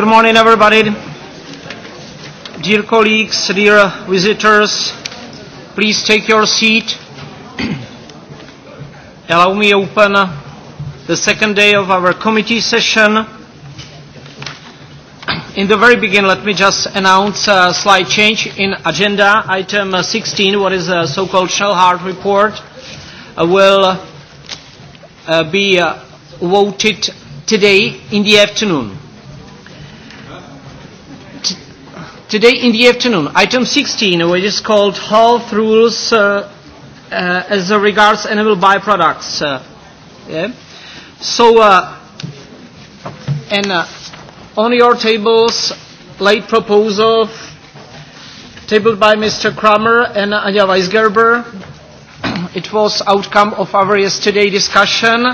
Good morning, everybody. Dear colleagues, dear visitors, please take your seat. Allow me open uh, the second day of our committee session. In the very beginning, let me just announce a slight change in agenda. Item 16, uh, what is the so-called Shell Heart report, uh, will be voted today in the afternoon. Today in the afternoon, item 16, which is called Health Rules uh, uh, as regards animal byproducts. Uh, yeah? So, uh, and uh, on your tables, late proposal tabled by Mr. Kramer and Anja Weisgerber. it was outcome of our yesterday discussion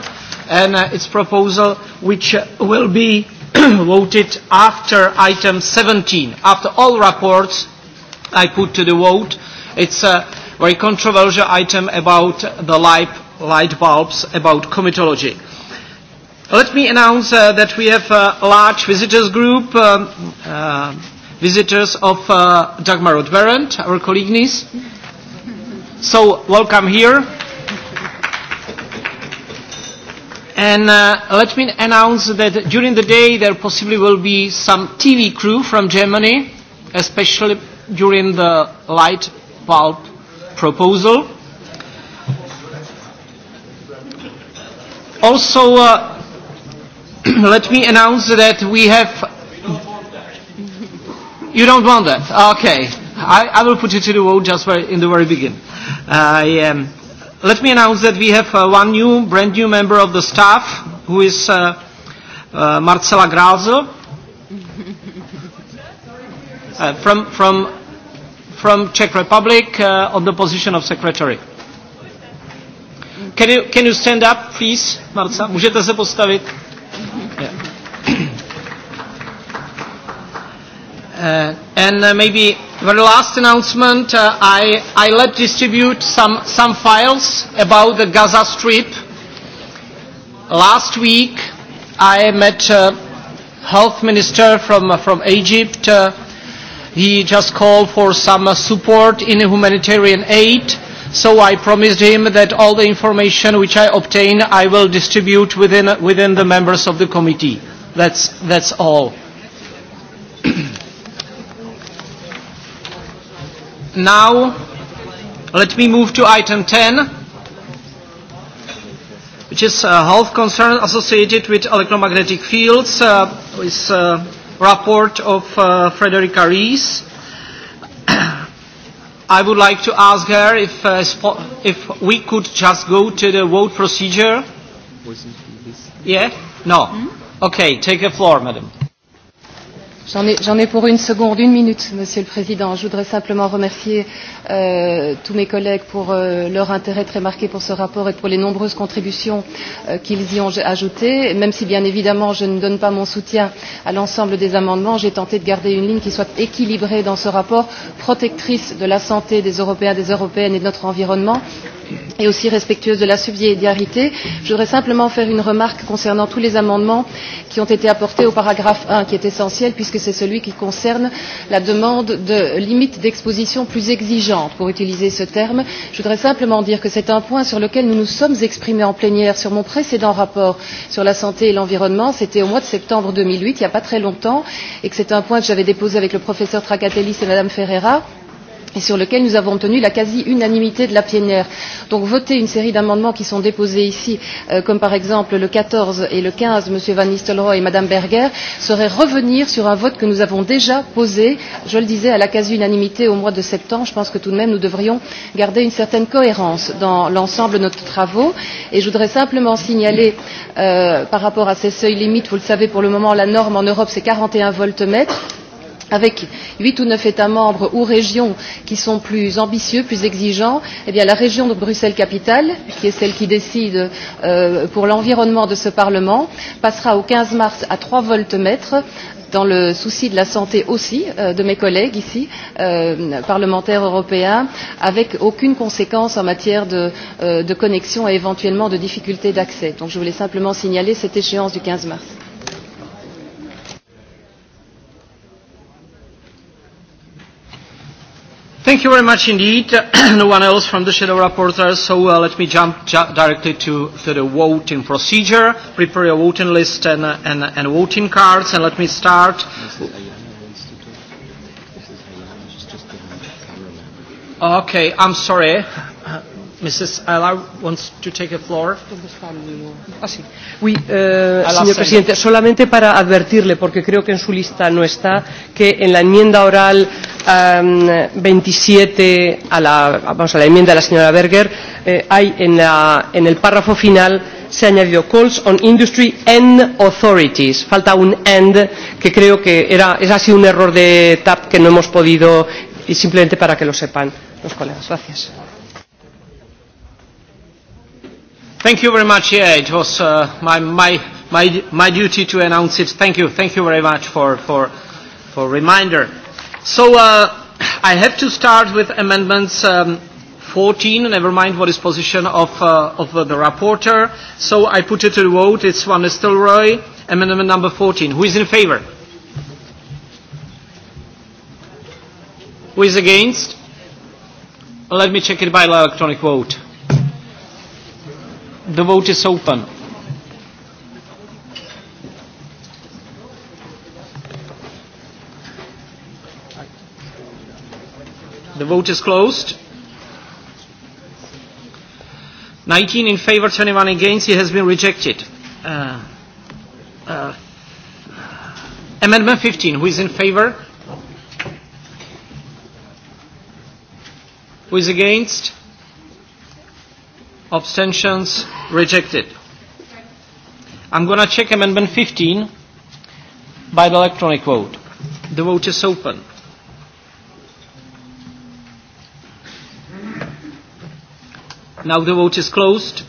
and uh, its proposal which uh, will be voted after item 17. After all reports I put to the vote, it's a very controversial item about the light, light bulbs, about comitology. Let me announce uh, that we have a large visitors group, um, uh, visitors of uh, Dagmar Odverent, our colleagues. So welcome here. And uh, let me announce that during the day there possibly will be some TV crew from Germany, especially during the light bulb proposal. Also, uh, let me announce that we have... You don't want that? Okay. I, I will put it to the vote just in the very beginning. I, um, let me announce that we have uh, one new, brand new member of the staff, who is uh, uh, Marcela Grazo. Uh, from, from, from Czech Republic uh, on the position of secretary. Can you, can you stand up, please, Marca? Můžete se postavit? Uh, and uh, maybe the last announcement, uh, I, I let distribute some, some files about the Gaza Strip. Last week, I met uh, health minister from, uh, from Egypt. Uh, he just called for some uh, support in humanitarian aid. So I promised him that all the information which I obtain, I will distribute within, within the members of the committee. That's, that's all. now let me move to item 10, which is uh, health concern associated with electromagnetic fields, uh, with uh, report of uh, Frederica Rees. I would like to ask her if, uh, if we could just go to the vote procedure. Yeah? No. Hmm? Okay, take the floor, madam. J'en ai, ai pour une seconde, une minute, Monsieur le Président. Je voudrais simplement remercier euh, tous mes collègues pour euh, leur intérêt très marqué pour ce rapport et pour les nombreuses contributions euh, qu'ils y ont ajoutées. Même si, bien évidemment, je ne donne pas mon soutien à l'ensemble des amendements, j'ai tenté de garder une ligne qui soit équilibrée dans ce rapport, protectrice de la santé des Européens, des Européennes et de notre environnement, et aussi respectueuse de la subsidiarité. Je voudrais simplement faire une remarque concernant tous les amendements qui ont été apportés au paragraphe 1, qui est essentiel puisque c'est celui qui concerne la demande de limites d'exposition plus exigeantes, pour utiliser ce terme. Je voudrais simplement dire que c'est un point sur lequel nous nous sommes exprimés en plénière sur mon précédent rapport sur la santé et l'environnement. C'était au mois de septembre 2008, il n'y a pas très longtemps, et que c'est un point que j'avais déposé avec le professeur Tracatellis et Madame Ferreira et sur lequel nous avons obtenu la quasi-unanimité de la plénière. Donc voter une série d'amendements qui sont déposés ici, euh, comme par exemple le 14 et le 15, M. Van Nistelrooy et Mme Berger, serait revenir sur un vote que nous avons déjà posé, je le disais, à la quasi-unanimité au mois de septembre. Je pense que tout de même nous devrions garder une certaine cohérence dans l'ensemble de nos travaux. Et je voudrais simplement signaler, euh, par rapport à ces seuils limites, vous le savez pour le moment, la norme en Europe c'est 41 voltmètres avec huit ou neuf États membres ou régions qui sont plus ambitieux, plus exigeants, eh bien la région de Bruxelles Capitale, qui est celle qui décide euh, pour l'environnement de ce Parlement, passera au 15 mars à 3 voltmètres dans le souci de la santé aussi euh, de mes collègues ici, euh, parlementaires européens, avec aucune conséquence en matière de, euh, de connexion et éventuellement de difficultés d'accès. Donc je voulais simplement signaler cette échéance du 15 mars. Thank you very much indeed. no one else from the shadow rapporteurs, so uh, let me jump ju directly to, to the voting procedure. Prepare your voting list and, uh, and, and voting cards, and let me start. Okay, I'm sorry. Mrs. Ayla wants to take the floor. Ah, sí. Oui, uh, señor presidente, solamente para advertirle, porque creo que en su lista no está, que en la enmienda oral um, 27 a la, vamos, a la enmienda de la señora Berger, eh, hay en, la, en el párrafo final se ha añadido calls on industry and authorities. Falta un and que creo que era, es así un error de TAP que no hemos podido y simplemente para que lo sepan los colegas. Gracias. Thank you very much. Yeah, it was uh, my, my, my, my duty to announce it. Thank you. Thank you very much for, for, for reminder. So uh, I have to start with amendments um, 14, never mind what is position of, uh, of uh, the rapporteur. So I put it to the vote. It's one Nistelrooy, amendment number 14. Who is in favor? Who is against? Let me check it by electronic vote. The vote is open. The vote is closed. 19 in favor, 21 against. It has been rejected. Uh, uh, amendment 15. Who is in favor? Who is against? abstentions rejected. I'm going to check amendment 15 by the electronic vote. The vote is open. Now the vote is closed.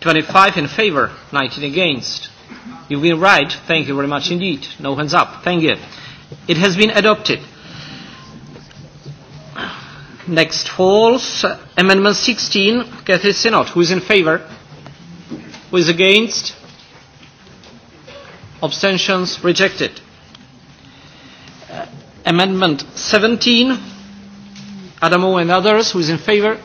25 in favor, 19 against. You've been right. Thank you very much indeed. No hands up. Thank you. It has been adopted. Next falls. Amendment 16, Catherine Sinot. Who is in favor? Who is against? Abstentions rejected. Uh, amendment 17, Adamo and others. Who is in favor?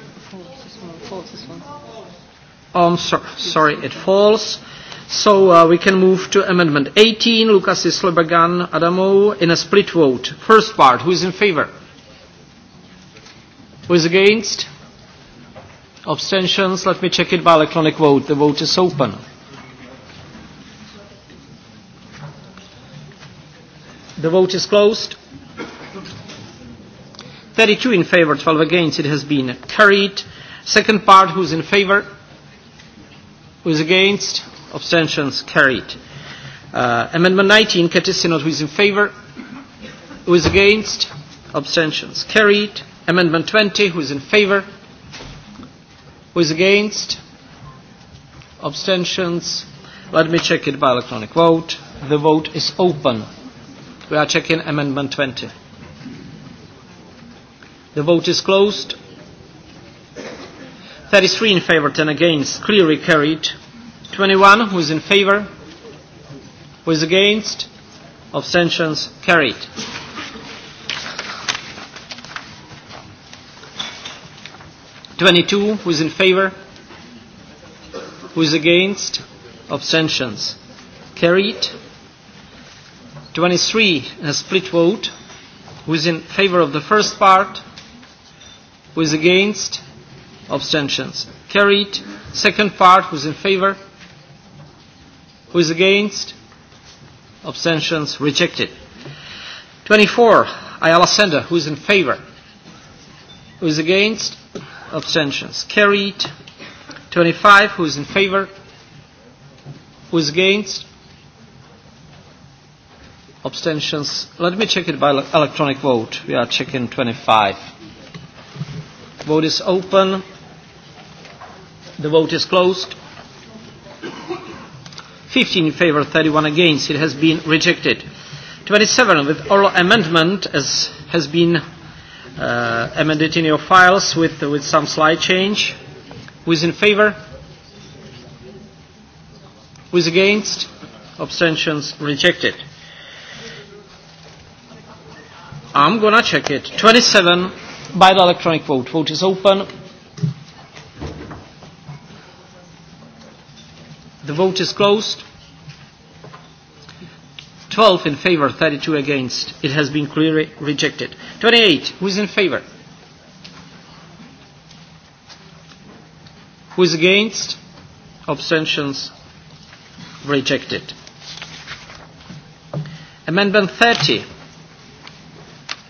I'm um, so, sorry, it falls. So uh, we can move to Amendment 18, Lucas Islebagan Adamo, in a split vote. First part, who is in favor? Who is against? Abstentions? Let me check it by electronic vote. The vote is open. The vote is closed. 32 in favor, 12 against. It has been carried. Second part, who is in favor? is against? Abstentions carried. Uh, amendment 19, Katisinot, who is in favor? Who is against? Abstentions carried. Amendment 20, who is in favor? Who is against? Abstentions? Let me check it by electronic vote. The vote is open. We are checking Amendment 20. The vote is closed. 33 in favor, 10 against. Clearly carried. 21, who is in favor? Who is against? Abstentions carried. 22, who is in favor? Who is against? Abstentions. Carried. 23, a split vote. Who is in favor of the first part? Who is against? Abstentions. Carried. Second part, who is in favor? Who is against? Abstentions. Rejected. 24, Ayala Sender, who is in favor? Who is against? abstentions carried 25 who is in favor who is against abstentions let me check it by electronic vote we are checking 25 vote is open the vote is closed 15 in favor 31 against it has been rejected 27 with oral amendment as has been uh, amended in your files with, with some slight change. Who is in favor? Who is against? Abstentions rejected. I'm gonna check it. 27 by the electronic vote. Vote is open. The vote is closed. 12 in favor, 32 against. It has been clearly rejected. 28, who is in favor? Who is against? Abstentions rejected. Amendment 30.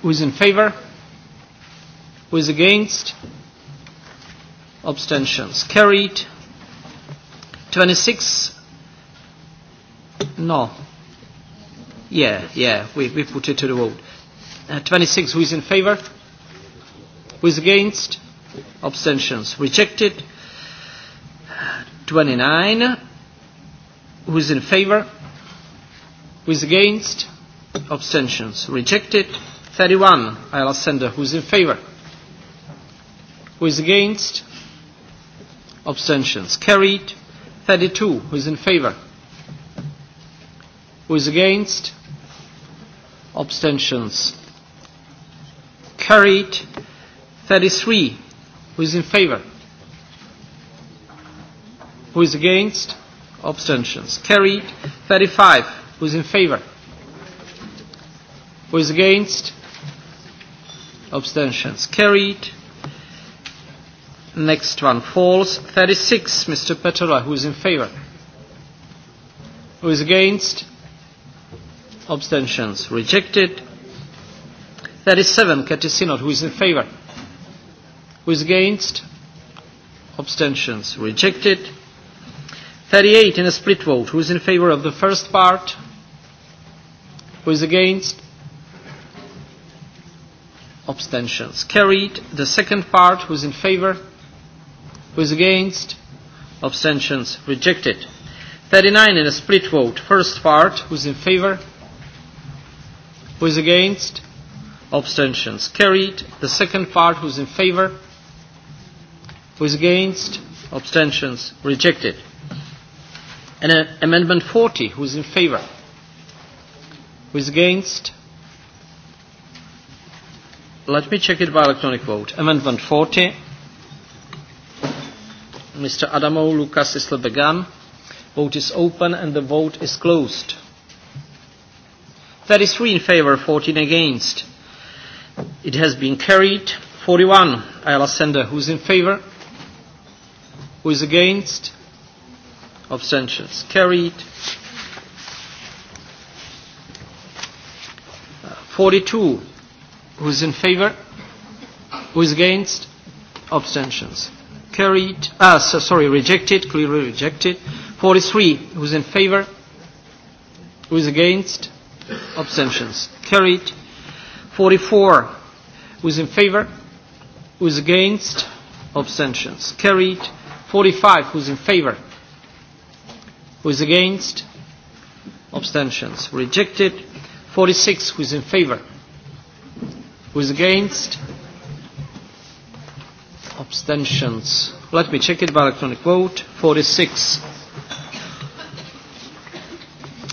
Who is in favor? Who is against? Abstentions carried. 26. No. Yeah, yeah, we, we put it to the vote. Uh, 26, who is in favor? Who is against? Abstentions rejected. 29, who is in favor? Who is against? Abstentions rejected. 31, Alessandra, who is in favor? Who is against? Abstentions carried. 32, who is in favor? Who is against? abstentions carried 33 who is in favor who is against abstentions carried 35 who is in favor who is against abstentions carried next one falls 36 Mr. Petera who is in favor who is against abstentions rejected. 37, Katisinot, who is in favor? Who is against? Abstentions rejected. 38, in a split vote, who is in favor of the first part? Who is against? Abstentions carried. The second part, who is in favor? Who is against? Abstentions rejected. 39 in a split vote. First part, who's in favor? Who is against? Abstentions. Carried. The second part, who is in favor? Who is against? Abstentions. Rejected. And uh, Amendment 40, who is in favor? Who is against? Let me check it by electronic vote. Amendment 40. Mr. Adamo Lucas Islebegan. Vote is open and the vote is closed. 33 in favor, 14 against. It has been carried. 41, Ayala Sender, who is in favor? Who is against? Abstentions carried. 42, uh, who is in favor? Who is against? Abstentions carried. Uh, so, sorry, rejected, clearly rejected. 43, who is in favor? Who is against? Abstentions abstentions carried 44 who is in favor who is against abstentions carried 45 who is in favor who is against abstentions rejected 46 who is in favor who is against abstentions let me check it by electronic vote 46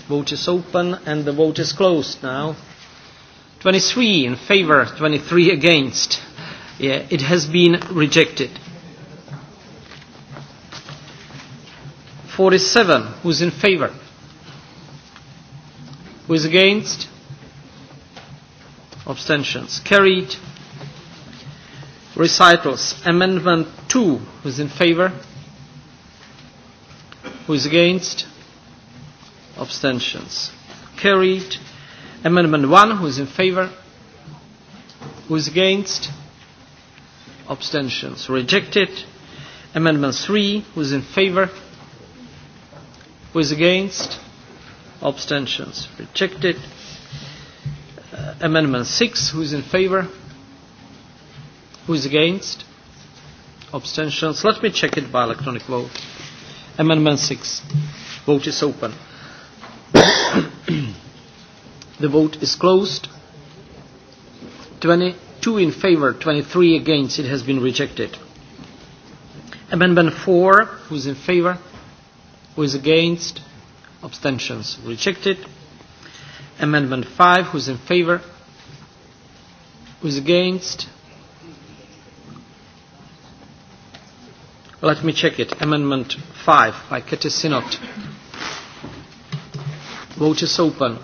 Vote is open and the vote is closed now. 23 in favor, 23 against. Yeah, it has been rejected. 47, who's in favor? Who is against? Abstentions. Carried. Recitals. Amendment 2, who is in favor? Who is against? abstentions. Carried. Amendment 1, who is in favor? Who is against? Abstentions. Rejected. Amendment 3, who is in favor? Who is against? Abstentions. Rejected. Uh, amendment 6, who is in favor? Who is against? Abstentions. Let me check it by electronic vote. Amendment 6. Vote is open. the vote is closed. 22 in favor, 23 against. It has been rejected. Amendment 4, who is in favor? Who is against? Abstentions rejected. Amendment 5, who is in favor? Who is against? Let me check it. Amendment 5 by Ketisinot. Vote is open.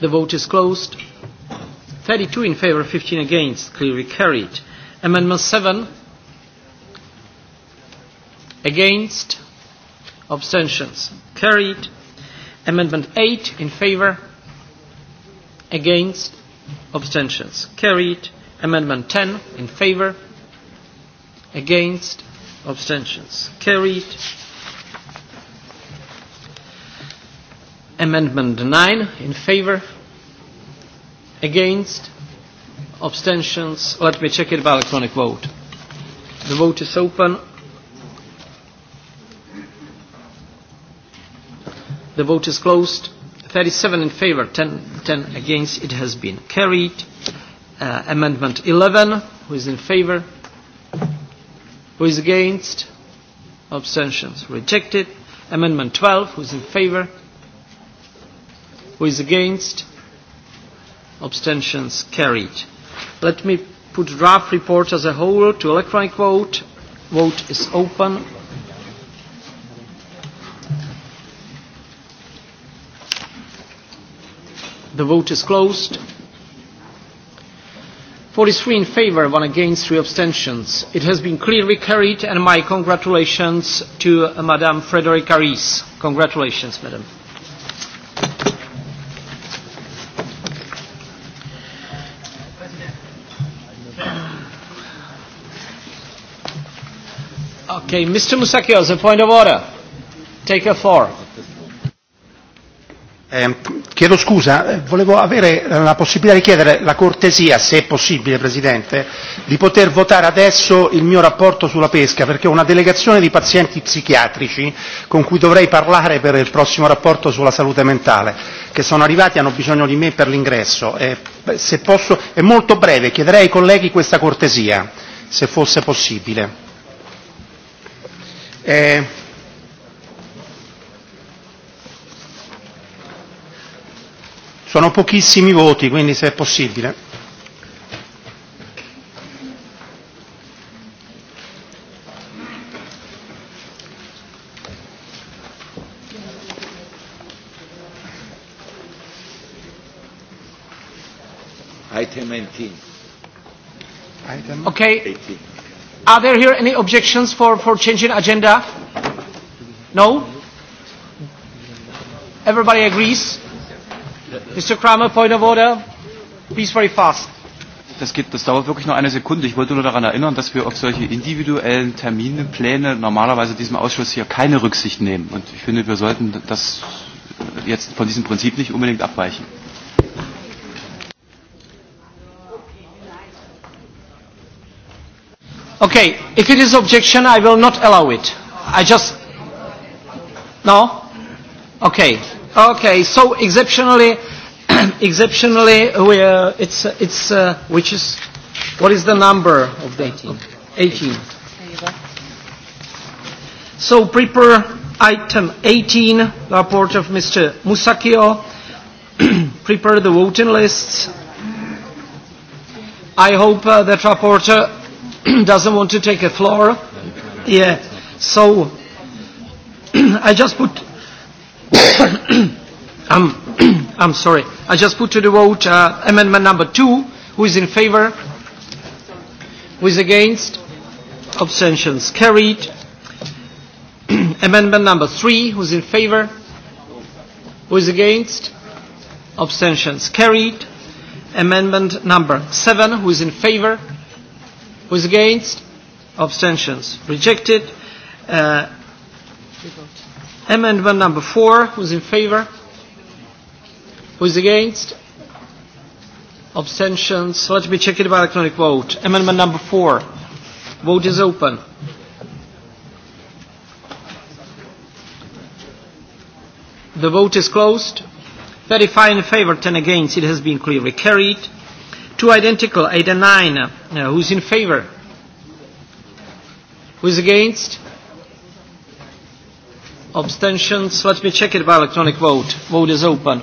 The vote is closed. 32 in favor, 15 against, clearly carried. Amendment 7, against, abstentions, carried. Amendment 8, in favor, against, abstentions, carried. Amendment 10, in favor, against, abstentions, carried. Amendment 9 in favor, against, abstentions. Let me check it by electronic vote. The vote is open. The vote is closed. 37 in favor, 10, 10 against. It has been carried. Uh, amendment 11. Who is in favor? Who is against? Abstentions rejected. Amendment 12. Who is in favor? Who is against? Abstentions carried. Let me put draft report as a whole to electronic vote. Vote is open. The vote is closed. 43 in favor, one against, three abstentions. It has been clearly carried, and my congratulations to uh, Madame Frederica Rees. Congratulations, Madame. Okay, Mr. as a point of order. Take a four. Eh, chiedo scusa, eh, volevo avere eh, la possibilità di chiedere la cortesia, se è possibile Presidente, di poter votare adesso il mio rapporto sulla pesca, perché ho una delegazione di pazienti psichiatrici con cui dovrei parlare per il prossimo rapporto sulla salute mentale, che sono arrivati e hanno bisogno di me per l'ingresso. Eh, se posso, è molto breve, chiederei ai colleghi questa cortesia, se fosse possibile. Eh, sono pochissimi voti, quindi se è possibile. Item 19. Item okay. 18. Are there here any objections for, for changing agenda? No? Everybody agrees? Mr. Kramer, point of order. Please very fast. Das, geht, das dauert wirklich nur eine Sekunde. Ich wollte nur daran erinnern, dass wir auf solche individuellen Terminpläne normalerweise diesem Ausschuss hier keine Rücksicht nehmen. Und ich finde, wir sollten das jetzt von diesem Prinzip nicht unbedingt abweichen. Okay, if it is objection, I will not allow it. I just... No? Okay. Okay, so exceptionally, exceptionally, uh, we, uh, it's, uh, it's, uh, which is, what is the number of the 18? 18. So prepare item 18, the report of Mr. Musakio. prepare the voting lists. I hope uh, that rapporteur doesn't want to take a floor. Yeah. So I just put I'm I'm sorry. I just put to the vote uh, amendment number two. Who is in favor? Who is against? Abstentions carried. amendment number three. Who is in favor? Who is against? Abstentions carried. Amendment number seven. Who is in favor? was against? Abstentions. Rejected. Uh, amendment number four. was in favor? was against? Abstentions. Let me check it by electronic vote. Amendment number four. Vote is open. The vote is closed. 35 in favor, 10 against. It has been clearly carried. Two identical, eight and nine. Uh, who's in favor? Who's against? Abstentions. Let me check it by electronic vote. Vote is open.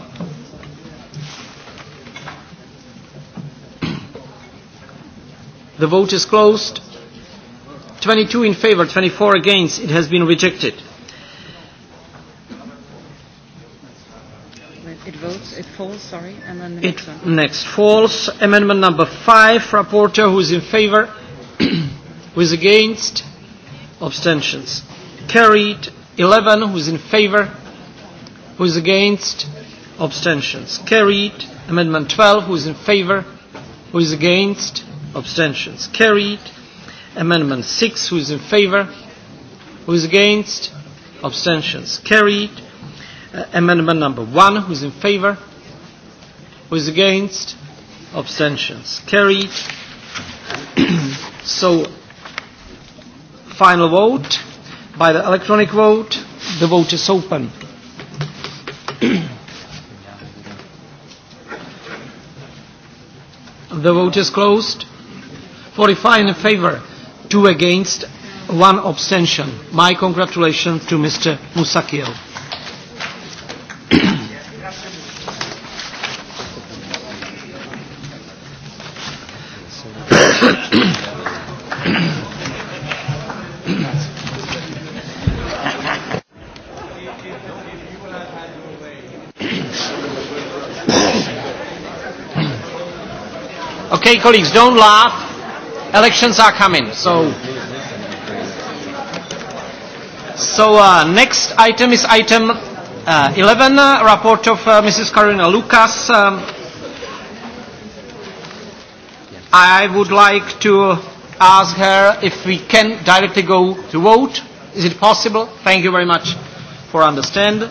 The vote is closed. 22 in favor, 24 against. It has been rejected. It votes, it falls, sorry, and then the next it, next one. Next falls. Amendment number five, rapporteur who is in favor, who is against, abstentions. Carried. 11, who is in favor, who is against, abstentions. Carried. Amendment 12, who is in favor, who is against, abstentions. Carried. Amendment 6, who is in favor, who is against, abstentions. Carried. Uh, amendment number one, who's in favor? Who's against? Abstentions. Carried. so, final vote by the electronic vote. The vote is open. the vote is closed. 45 in favor, 2 against, 1 abstention. My congratulations to Mr. Musakio. Okay, colleagues, don't laugh. Elections are coming. So, so uh, next item is item uh, 11, uh, report of uh, Mrs. Karina Lucas. Um, I would like to ask her if we can directly go to vote. Is it possible? Thank you very much for understanding.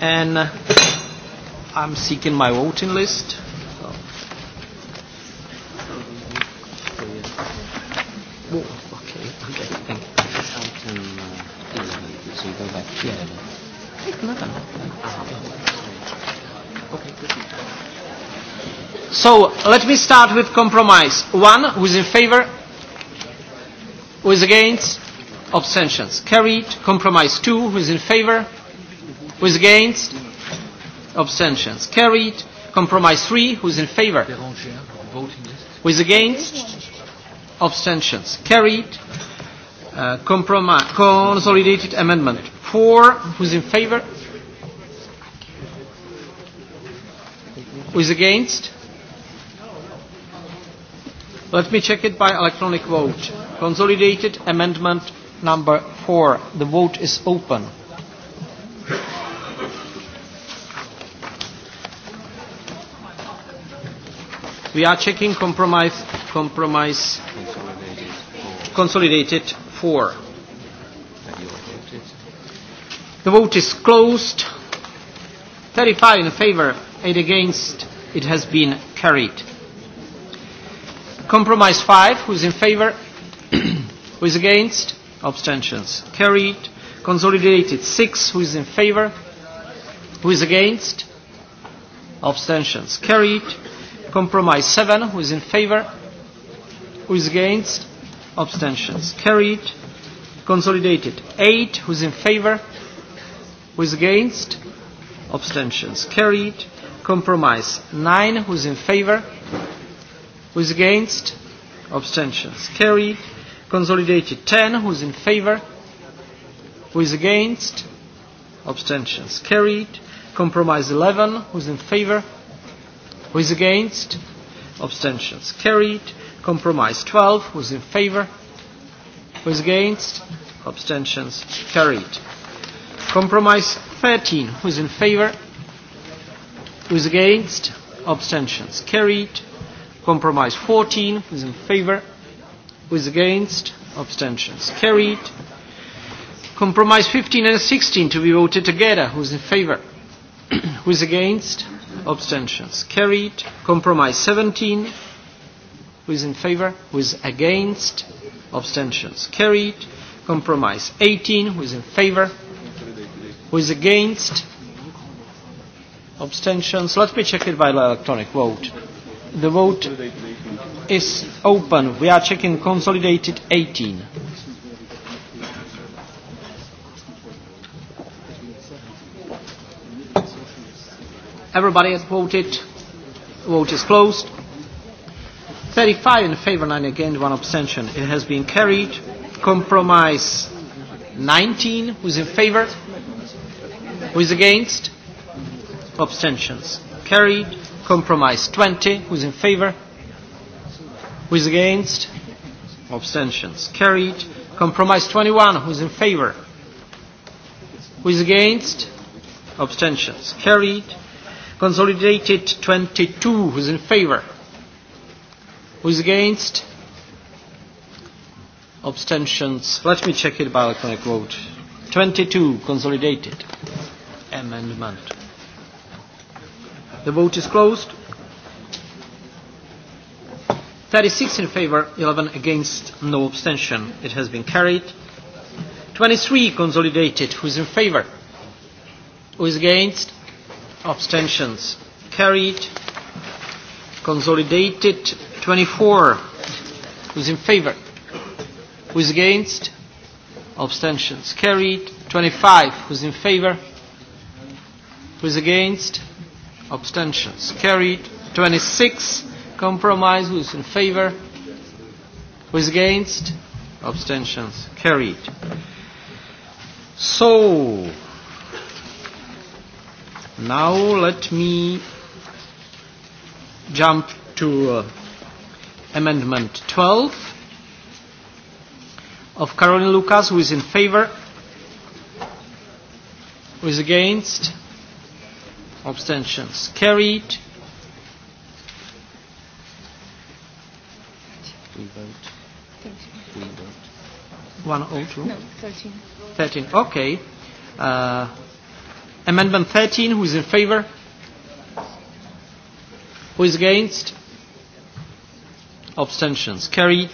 And uh, I'm seeking my voting list. Ah. So let me start with compromise. One who is in favor, who is against, abstentions. Carried. Compromise two who is in favor, who is against, abstentions. Carried. Compromise three who is in favor, who is against, abstentions. Carried. Uh, compromise, consolidated amendment. Four, who's in favor? Who is against? Let me check it by electronic vote. Consolidated amendment number four. The vote is open. We are checking compromise, compromise consolidated four. The vote is closed. 35 in favor, 8 against. It has been carried. Compromise 5, is in favor? who is against? Abstentions. Carried. Consolidated 6, who is in favor? Who is against? Abstentions. Carried. Compromise 7, who is in favor? Who is against? abstentions carried consolidated eight who's in favor who is against abstentions carried compromise nine who's in favor who is against abstentions carried consolidated ten who's in favor who is against abstentions carried compromise eleven who's in favor who is against abstentions carried Compromise 12, who's in favor? Who's against? Abstentions carried. Compromise 13, who's in favor? Who's against? Abstentions carried. Compromise 14, who's in favor? Who's against? Abstentions carried. Compromise 15 and 16 to be voted together. Who's in favor? who's against? Abstentions carried. Compromise 17, Who is in favor? Who is against? Abstentions carried. Compromise 18. Who is in favor? Who is against? Abstentions. Let me check it by electronic vote. The vote is open. We are checking consolidated 18. Everybody has voted. Vote is closed. 35 in favor, 9 against, 1 abstention. It has been carried. Compromise 19, who is in favor? Who is against? Abstentions. Carried. Compromise 20, who is in favor? Who is against? Abstentions. Carried. Compromise 21, who is in favor? Who is against? Abstentions. Carried. Consolidated 22, who is in favor? Who's against? Abstentions. Let me check it by electronic vote. 22, consolidated amendment. The vote is closed. 36 in favor, 11 against, no abstention. It has been carried. 23, consolidated. Who is in favor? Who is against? Abstentions. Carried. Consolidated 24. Who's in favor? Who's against? Abstentions carried. 25. Who's in favor? Who's against? Abstentions carried. 26. Compromise. Who's in favor? Who's against? Abstentions carried. So, now let me jump to uh, Amendment 12 of Caroline Lucas, who is in favor, who is against, abstentions carried. We vote. We vote. 102? No, 13. 13, okay. Uh, amendment 13, who is in favor? Who is against? abstentions carried.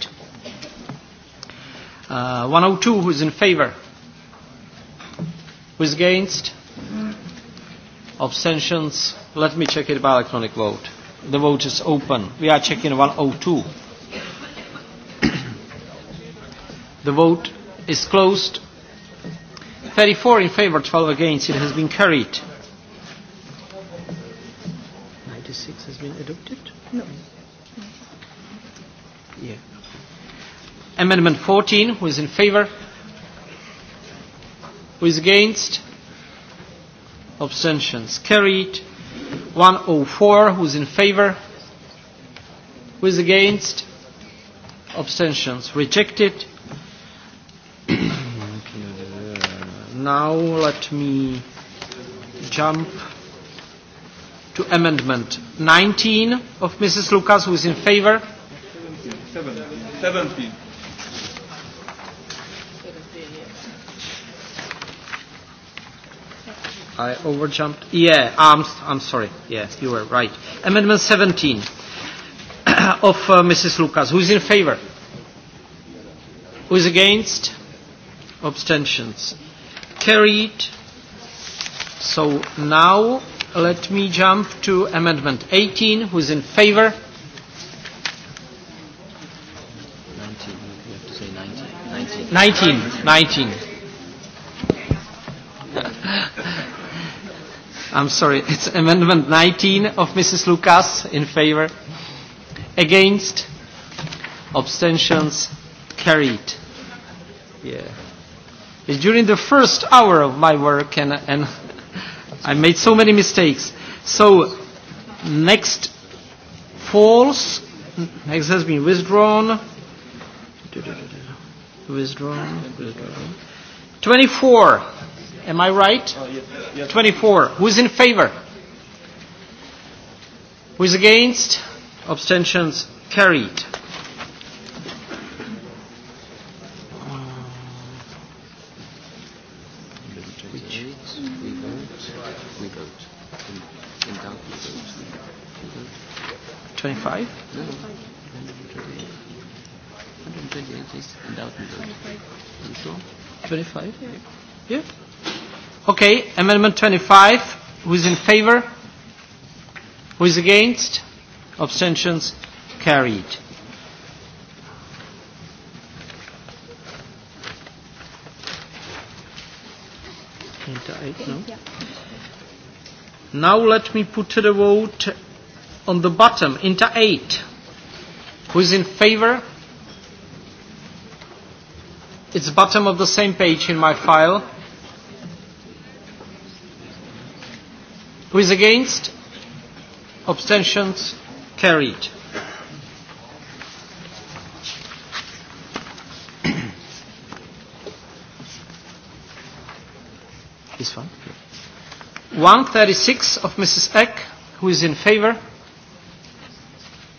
Uh, 102, is in favor? is against? Abstentions. Let me check it by electronic vote. The vote is open. We are checking 102. the vote is closed. 34 in favor, 12 against. It has been carried. 96 has been adopted? No. Yeah. Amendment 14, who is in favor? Who is against? Abstentions carried. 104, who is in favor? Who is against? Abstentions rejected. Uh, now let me jump to amendment 19 of Mrs. Lucas, who is in favor. Seven. Seventeen. I overjumped. Yeah, I'm, I'm sorry. Yeah, you were right. Amendment 17 of uh, Mrs. Lucas. Who is in favor? Who is against? Abstentions. Carried. So now let me jump to Amendment 18. Who is in favor? 19, I'm sorry, it's amendment 19 of Mrs. Lucas in favor. Against? Abstentions? Carried. Yeah. It's during the first hour of my work and, and I made so many mistakes. So, next falls, next has been withdrawn. Withdrawn. Withdrawn. 24. Am I right? 24. Who's in favor? Who is against? Abstentions carried. Twenty-five just without me. I'm sure. 25? Yeah. yeah. Okay, Amendment 25. Who's in favor? Who is against? Abstentions carried. Eight, no? Now let me put to the vote on the bottom, inter 8. Who is in favor? It's bottom of the same page in my file. Who is against? Abstentions carried. this one. 136 of Mrs. Eck. Who is in favor?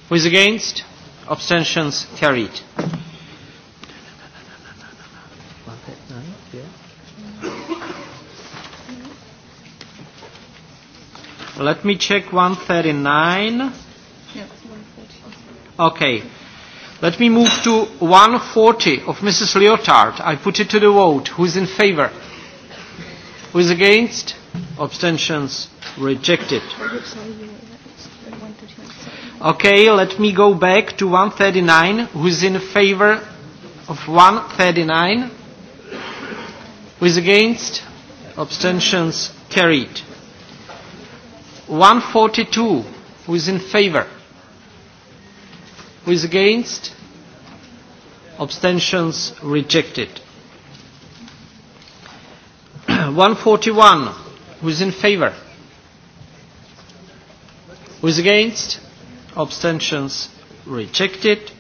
Who is against? Abstentions carried. Let me check 139. Okay. Let me move to 140 of Mrs. Leotard. I put it to the vote. Who is in favor? Who is against? Abstentions rejected. Okay, let me go back to 139. Who is in favor of 139? Who is against? Abstentions carried. 142, who is in favor? Who is against? Abstentions rejected. 141, who is in favor? Who is against? Abstentions rejected. 142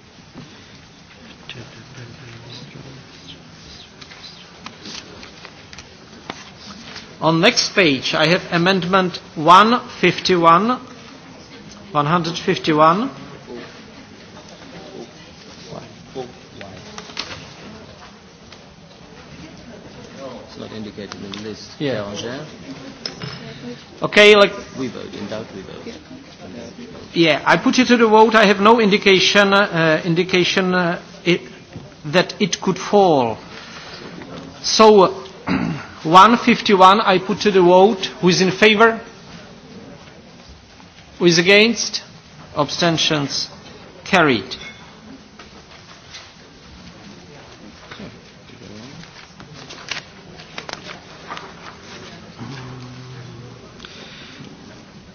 On next page, I have amendment 151. 151. It's not indicated in the list. Yeah. Okay, like we vote. In doubt, we vote. Yeah, I put it to the vote. I have no indication uh, indication uh, it, that it could fall. So. Uh, 151 I put to the vote. Who is in favor? Who is against? Abstentions carried.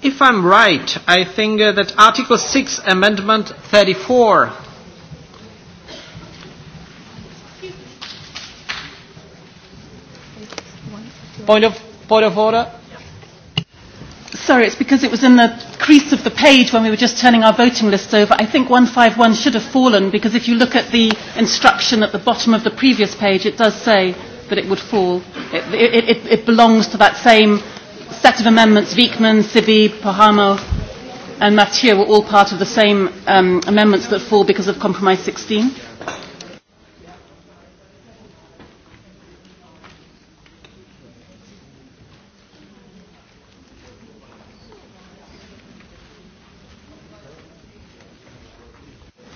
If I'm right, I think uh, that Article 6, Amendment 34 Point of, point of order? Sorry, it's because it was in the crease of the page when we were just turning our voting list over. I think 151 should have fallen because if you look at the instruction at the bottom of the previous page, it does say that it would fall. It, it, it, it belongs to that same set of amendments. Wiekman, Sibi, Pohamo and Mathieu were all part of the same um, amendments that fall because of Compromise 16.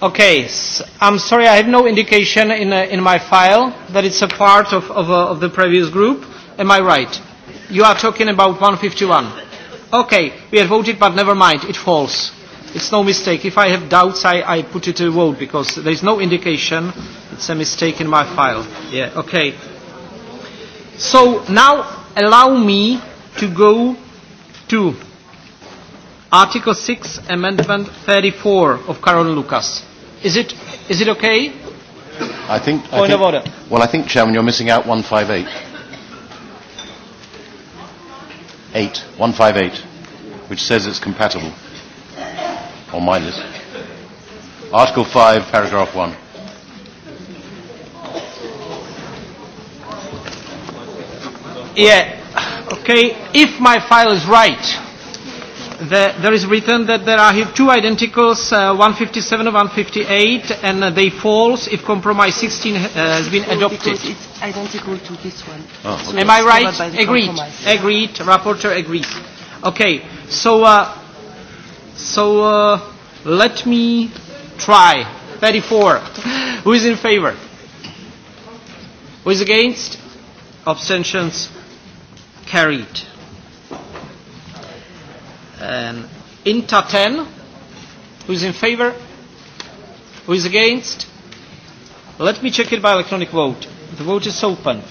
Okay, so I'm sorry, I have no indication in, uh, in my file that it's a part of, of, uh, of the previous group. Am I right? You are talking about 151. Okay, we had voted, but never mind, it falls. It's no mistake. If I have doubts, I, I put it to vote because there is no indication. It's a mistake in my file. Yeah, okay. So now allow me to go to Article 6, Amendment 34 of Carol Lucas. Is it, is it okay? I think, Point I think, of order. Well, I think, Chairman, you're missing out 158. Eight, 158, which says it's compatible on my list. Article 5, paragraph 1. Yeah, okay, if my file is right, the, there is written that there are two identicals, uh, 157 and 158, and uh, they false if compromise 16 uh, has been adopted. Because it's identical to this one. Oh, okay. So Am I right? Agreed. Compromise. Agreed. Rapporteur agrees. Okay. So, uh, so uh, let me try. 34. Who is in favor? Who is against? Abstentions carried. Um, INTA 10, who is in favor? Who is against? Let me check it by electronic vote. The vote is open.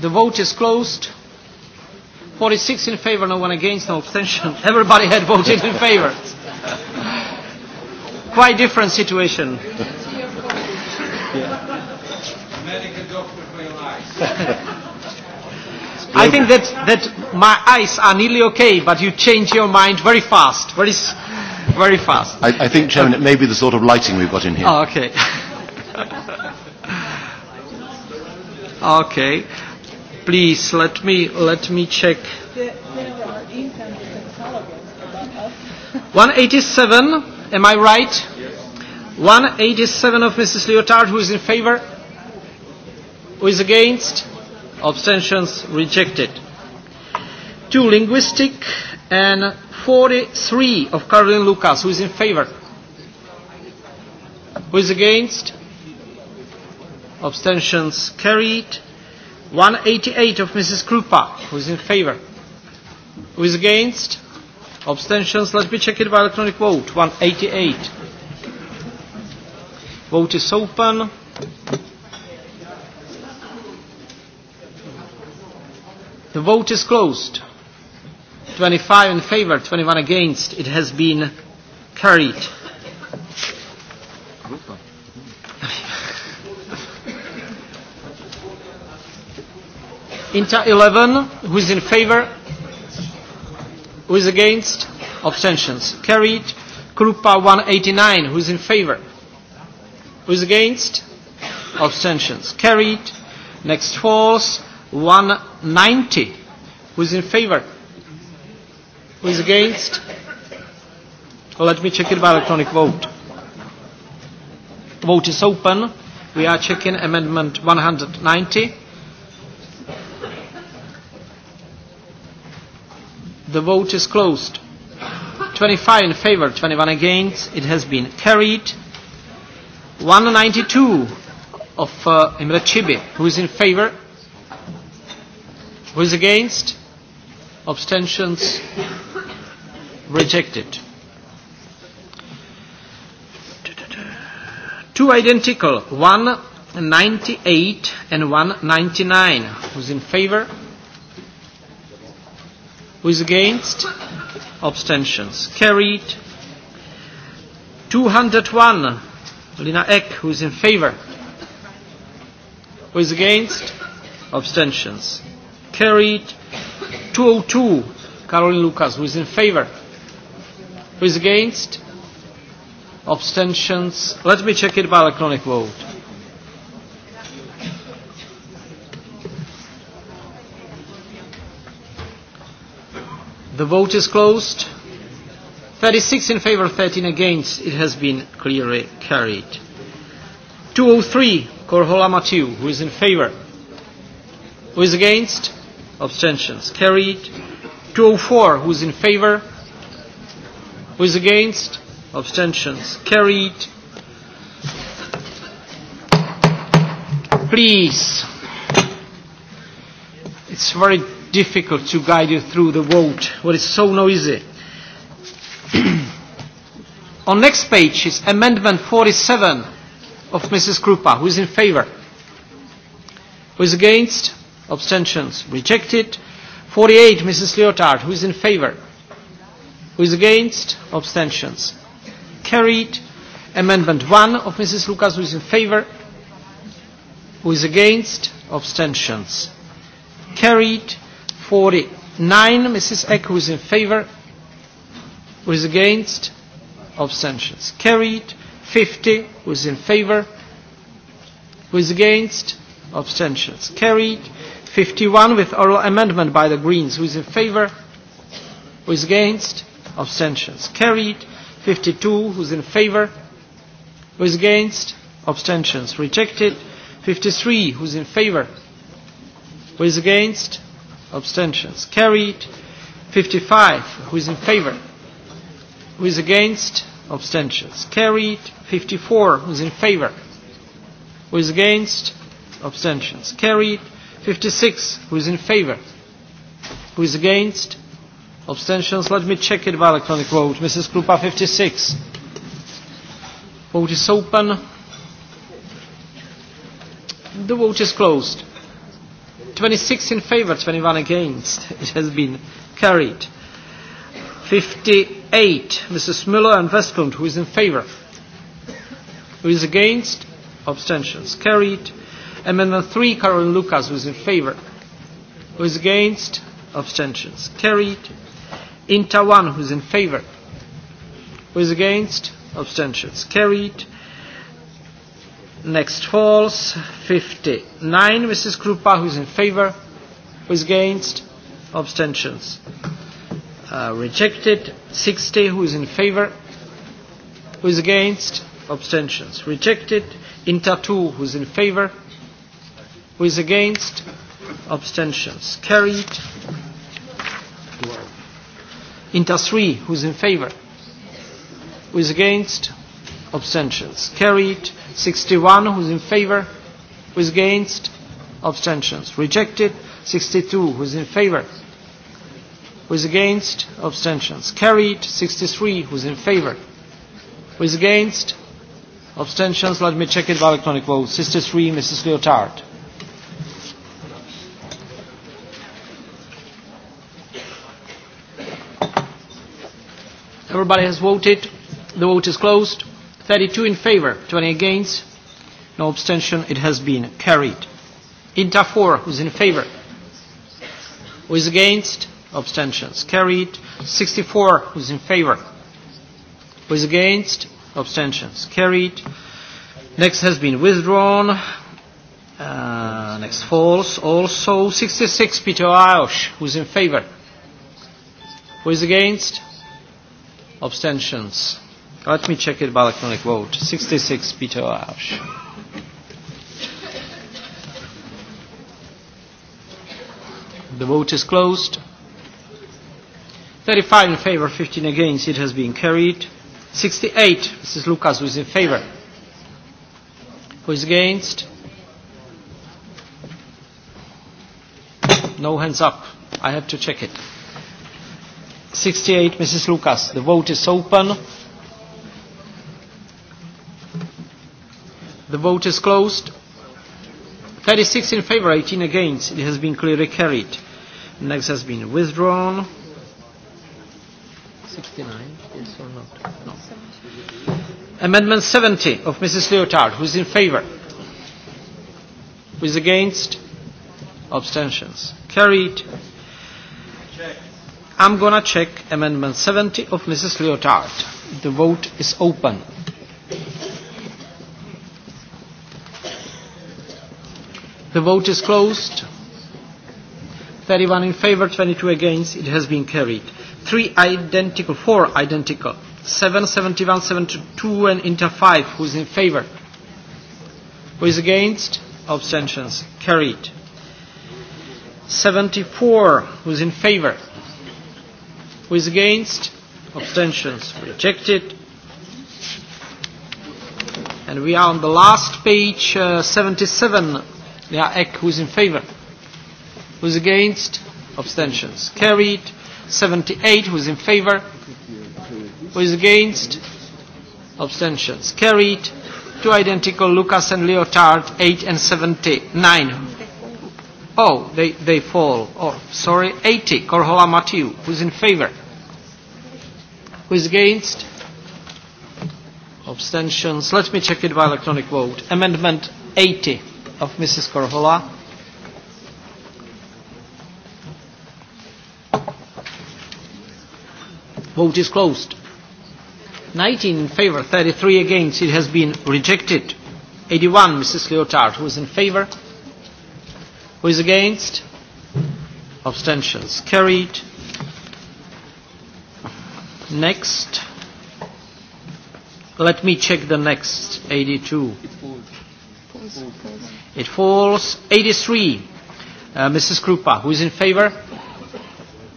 The vote is closed. 46 in favor, no one against, no abstention. Everybody had voted in favor. Quite different situation. yeah. I think that, that my eyes are nearly okay, but you change your mind very fast, very, very fast. I, I think, Chairman, it may be the sort of lighting we've got in here. Oh, okay. okay. Please, let me, let me check. 187, am I right? 187 of Mrs. Leotard, who is in favor? Who is against? Abstentions rejected. Two linguistic and 43 of Caroline Lucas. Who is in favor? Who is against? Abstentions carried. 188 of Mrs. Krupa. Who is in favor? Who is against? Abstentions. Let me check it by electronic vote. 188. Vote is open. The vote is closed. 25 in favor, 21 against. It has been carried. Inter 11, who is in favor? Who is against? Abstentions. Carried. Krupa 189, who is in favor? Who is against? Abstentions. Carried. Next force. 190. Who is in favor? Who is against? Let me check it by electronic vote. Vote is open. We are checking amendment 190. The vote is closed. 25 in favor, 21 against. It has been carried. 192 of uh, Imre Chibi. Who is in favor? Who is against? Abstentions? Rejected. Two identical, 198 and 199. Who's in favor? Who is against? Abstentions. Carried. 201. Lina Eck, who is in favor? Who is against? Abstentions. Carried. 202. Caroline Lucas, who is in favor? Who is against? Abstentions. Let me check it by electronic vote. The vote is closed. 36 in favor, 13 against. It has been clearly carried. 203, Korhola Matiu, who is in favor. Who is against? abstentions carried 204 who's in favor who is against abstentions carried please it's very difficult to guide you through the vote but it's so noisy on next page is amendment 47 of Mrs. Krupa who is in favor who is against abstentions rejected 48 Mrs. Leotard who is in favor who is against abstentions carried amendment 1 of Mrs. Lucas who is in favor who is against abstentions carried 49 Mrs. Eck who is in favor who is against abstentions carried 50 who is in favor who is against abstentions carried 51 with oral amendment by the Greens. Who is in favor? Who is against? Abstentions. Carried. 52. Who is in favor? Who is against? Abstentions. Rejected. 53. Who is in favor? Who is against? Abstentions. Carried. 55. Who is in favor? Who is against? Abstentions. Carried. 54. Who is in favor? Who is against? Abstentions. Carried. 56, who is in favor? Who is against? Abstentions, let me check it by electronic vote. Mrs. Krupa, 56. Vote is open. The vote is closed. 26 in favor, 21 against. It has been carried. 58, Mrs. Müller and Westpunt, who is in favor? Who is against? Abstentions carried. Amendment 3, Carolyn Lucas, who is in favor. Who is against? Abstentions. Carried. Inta 1, who is in favor. Who is against? Abstentions. Carried. Next falls. 59, Mrs. Krupa, who is in favor. Who is against? Abstentions. Uh, rejected. 60, who is in favor. Who is against? Abstentions. Rejected. Inta 2, who is in favor Who is against? Abstentions. Carried. Inter three, Who is in favor? Who is against? Abstentions. Carried. 61. Who is in favor? Who is against? Abstentions. Rejected. 62. Who is in favor? Who is against? Abstentions. Carried. 63. Who is in favor? Who is against? Abstentions. Let me check it by electronic vote. 63. Mrs. Leotard. Everybody has voted. The vote is closed. 32 in favor, 20 against. No abstention. It has been carried. Inta 4, who's in favor? Who is against? Abstentions. Carried. 64, who's in favor? Who is against? Abstentions. Carried. Next has been withdrawn. Uh, next falls. Also 66, Peter who who's in favor? Who is against? Abstentions. Let me check it by electronic vote. 66, Peter Ash. The vote is closed. 35 in favor, 15 against. It has been carried. 68, Mrs. Lucas, who is in favor. Who is against? No hands up. I have to check it. 68, Mrs. Lucas. The vote is open. The vote is closed. 36 in favor, 18 against. It has been clearly carried. Next has been withdrawn. 69, yes or not? No. Amendment 70 of Mrs. Leotard. Who is in favor? Who is against? Abstentions. Carried. I'm going to check Amendment 70 of Mrs. Leotard. The vote is open. The vote is closed. 31 in favor, 22 against. It has been carried. Three identical, four identical. 7, 71, 72 and inter 5. Who is in favor? Who is against? Abstentions. Carried. 74. Who is in favor? Who is against? Abstentions rejected. And we are on the last page, uh, 77. Yeah, who who's in favor? Who's against? Abstentions. Carried. 78, who's in favor? Who is against? Abstentions. Carried. Two identical Lucas and Leotard, 8 and 79. Oh, they, they fall. Or, oh, sorry, 80, Korhola Matiu. Who's in favor? Who's against? Abstentions. Let me check it by electronic vote. Amendment 80 of Mrs. Korhola. Vote is closed. 19 in favor, 33 against. It has been rejected. 81, Mrs. Leotard. Who is in favor? Who is against? Abstentions carried. Next. Let me check the next. 82. It falls. Falls. It falls. 83. Uh, Mrs. Krupa, who is in favor?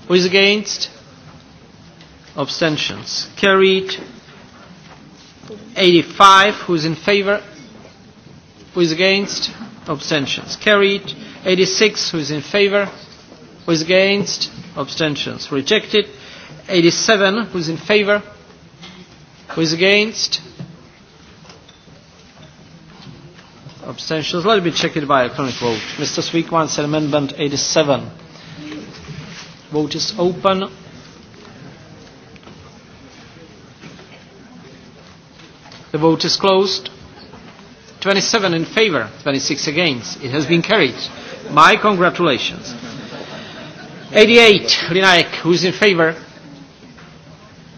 Who is against? Abstentions. Carried. 85. Who is in favor? Who is against? Abstentions. Carried. 86, who is in favor? Who is against? Abstentions. Rejected. 87, who is in favor? Who is against? Abstentions. Let me check it by a current vote. Mr. Sweek wants amendment 87. Vote is open. The vote is closed. 27 in favor, 26 against. It has been carried. My congratulations. 88, Linaek, who is in favor?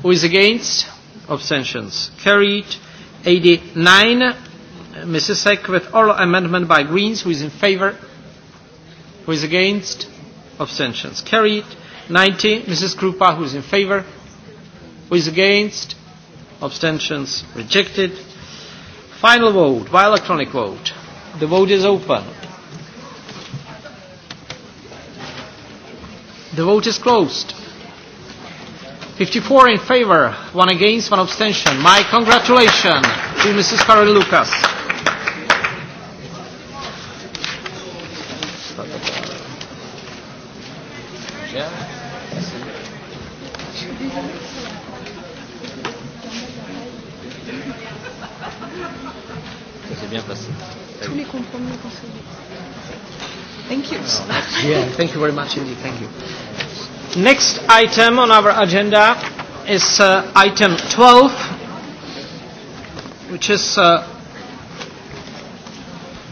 Who is against? Abstentions. Carried. 89, Mrs. Sek with oral amendment by Greens, who is in favor? Who is against? Abstentions. Carried. 90, Mrs. Krupa, who is in favor? Who is against? Abstentions. Rejected. Final vote by electronic vote. The vote is open. The vote is closed. 54 in favor, one against, one abstention. My congratulations to Mrs. Karen Lucas. bien passé. Tous les compromis consolidés. Thank you. yeah, thank you very much indeed. Thank you. Next item on our agenda is uh, item 12, which is uh,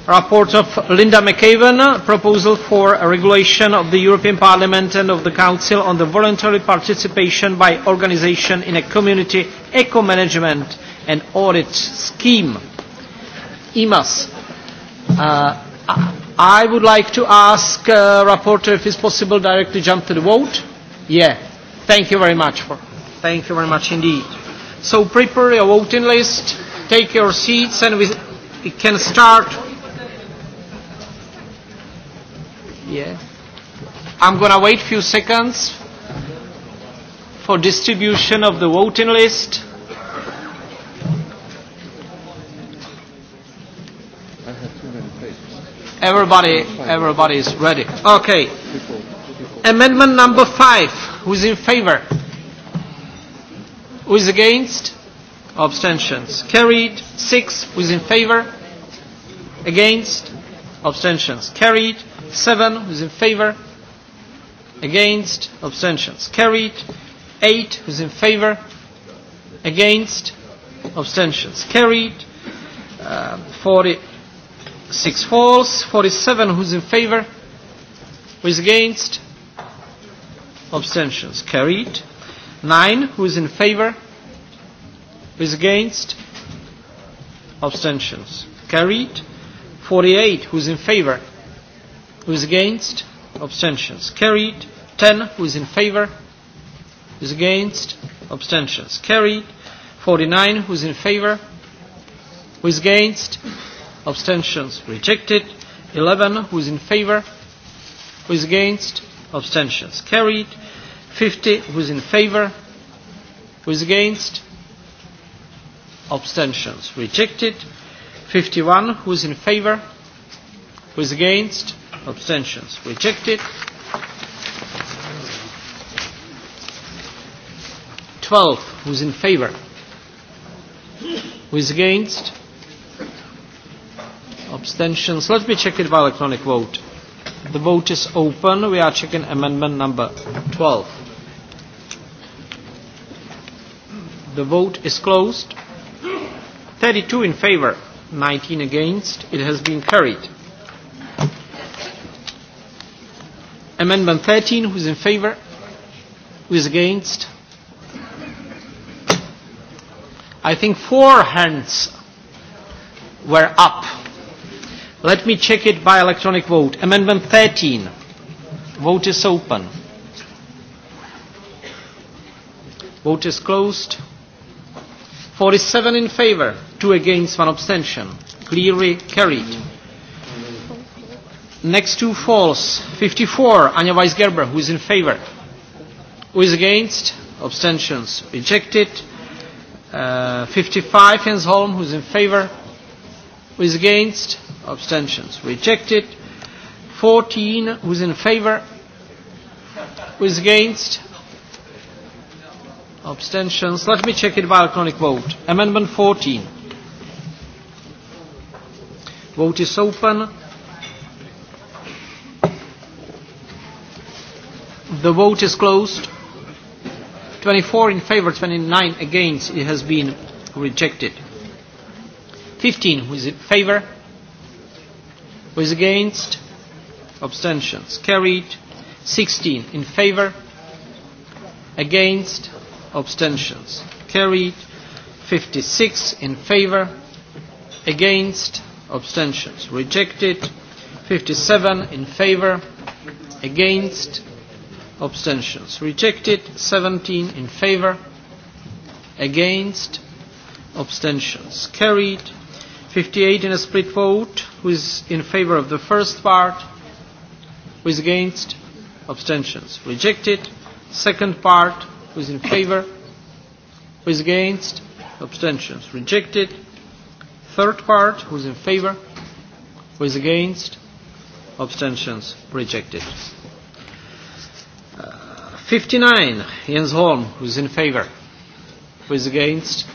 report of Linda McAven, proposal for a regulation of the European Parliament and of the Council on the voluntary participation by organization in a community eco-management and audit scheme. IMAS. Uh, I would like to ask uh, Rapporteur if it's possible directly jump to the vote. Yeah. Thank you very much. For, thank you very much indeed. So prepare your voting list, take your seats and we, we can start. Yeah. I'm going to wait a few seconds for distribution of the voting list. Everybody, everybody is ready. Okay. Amendment number five. Who's in favor? Who is against? Abstentions. Carried. Six. Who is in favor? Against? Abstentions. Carried. Seven. Who is in favor? Against? Abstentions. Carried. Eight. Who is in favor? Against? Abstentions. Carried. Uh, 40. Six falls. 47. Who's in favor? Who is against? Abstentions. Carried. Nine. Who is in favor? Who is against? Abstentions. Carried. 48. Who is in favor? Who is against? Abstentions. Carried. 10. Who is in favor? Who is against? Abstentions. Carried. 49. Who is in favor? Who is against? abstentions rejected 11 who is in favor who is against abstentions carried 50 who is in favor who is against abstentions rejected 51 who is in favor who is against abstentions rejected 12 who is in favor who is against abstentions. Let me check it by electronic vote. The vote is open. We are checking amendment number 12. The vote is closed. 32 in favor, 19 against. It has been carried. Amendment 13, who is in favor? Who is against? I think four hands were up. Let me check it by electronic vote. Amendment 13. Vote is open. Vote is closed. 47 in favor, 2 against, 1 abstention. Clearly carried. Next two falls. 54, Anja Gerber, who is in favor? Who is against? Abstentions rejected. Uh, 55, Jens Holm, who is in favor? Who is against? abstentions rejected 14 who's in favor who's against abstentions let me check it by electronic vote amendment 14 vote is open the vote is closed 24 in favor 29 against it has been rejected 15 who is in favor Who is against? Abstentions. Carried. 16. In favor? Against? Abstentions. Carried. 56. In favor? Against? Abstentions. Rejected. 57. In favor? Against? Abstentions. Rejected. 17. In favor? Against? Abstentions. Carried. 58 in a split vote. Who is in favor of the first part? Who is against? Abstentions. Rejected. Second part. Who is in favor? Who is against? Abstentions. Rejected. Third part. Who is in favor? Who is against? Abstentions. Rejected. Uh, 59. Jens Holm. Who is in favor? Who is against?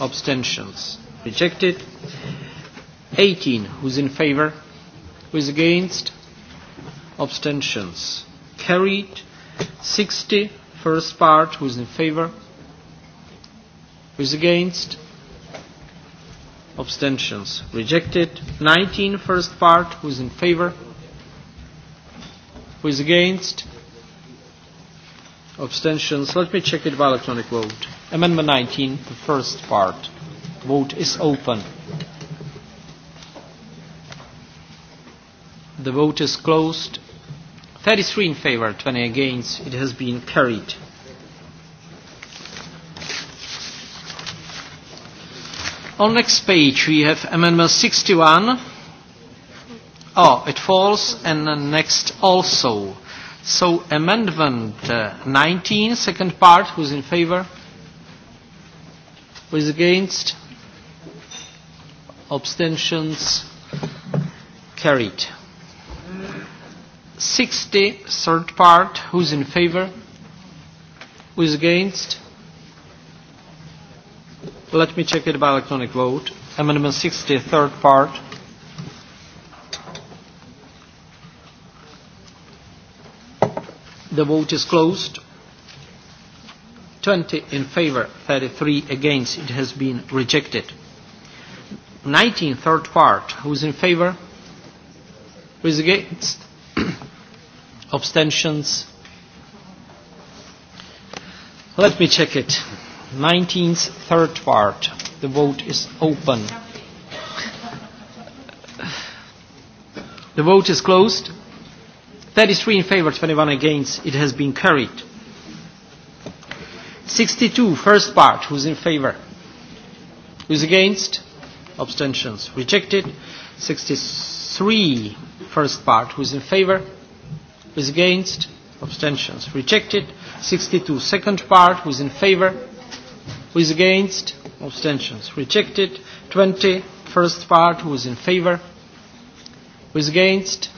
Abstentions Rejected. 18. Who's in favor? Who's against? Abstentions. Carried. 60. First part. Who's in favor? Who's against? Abstentions. Rejected. 19. First part. Who's in favor? Who is against? Abstentions. Let me check it by electronic vote. Amendment 19, the first part. Vote is open. The vote is closed. 33 in favor, 20 against. It has been carried. On next page we have amendment 61. Oh, it falls and the next also. So amendment uh, 19, second part, who's in favor? Who is against? abstentions carried 60 third part who's in favor who's against let me check it by electronic vote amendment 60 third part the vote is closed 20 in favor 33 against it has been rejected 19, third part. Who's in favor? Who is against? Abstentions? Let me check it. 19th, third part. The vote is open. The vote is closed. 33 in favor, 21 against. It has been carried. 62, first part. Who's in favor? Who's against? abstentions rejected 63 first part who is in favor who is against abstentions rejected 62 second part who is in favor who is against abstentions rejected 20 first part who is in favor who is against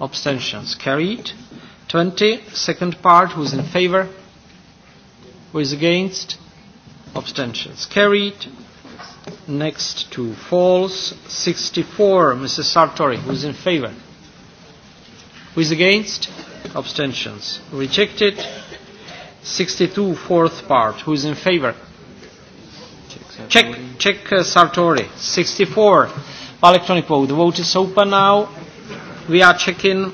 abstentions carried 20 second part who is in favor who is against abstentions carried Next to false. 64, Mrs. Sartori, who is in favor? Who is against? Abstentions. Rejected. 62, fourth part. Who is in favor? Check, check, check uh, Sartori. 64. Electronic vote. The vote is open now. We are checking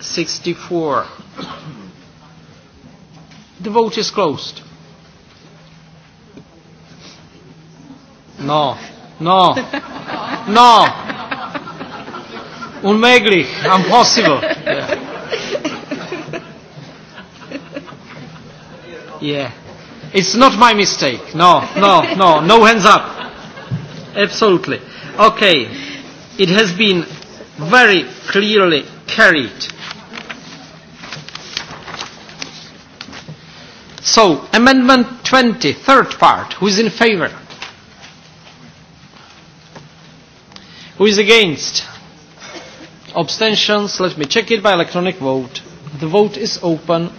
64. The vote is closed. No, no, no. Unmöglich, impossible. Yeah. yeah. It's not my mistake. No, no, no. No hands up. Absolutely. Okay. It has been very clearly carried. So, Amendment 20, third part. Who is in favor? Who is against? Abstentions. Let me check it by electronic vote. The vote is open.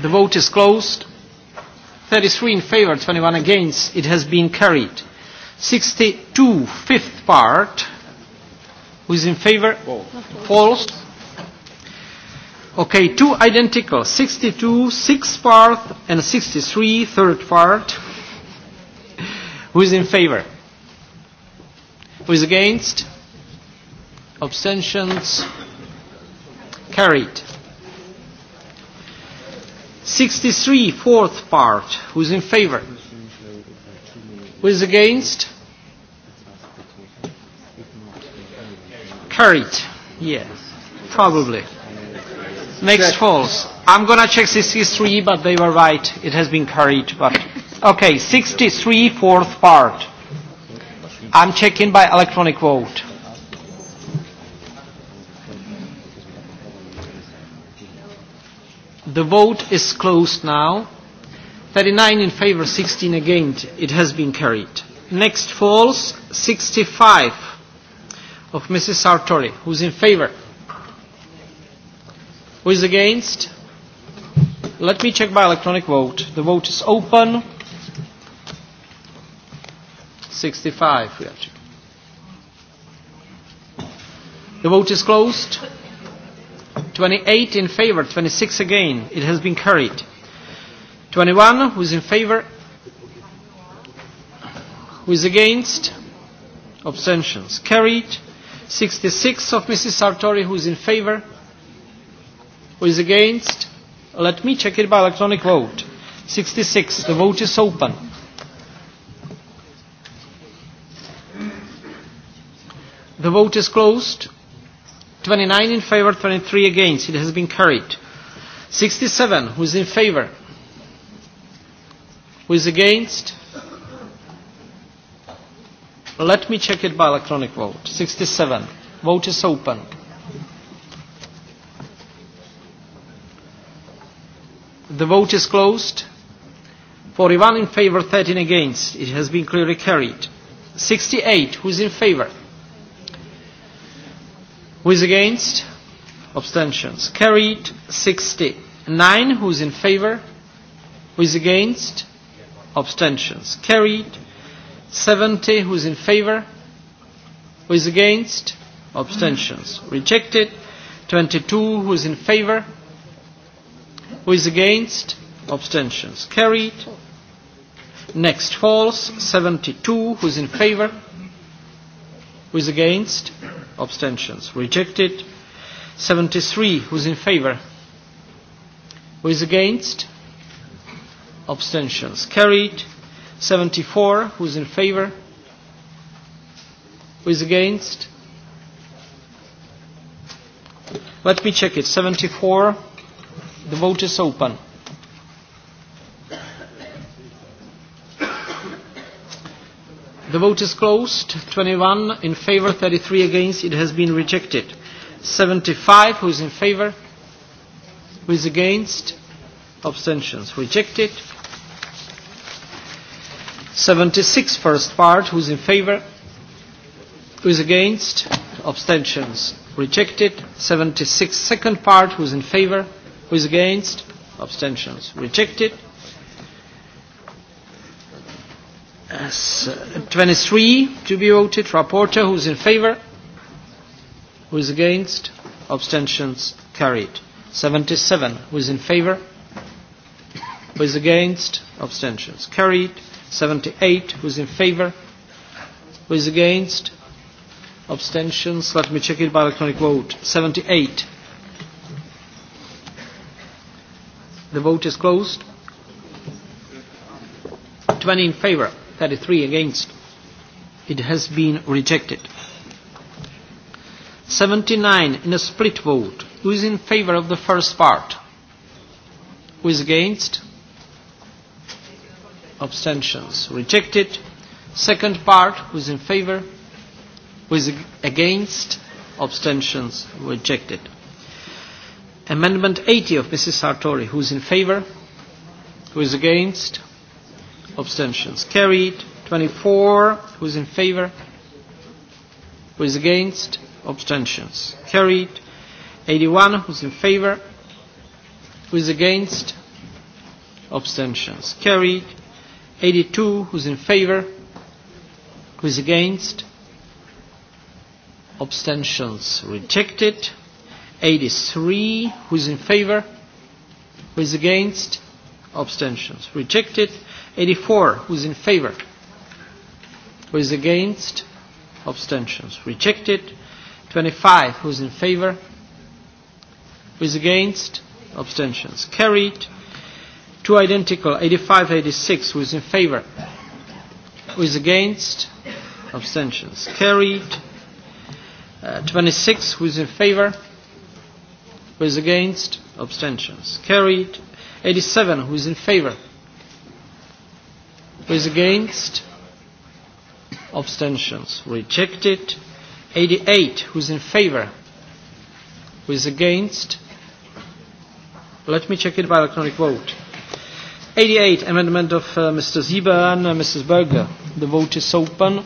The vote is closed. 33 in favor, 21 against. It has been carried. 62, fifth part. Who is in favor? False. Okay, two identical, 62, sixth part, and 63, third part. Who is in favor? Who is against? Abstentions? Carried. 63, fourth part. Who is in favor? Who is against? Carried. Yes, yeah, probably. Next check. false. I'm going to check 63, but they were right. It has been carried. But Okay, 63, fourth part. I'm checking by electronic vote. The vote is closed now. 39 in favor, 16 against. It has been carried. Next falls 65 of Mrs. Sartori. Who's in favor? Who is against? Let me check by electronic vote. The vote is open. 65. We are checked. The vote is closed. 28 in favor, 26 again. It has been carried. 21, who is in favor? Who is against? Abstentions. Carried. 66 of Mrs. Sartori, who is in favor? Who is against? Let me check it by electronic vote. 66. The vote is open. The vote is closed. 29 in favor, 23 against. It has been carried. 67. Who is in favor? Who is against? Let me check it by electronic vote. 67. Vote is open. The vote is closed. 41 in favor, 13 against. It has been clearly carried. 68, who is in favor? Who is against? Abstentions. Carried 69. Who is in favor? Who is against? Abstentions. Carried 70. Who is in favor? Who is against? Abstentions. Rejected 22. Who is in favor? Who is against? Abstentions carried. Next false. 72. Who is in favor? Who is against? Abstentions rejected. 73. Who is in favor? Who is against? Abstentions carried. 74. Who is in favor? Who is against? Let me check it. 74. The vote is open. The vote is closed. 21 in favor, 33 against. It has been rejected. 75, who is in favor? Who is against? Abstentions. Rejected. 76, first part. Who is in favor? Who is against? Abstentions. Rejected. 76, second part. Who is in favor? Who is against? Abstentions. Rejected. As, uh, 23 to be voted. Rapporteur, who is in favor? Who is against? Abstentions carried. 77, who is in favor? Who is against? Abstentions carried. 78, who is in favor? Who is against? Abstentions. Let me check it by electronic vote. 78. The vote is closed. 20 in favor, 33 against. It has been rejected. 79 in a split vote. Who is in favor of the first part? Who is against? Abstentions. Rejected. Second part, who is in favor? Who is against? Abstentions. Rejected. Amendment 80 of Mrs. Sartori. Who is in favor? Who is against? Abstentions. Carried. 24. Who is in favor? Who is against? Abstentions. Carried. 81. Who is in favor? Who is against? Abstentions. Carried. 82. Who is in favor? Who is against? Abstentions. Rejected. 83. Who is in favor? Who is against? Abstentions. Rejected. 84. Who is in favor? Who is against? Abstentions. Rejected. 25. Who is in favor? Who is against? Abstentions. Carried. Two identical. 85, 86. Who is in favor? Who is against? Abstentions. Carried. Uh, 26. Who is in favor? Who is against? Abstentions. Carried. 87. Who is in favor? Who is against? Abstentions. Rejected. 88. Who is in favor? Who is against? Let me check it by electronic vote. 88. Amendment of uh, Mr. Zieber and uh, Mrs. Berger. The vote is open.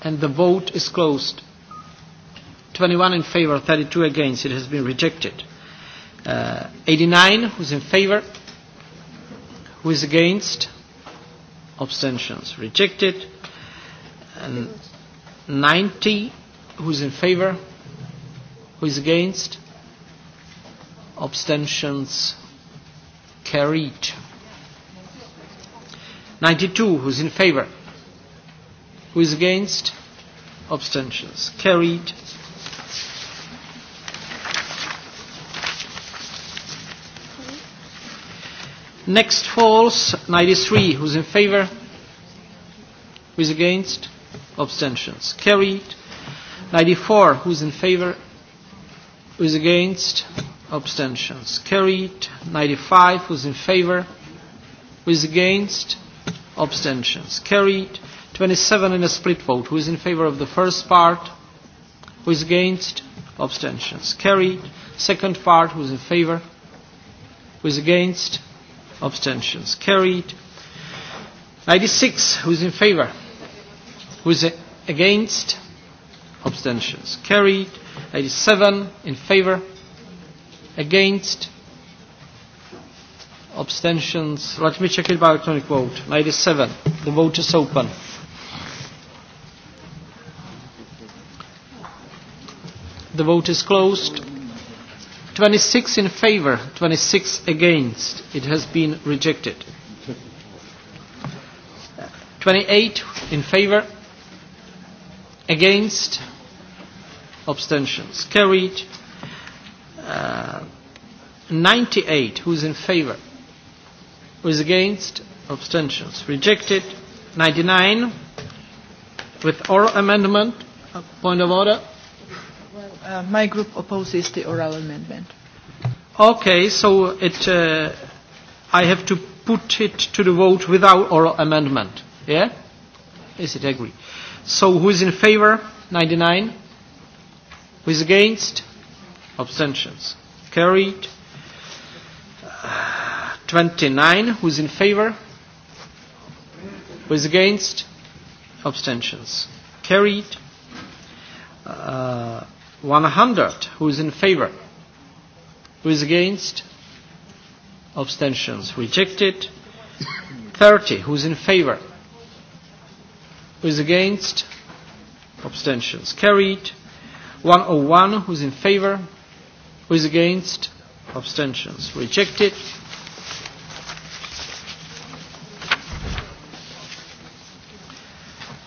And the vote is closed. 21 in favor, 32 against. It has been rejected. Uh, 89, who's in favor? Who is against? Abstentions rejected. And 90, who's in favor? Who is against? Abstentions carried. 92, who's in favor? Who is against? Abstentions carried. Next falls, 93. Who's in favor? Who's against? Abstentions. Carried. 94. Who's in favor? Who's against? Abstentions. Carried. 95. Who's in favor? Who's against? Abstentions. Carried. 27 in a split vote. Who is in favor of the first part? Who is against? Abstentions. Carried. Second part. Who is in favor? Who is against? abstentions carried. 96, who's in favor? is against? Abstentions carried. 87, in favor? Against? Abstentions. Let me check it by electronic vote. 97, the vote is open. The vote is closed 26 in favor, 26 against. It has been rejected. 28 in favor, against, abstentions. Carried. Uh, 98, who is in favor? Who is against? Abstentions. Rejected. 99, with oral amendment, point of order. Uh, my group opposes the oral amendment. Okay, so it, uh, I have to put it to the vote without oral amendment. Yeah? Is it agree? So who is in favor? 99. Who is against? Abstentions. Carried. Uh, 29. Who is in favor? Who is against? Abstentions. Carried. Uh, 100. Who is in favor? Who is against? Abstentions rejected. 30. Who is in favor? Who is against? Abstentions carried. 101. Who is in favor? Who is against? Abstentions rejected.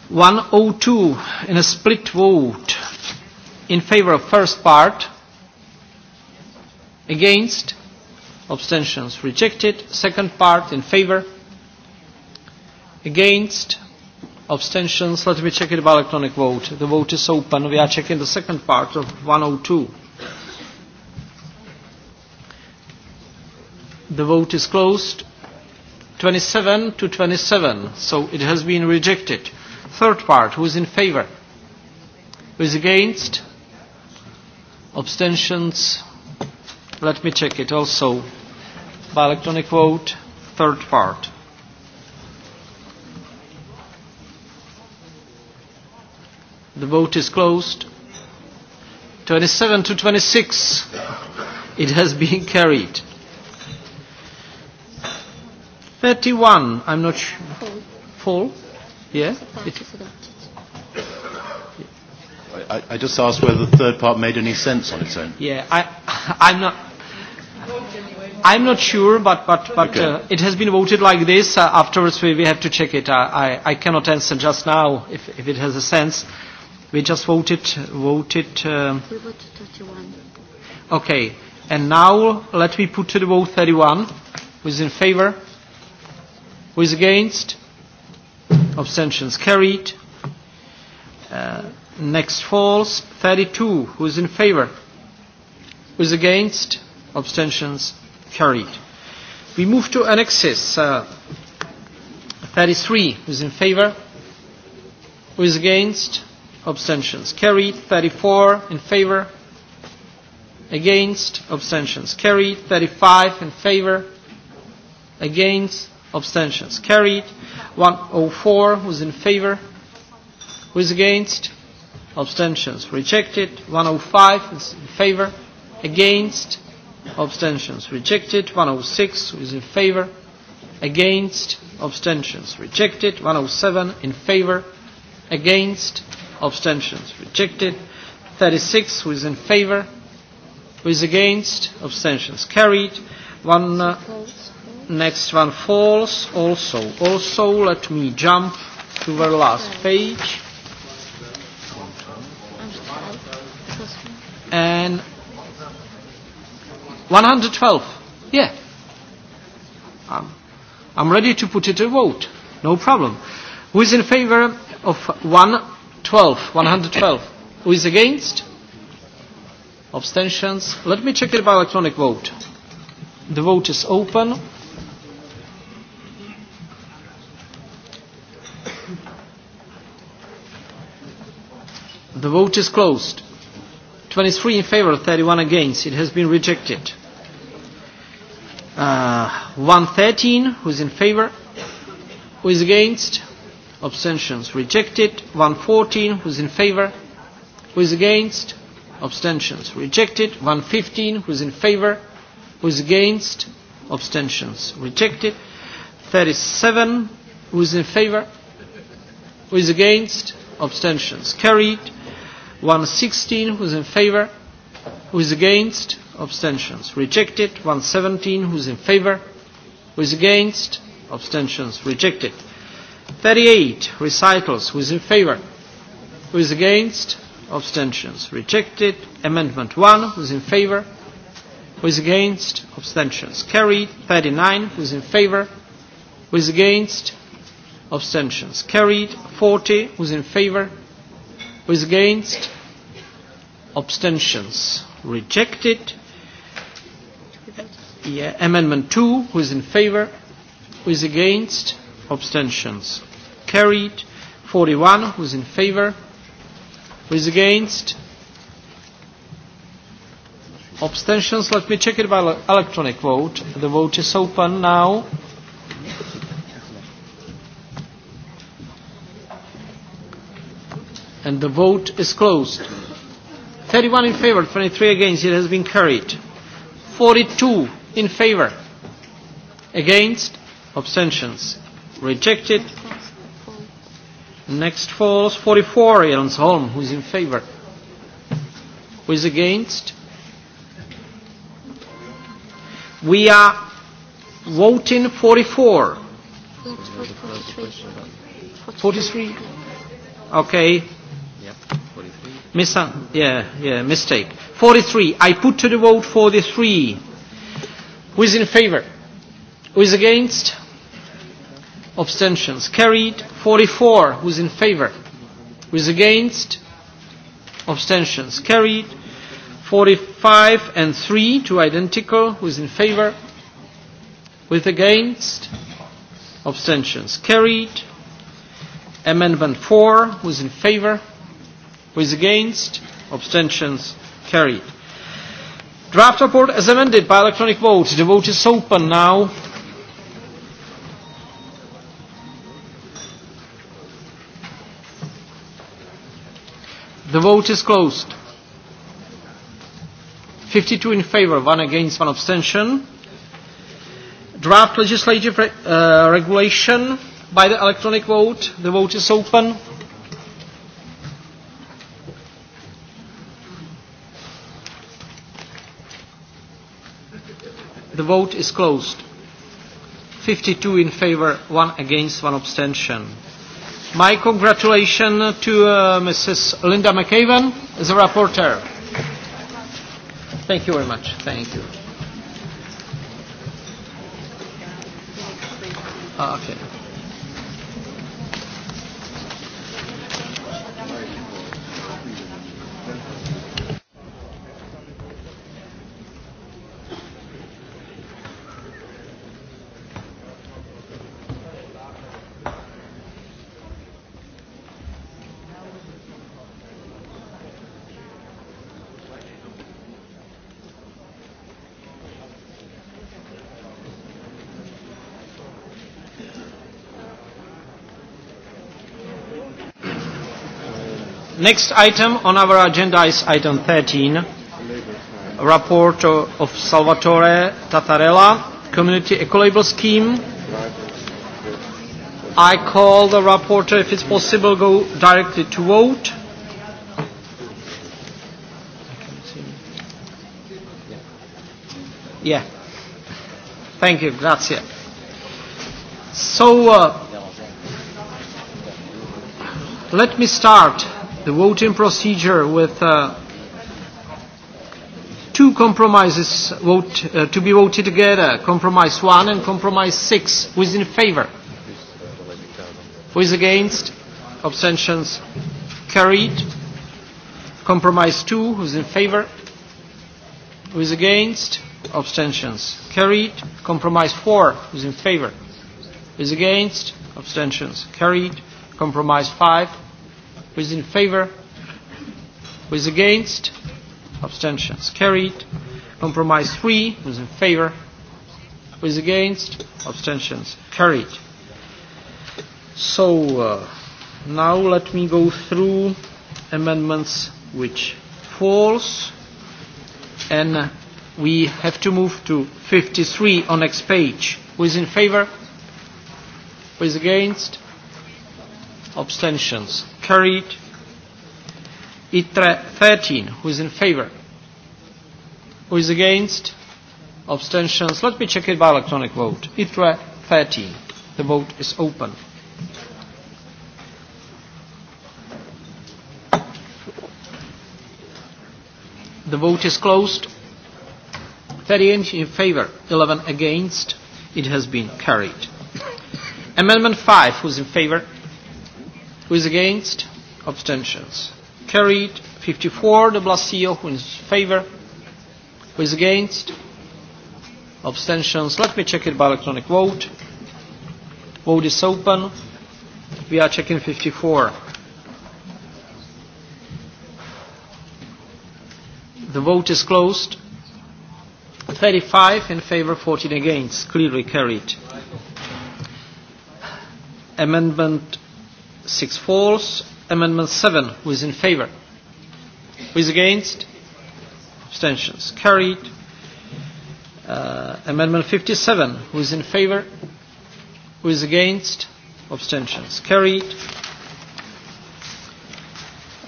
One o two in a split vote in favor of first part, against, abstentions rejected, second part in favor, against, abstentions, let me check it by electronic vote. The vote is open, we are checking the second part of 102. The vote is closed, 27 to 27, so it has been rejected. Third part, who is in favor? Who is against? abstentions. Let me check it also by electronic vote, third part. The vote is closed. 27 to 26, it has been carried. 31, I'm not sure. Full. Yeah? It, I, I just asked whether the third part made any sense on its own. Yeah, I, I'm not. I'm not sure, but, but, but okay. uh, it has been voted like this. Uh, afterwards, we, we have to check it. I, uh, I, I cannot answer just now if, if it has a sense. We just voted. voted um, we voted 31. Okay. And now let me put to the vote 31. Who is in favor? Who is against? Abstentions carried. Uh, Next falls. 32. Who's in favor? is against? Abstentions carried. We move to annexes. Uh, 33. Who's in favor? Who is against? Abstentions carried. 34. In favor? Against? Abstentions carried. 35. In favor? Against? Abstentions carried. 104. Who's in favor? Who is against? abstentions rejected 105 is in favor against abstentions rejected 106 is in favor against abstentions rejected 107 in favor against abstentions rejected 36 who is in favor who is against abstentions carried one uh, next one falls also also let me jump to our last page and 112. Yeah. I'm, I'm ready to put it to vote. No problem. Who is in favor of 112? 112. Who is against? Abstentions. Let me check it by electronic vote. The vote is open. The vote is closed. 23 in favor, 31 against. It has been rejected. Uh, 113, who is in favor? Who is against? Abstentions rejected. 114, who is in favor? Who is against? Abstentions rejected. 115, who is in favor? Who is against? Abstentions rejected. 37, who is in favor? Who is against? Abstentions carried. 116 who's in favor who's against abstentions rejected 117 who's in favor who's against abstentions rejected 38 recitals who's in favor who's against abstentions rejected amendment 1 who's in favor who's against abstentions carried 39 who's in favor who's against abstentions carried 40 who's in favor Who is against? Abstentions. Rejected. Yeah. Amendment 2. Who is in favor? Who is against? Abstentions. Carried. 41. Who is in favor? Who is against? Abstentions. Let me check it by electronic vote. The vote is open now. and the vote is closed. 31 in favor, 23 against, it has been carried. 42 in favor, against, abstentions, rejected. Next falls 44, Jens Holm, who is in favor. Who is against? We are voting 44. 43. Okay. Mis uh, yeah, yeah, mistake. 43. I put to the vote 43. Who is in favor? Who is against? Abstentions. Carried. 44. Who is in favor? Who is against? Abstentions. Carried. 45 and 3, two identical. Who is in favor? With against? Abstentions. Carried. Amendment 4, who is in favor? Who is against? Abstentions carried. Draft report as amended by electronic vote. The vote is open now. The vote is closed. 52 in favor, one against, one abstention. Draft legislative re uh, regulation by the electronic vote. The vote is open. The vote is closed. 52 in favor, one against, one abstention. My congratulations to uh, Mrs. Linda McAven the a rapporteur. Thank you very much. Thank you. Ah, okay. Next item on our agenda is item 13, report of Salvatore Tattarella, Community Ecolabel Scheme. I call the rapporteur, if it's possible, go directly to vote. Yeah. Thank you, grazie. So, uh, let me start the voting procedure with uh, two compromises vote, uh, to be voted together, compromise one and compromise six. Who is in favor? Who is against? Abstentions carried. Compromise two, who is in favor? Who is against? Abstentions carried. Compromise four, who is in favor? Who is against? Abstentions carried. Compromise five, Who is in favor? Who is against? Abstentions carried. Compromise 3. Who is in favor? Who is against? Abstentions carried. So uh, now let me go through amendments which falls and we have to move to 53 on next page. Who is in favor? Who is against? Abstentions carried. ITRE 13, who is in favor? Who is against? Abstentions. Let me check it by electronic vote. ITRE 13. The vote is open. The vote is closed. 38 in favor, 11 against. It has been carried. Amendment 5, is in favor? Who is against? Abstentions. Carried. 54, de Blasio. Who is in favor? Who is against? Abstentions. Let me check it by electronic vote. Vote is open. We are checking 54. The vote is closed. 35 in favor, 14 against. Clearly carried. Amendment six falls. Amendment 7, who is in favor? Who is against? Abstentions. Carried. Uh, amendment 57, who is in favor? Who is against? Abstentions. Carried.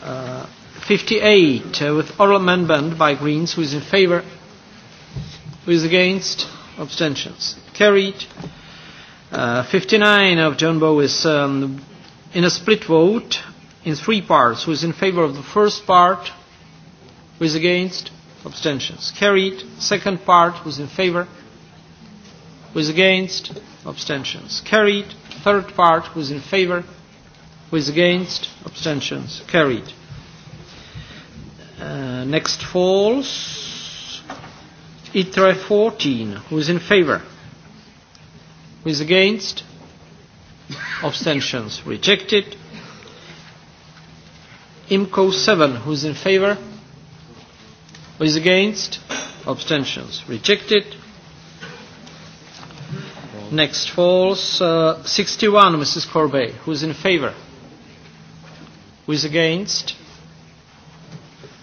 Uh, 58, uh, with oral amendment by Greens, who is in favor? Who is against? Abstentions. Carried. Uh, 59 of John Bow is um, in a split vote in three parts. Who is in favor of the first part? Who is against? Abstentions. Carried. Second part. Who is in favor? Who is against? Abstentions. Carried. Third part. Who is in favor? Who is against? Abstentions. Carried. Uh, next falls. ITRE 14. Who is in favor? Who is against? abstentions rejected. IMCO 7, is in favor? Who is against? Abstentions rejected. Next falls uh, 61, Mrs. Corbey. is in favor? Who is against?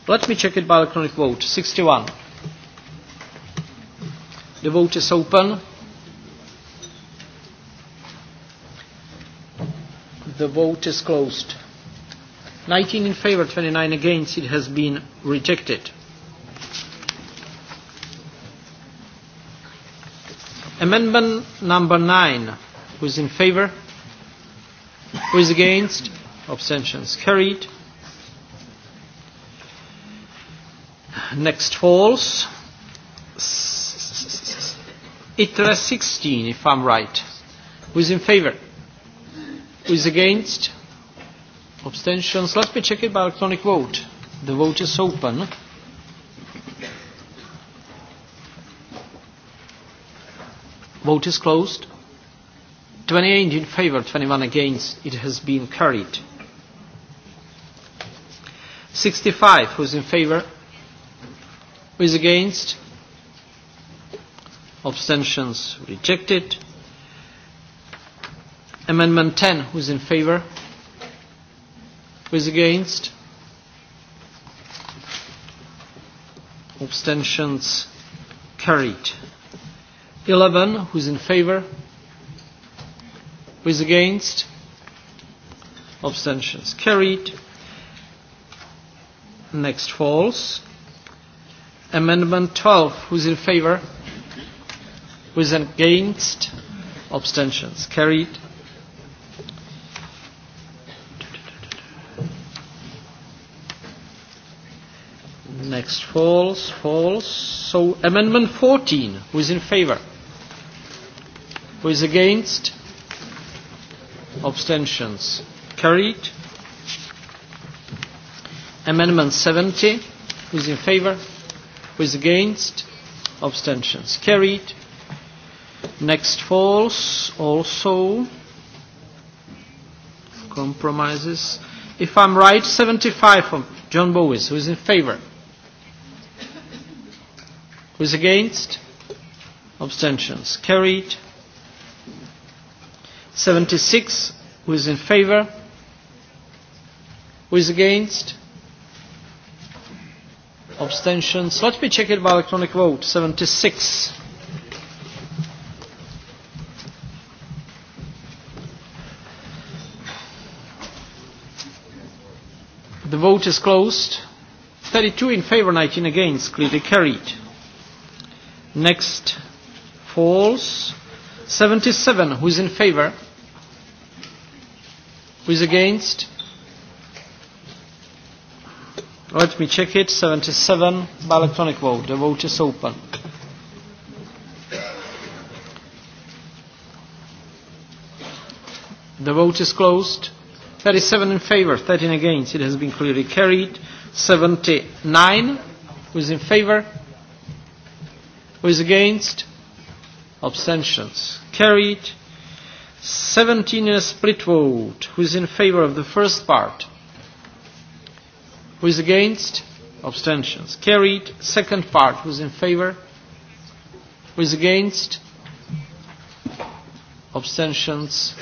Let me check it by electronic vote. 61. The vote is open. The vote is closed. 19 in favor, 29 against. It has been rejected. Amendment number 9. Who is in favor? Who is against? Abstentions carried. Next falls. ITRA 16, if I'm right. Who is in favor? Who is against? Abstentions. Let me check it by electronic vote. The vote is open. Vote is closed. 28 in favor, 21 against. It has been carried. 65, is in favor? Who is against? Abstentions rejected. Amendment 10, who's in favor? Who's against? Abstentions carried. 11, who's in favor? Who's against? Abstentions carried. Next falls. Amendment 12, who's in favor? Who's against? Abstentions carried. Next false, false. So amendment 14, who is in favor? Who is against? Abstentions. Carried. Amendment 70, who is in favor? Who is against? Abstentions. Carried. Next false also. Compromises. If I'm right, 75 from John Bowis, who is in favor Who is against? Abstentions carried. 76. Who is in favor? Who is against? Abstentions. Let me check it by electronic vote. 76. The vote is closed. 32 in favor, 19 against. Clearly carried. Next falls. 77. Who is in favor? Who is against? Let me check it. 77. By electronic vote. The vote is open. The vote is closed. 37 in favor, 13 against. It has been clearly carried. 79 who is in favor, Who is against? Abstentions. Carried. 17 in a split vote. Who is in favor of the first part? Who is against? Abstentions. Carried. Second part. Who is in favor? Who is against? Abstentions.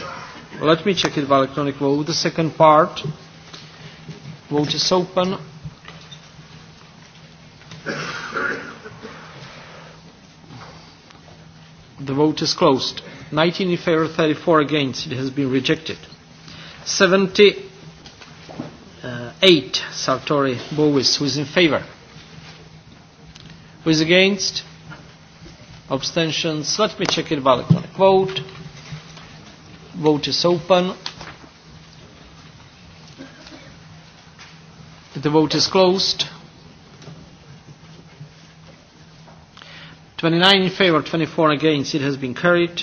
Let me check it by electronic vote. The second part. Vote is open. The vote is closed. 19 in favor, 34 against. It has been rejected. 78 uh, Sartori Bowis. Who is in favor? Who is against? Abstentions. Let me check it by electronic vote. Vote is open. The vote is closed. 29 in favor, 24 against. It has been carried.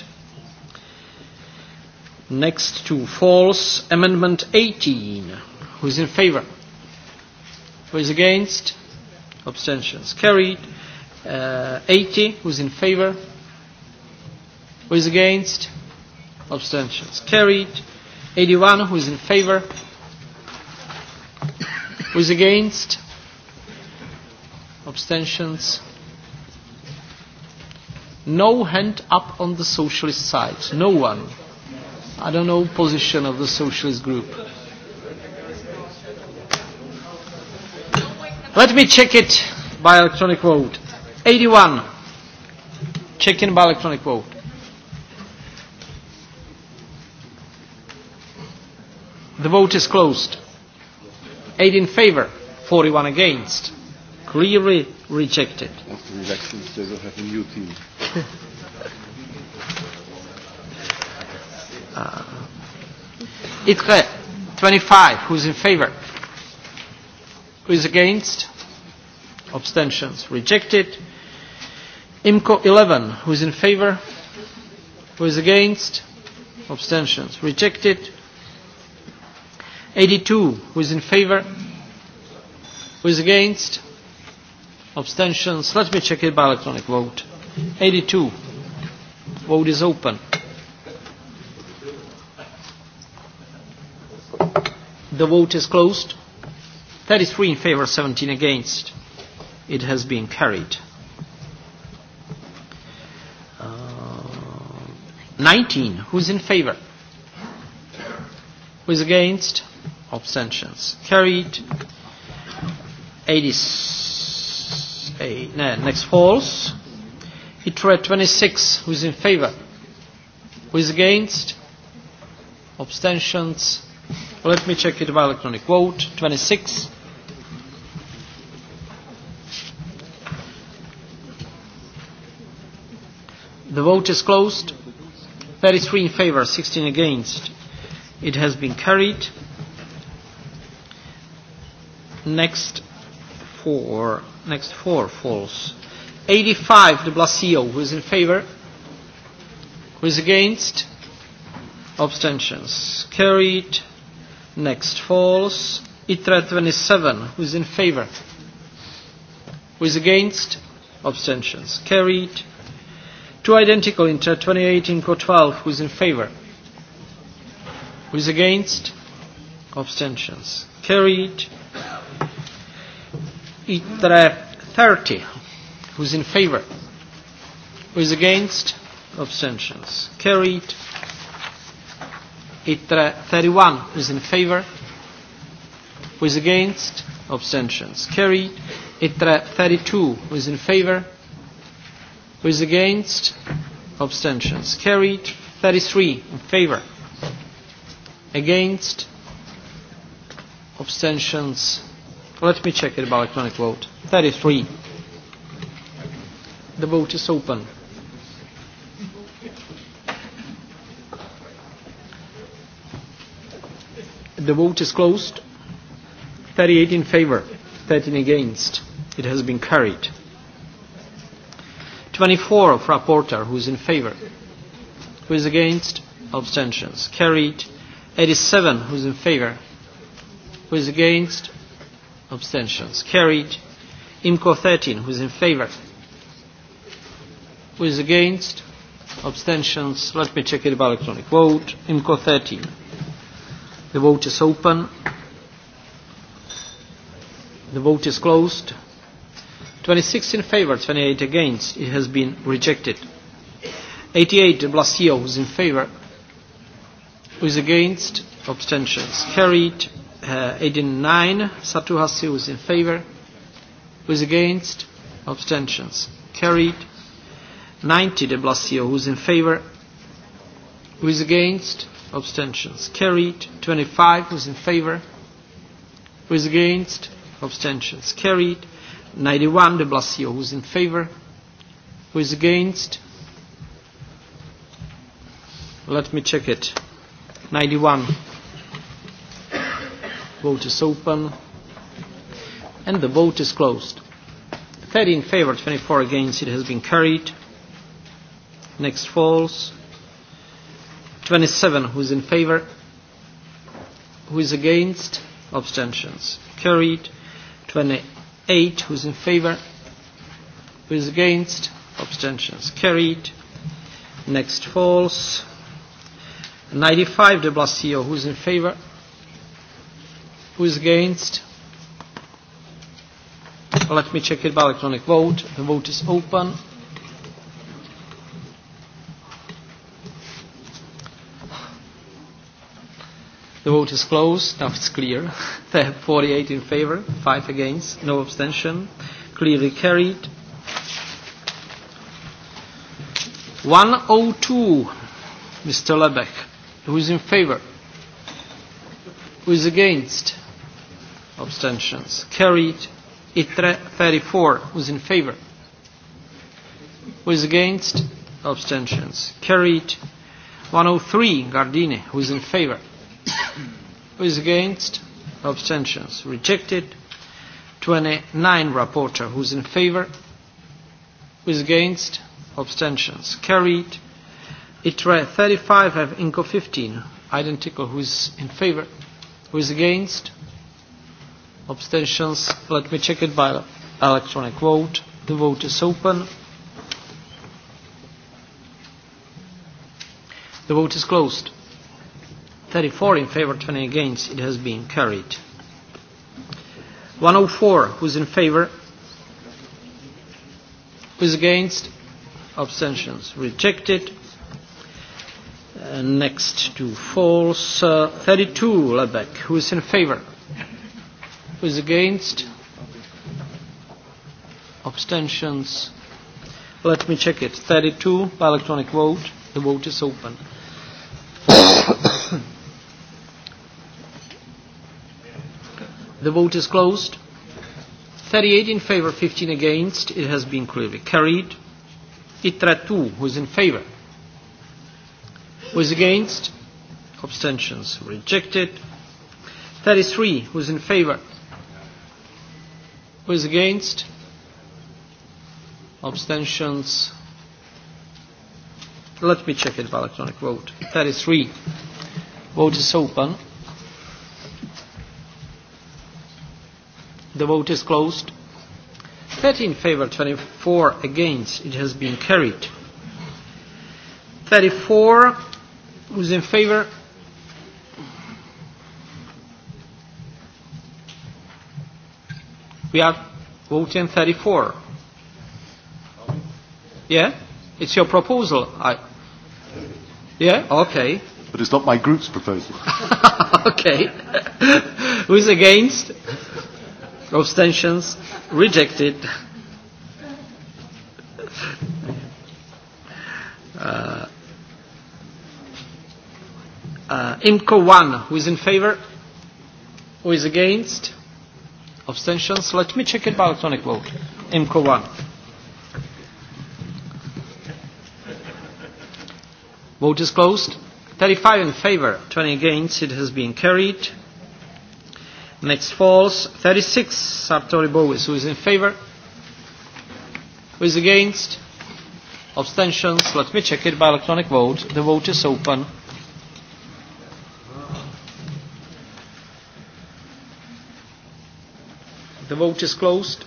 Next to false. Amendment 18. Who is in favor? Who is against? Abstentions carried. Uh, 80. Who is in favor? Who is against? Abstentions carried. 81. Who is in favor? Who is against? Abstentions No hand up on the socialist side. No one. I don't know position of the socialist group. Let me check it by electronic vote. 81. Check in by electronic vote. The vote is closed. 8 in favor, 41 against. Clearly rejected. Itre, uh, 25, who's in favor? Who is against? Abstentions rejected. IMCO 11, who is in favor? Who is against? Abstentions rejected. 82, who is in favor? Who is against? Abstentions. Let me check it by electronic vote. 82. Vote is open. The vote is closed. 33 in favor, 17 against. It has been carried. Uh, 19. Who's in favor? Who's against? Abstentions. Carried. 86. Okay, next false. It read 26, Who is in favor? Who is against? Abstentions? Well, let me check it by electronic vote. 26. The vote is closed. 33 in favor, 16 against. It has been carried. Next four, next four falls. 85, de Blasio, who is in favor? Who is against? Abstentions. Carried. Next falls. ITRA 27, who is in favor? Who is against? Abstentions. Carried. Two identical ITRA 28, INCO 12, who is in favor? Who is against? Abstentions. Carried. Itre 30. Who's in favor? Who is against? Abstentions. Carried. Itre 31. Who is in favor? Who is against? Abstentions. Carried. Itre 32. Who is in favor? Who is against? Abstentions. Carried. 33. In favor. Against? Abstentions Let me check it by electronic vote. 33. The vote is open. The vote is closed. 38 in favor, 13 against. It has been carried. 24 of rapporteur who is in favor, who is against, abstentions. Carried. 87 who is in favor, who is against, abstentions carried. IMCO 13, who is in favor? Who is against? Abstentions. Let me check it by electronic vote. IMCO 13. The vote is open. The vote is closed. 26 in favor, 28 against. It has been rejected. 88, de Blasio, who is in favor. Who is against? Abstentions. Carried. 89, uh, Satu Hassi was in favor, was against, abstentions, carried. 90, de Blasio, who's in favor, is against, abstentions, carried. 25, who's in favor, is against, abstentions, carried. 91, de Blasio, who's in favor, is against, let me check it. 91. Vote is open. And the vote is closed. 30 in favor, 24 against. It has been carried. Next falls. 27. Who is in favor? Who is against? Abstentions. Carried. 28. Who is in favor? Who is against? Abstentions. Carried. Next falls. 95. De Blasio. Who is in favor? Who is against? Let me check it by electronic vote. The vote is open. The vote is closed. Now it's clear. 48 in favor, 5 against, no abstention. Clearly carried. 102, Mr. Lebeck. Who is in favor? Who is against? abstentions carried. ITRE 34 who's in favor? Who is against? Abstentions carried. 103 Gardini who is in favor? Who is against? Abstentions rejected. 29 Rapporteur who's in favor? Who is against? Abstentions carried. ITRE 35 have INCO 15 identical Who's in favor? Who is against? abstentions. Let me check it by electronic vote. The vote is open. The vote is closed. 34 in favor, 20 against. It has been carried. 104, is in favor? Who's against? Abstentions. Rejected. Uh, next to false. Uh, 32, Lebeck. is in favor? Who is against? Abstentions. Let me check it. 32 by electronic vote. The vote is open. the vote is closed. 38 in favor, 15 against. It has been clearly carried. Itra 2, who is in favor? Who is against? Abstentions rejected. 33, who is in favor? Who is against? Abstentions? Let me check it by electronic vote. 33. Vote is open. The vote is closed. 30 in favor, 24 against. It has been carried. 34. Who is in favor? We are voting 34. Yeah? It's your proposal. I yeah? Okay. But it's not my group's proposal. okay. Who is against? Abstentions? Rejected. Uh, uh, IMCO 1, who is in favor? Who is against? Abstentions? Let me check it by electronic vote. IMCO 1. Vote is closed. 35 in favor, 20 against. It has been carried. Next falls. 36, Sartori Bowis. Who is in favor? Who is against? Abstentions? Let me check it by electronic vote. The vote is open. The vote is closed.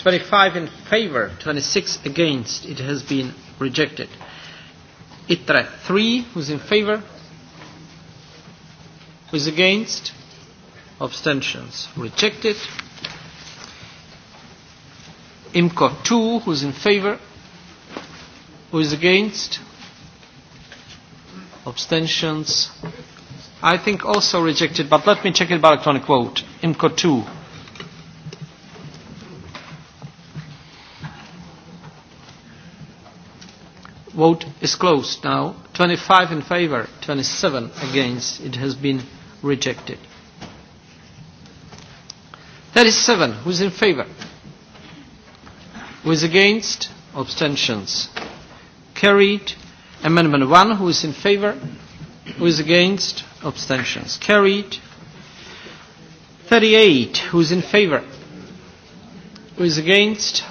25 in favor, 26 against. It has been rejected. ITRA 3, who's in favor? Who's against? Abstentions. Rejected. Imko, 2, who's in favor? Who is against? Abstentions. I think also rejected, but let me check it by electronic vote. IMCO 2. Vote is closed now. 25 in favor, 27 against. It has been rejected. 37. Who is in favor? Who is against? Abstentions. Carried. Amendment 1. Who is in favor? Who is against? Abstentions. Carried. 38. Who is in favor? Who is against?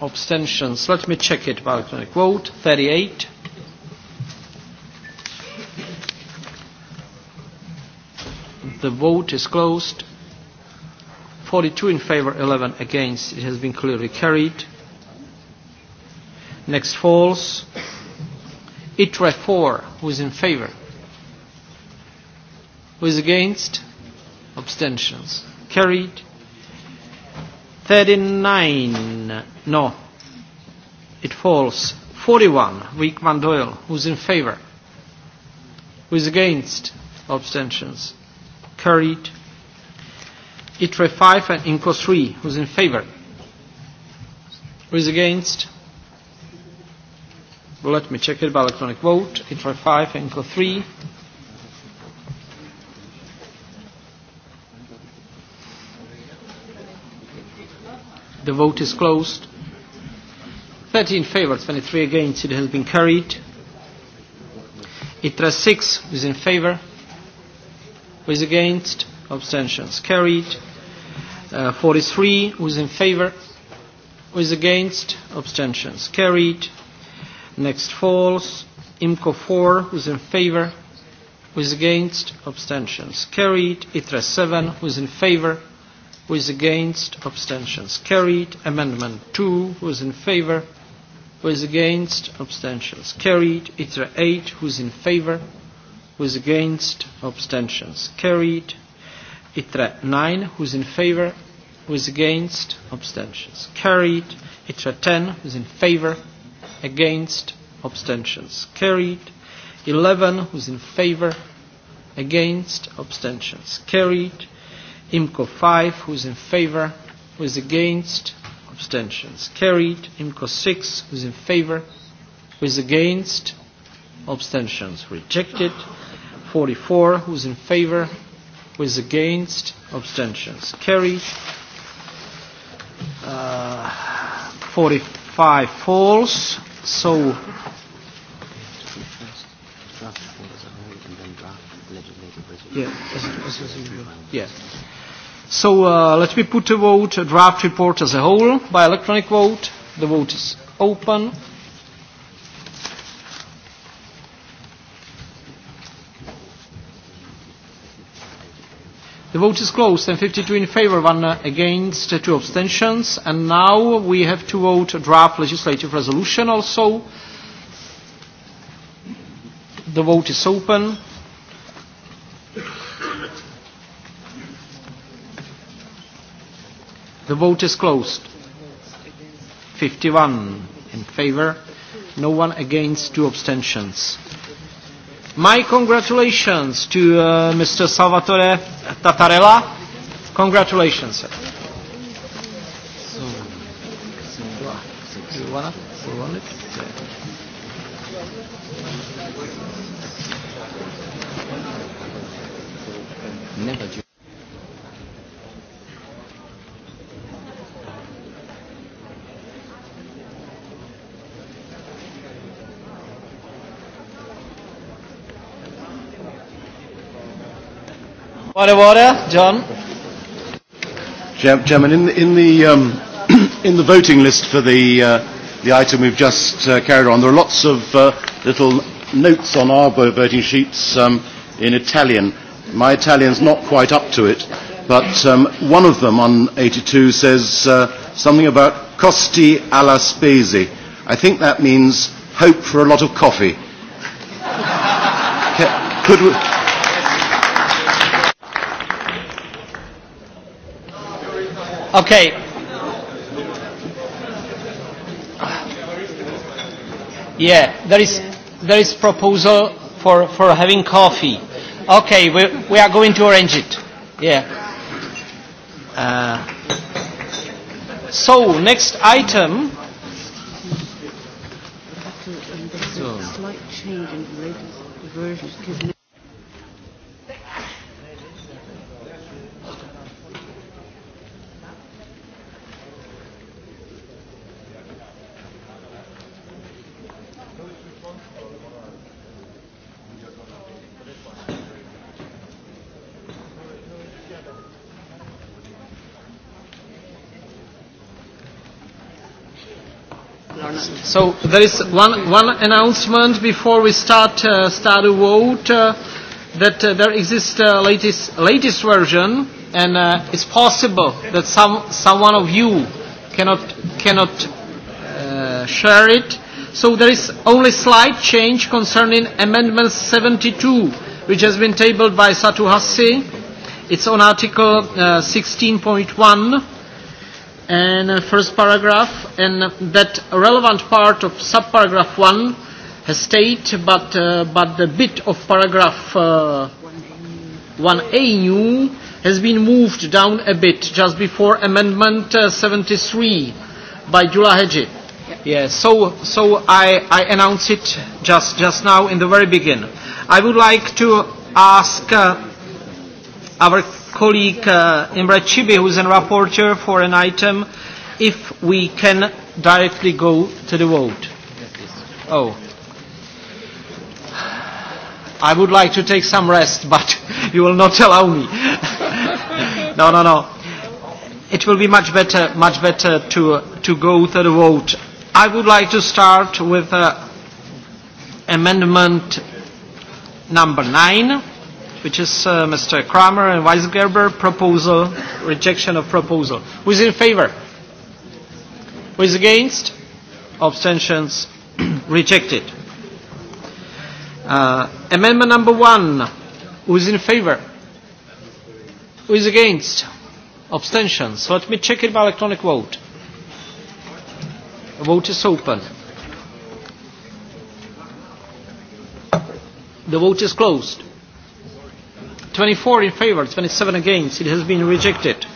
Abstentions. Let me check it by Quote 38. The vote is closed. 42 in favor, 11 against. It has been clearly carried. Next falls. ITRE 4. Who is in favor? Who is against? Abstentions. Carried. 39, no, it falls. 41, weak Van Doyle, who's in favor? Who's against? Abstentions. Carried. ITRE 5 and INCO 3, who's in favor? Who's against? Well, let me check it by electronic vote. ITRE 5 and INCO 3. The vote is closed. 30 in favor, 23 against. It has been carried. ITRA 6 is in favor. Who is against? Abstentions carried. Uh, 43 who is in favor? Who is against? Abstentions carried. Next falls. IMCO 4 who is in favor? Who is against? Abstentions carried. ITRA 7 who is in favor? Who is against? Abstentions carried. Amendment 2. Who is in favor? Who is against? Abstentions carried. ITRA 8. Who is in favor? Who is against? Abstentions carried. ITRA 9. Who is in favor? Who is against? Abstentions carried. ITRA 10. Who is in favor? Against? Abstentions carried. 11. Who is in favor? Against? Abstentions carried. IMCO 5, who is in favor, who is against, abstentions carried. IMCO 6, who is in favor, who is against, abstentions rejected. 44, who is in favor, who is against, abstentions carried. Uh, 45 falls, so yeah, Yeah. So uh, let me put the vote a draft report as a whole by electronic vote. The vote is open. The vote is closed and 52 in favor, one against, two abstentions. And now we have to vote a draft legislative resolution also. The vote is open. The vote is closed. 51 in favor, no one against, two abstentions. My congratulations to uh, Mr. Salvatore Tatarella. Congratulations. Sir. Never do. Water, water, John. Chairman, in the, in the, um, in the voting list for the, uh, the item we've just uh, carried on, there are lots of uh, little notes on our voting sheets um, in Italian. My Italian's not quite up to it, but um, one of them on 82 says uh, something about costi alla spese. I think that means hope for a lot of coffee. Could we, Okay. Yeah, there is there is proposal for for having coffee. Okay, we we are going to arrange it. Yeah. Uh, so next item. So. Slight change in the latest version. So there is one, one announcement before we start, uh, start a vote uh, that uh, there exists a uh, latest, latest version and uh, it's possible that some, someone of you cannot, cannot uh, share it. So there is only slight change concerning Amendment 72 which has been tabled by Satu Hassi. It's on Article uh, 16.1 and the uh, first paragraph, and that relevant part of subparagraph 1 has stayed, but, uh, but the bit of paragraph uh, 1A new has been moved down a bit just before amendment uh, 73 by Jula Hedji. Yep. Yeah, so, so I, I announced it just, just now in the very beginning. I would like to ask uh, our colleague uh, Imre Chibi, who is a rapporteur for an item, if we can directly go to the vote. Oh. I would like to take some rest, but you will not allow me. no, no, no. It will be much better, much better to, to go to the vote. I would like to start with uh, amendment number nine which is uh, Mr. Kramer and Weisgerber proposal, rejection of proposal. Who is in favor? Who is against? Abstentions rejected. Uh, amendment number one. Who is in favor? Who is against? Abstentions. let me check it by electronic vote. The vote is open. The vote is closed. 24 in favor, 27 against. It has been rejected.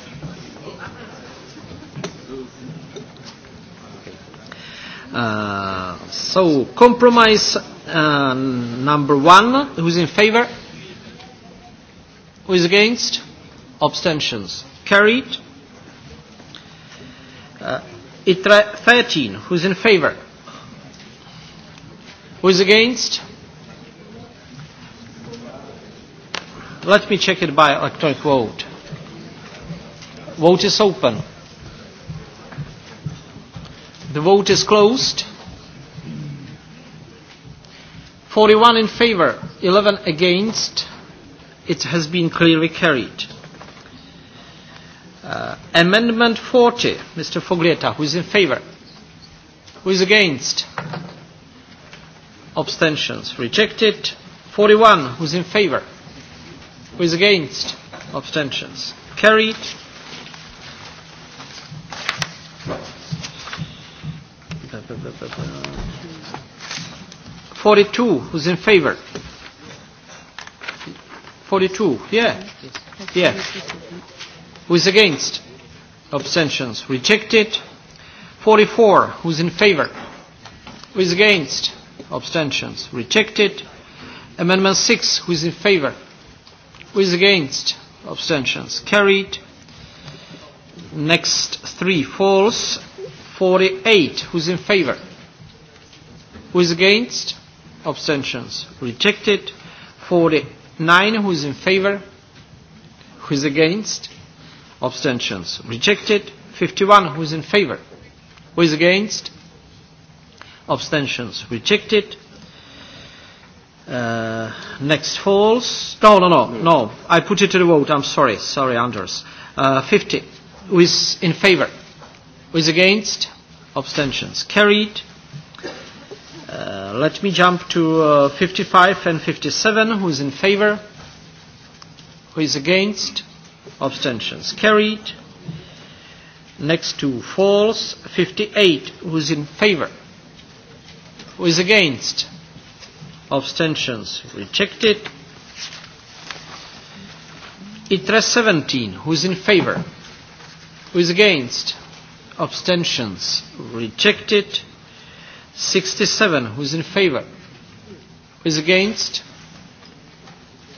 Uh, so, compromise uh, number one, who's in favor? Who is against? Abstentions. Carried. Uh, 13. Who is in favor? Who is against? Let me check it by electronic vote. Vote is open. The vote is closed. 41 in favor, 11 against. It has been clearly carried. Uh, amendment 40, Mr. Foglietta, who is in favor? Who is against? Abstentions rejected. 41, who is in favor? Who is against? Abstentions. Carried. Forty-two. Who's in favor? Forty-two. Yeah. Yeah. Who is against? Abstentions. Rejected. Forty-four. Who's in favor? Who is against? Abstentions. Rejected. Amendment six. Who is in favor? Who is against? Abstentions carried. Next three false. 48. Who's in favor? Who is against? Abstentions rejected. 49. Who is in favor? Who is against? Abstentions rejected. 51. Who is in favor? Who is against? Abstentions rejected. Uh, next falls. No, no, no, no, I put it to the vote. I'm sorry. Sorry, Anders. Uh, 50. Who is in favor? Who is against? Abstentions. Carried. Uh, let me jump to uh, 55 and 57. Who is in favor? Who is against? Abstentions. Carried. Next to false. 58. Who is in favor? Who is against? abstentions rejected. ITRES 17, who is in favor? Who is against? Abstentions rejected. 67, who is in favor? Who is against?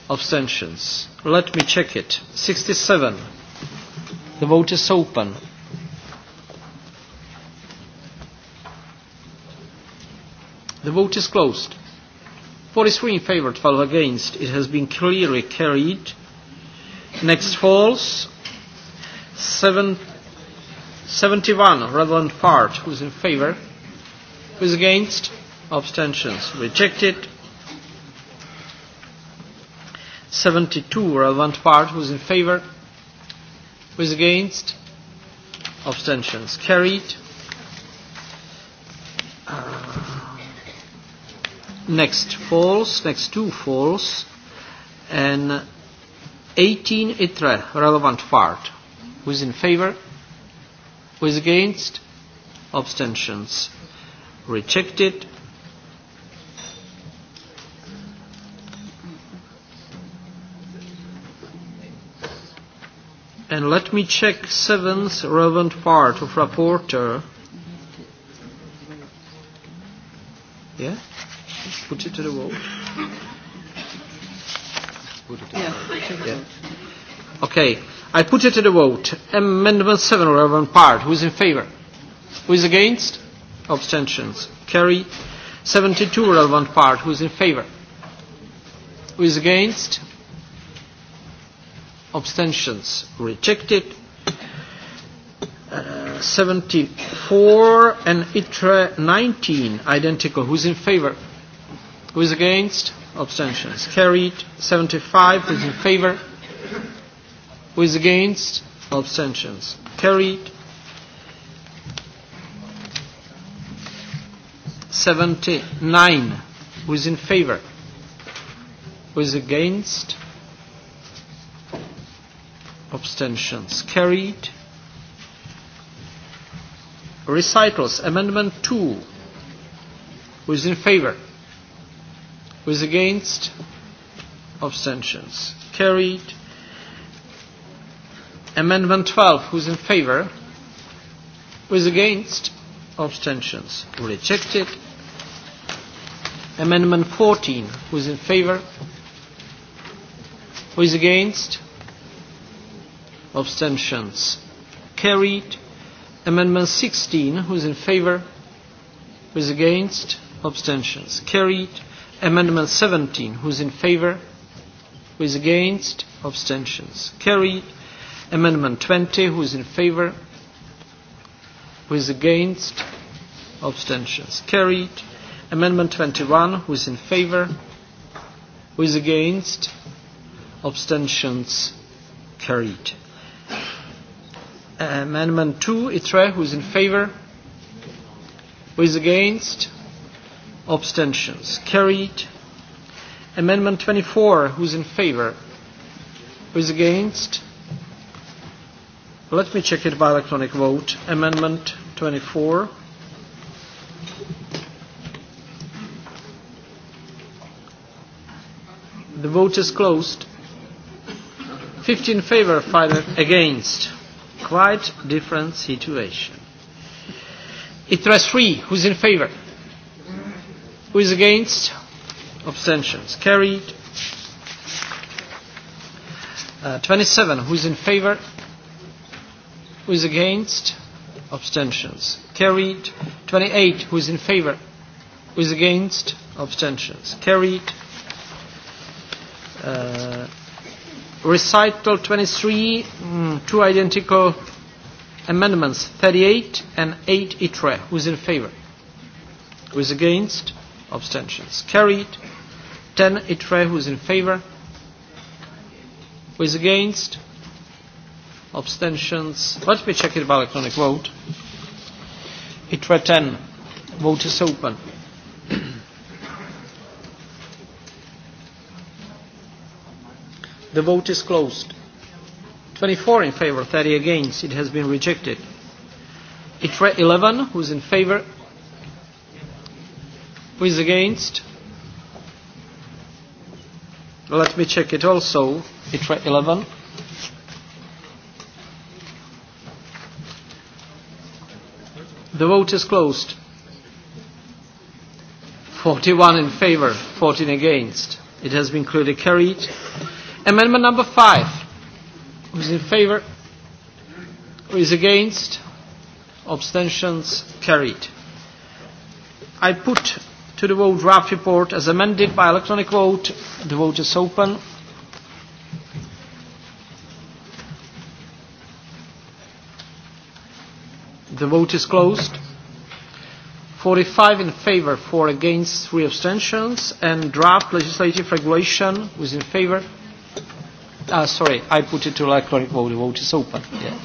Abstentions. Let me check it. 67. The vote is open. The vote is closed three in favor, 12 against. It has been clearly carried. Next falls. Seven, 71, relevant part. Who is in favor? Who is against? Abstentions. Rejected. 72, relevant part. Who is in favor? Who is against? Abstentions. Carried. Uh, next falls, next two falls, and 18 itre, relevant part. Who is in favor? Who is against? Abstentions. Rejected. And let me check seventh relevant part of rapporteur. Yeah? Put it to the wall. Put it to the yeah. Okay. I put it to the vote. Amendment 7, relevant part. Who is in favor? Who is against? Abstentions. Carry. 72, relevant part. Who is in favor? Who is against? Abstentions. Rejected. Uh, 74 and ITRA 19, identical. Who is in favor? Who is against? Abstentions. Carried. 75. Who is in favor? Who is against? Abstentions. Carried. 79. Who is in favor? Who is against? Abstentions. Carried. Recitals. Amendment 2. Who is in favor? Who is against? Abstentions. Carried. Amendment 12. Who is in favor? Who is against? Abstentions. Rejected. Amendment 14. Who is in favor? Who is against? Abstentions. Carried. Amendment 16. Who is in favor? Who is against? Abstentions. Carried. Amendment 17, who's in favor? Who is against? Abstentions. Carried. Amendment 20, who is in favor? Who is against? Abstentions. Carried. Amendment 21, who is in favor? Who is against? Abstentions. Carried. Amendment 2, Itre, who is in favor? Who is against? Abstentions. Carried. Amendment 24. Who's in favor? Who's against? Let me check it by electronic vote. Amendment 24. The vote is closed. 15 in favor, 5 against. Quite different situation. It was 3. Who's in favor? Who is against? Abstentions. Carried. Uh, 27. Who is in favor? Who is against? Abstentions. Carried. 28. Who is in favor? Who is against? Abstentions. Carried. Uh, recital 23, mm, two identical amendments, 38 and 8 ITRE. Who is in favor? Who is against? abstentions carried 10 itre who is in favor who is against abstentions let me check it by electronic vote itre 10 vote is open the vote is closed 24 in favor 30 against it has been rejected itre 11 who is in favor Who is against? Let me check it also. It's 11. The vote is closed. 41 in favor, 14 against. It has been clearly carried. Amendment number 5. Who is in favor? Who is against? Abstentions carried. I put to the vote draft report as amended by electronic vote. The vote is open. The vote is closed. 45 in favor, 4 against, 3 abstentions, and draft legislative regulation was in favor. Uh, sorry, I put it to electronic vote. The vote is open. Yeah.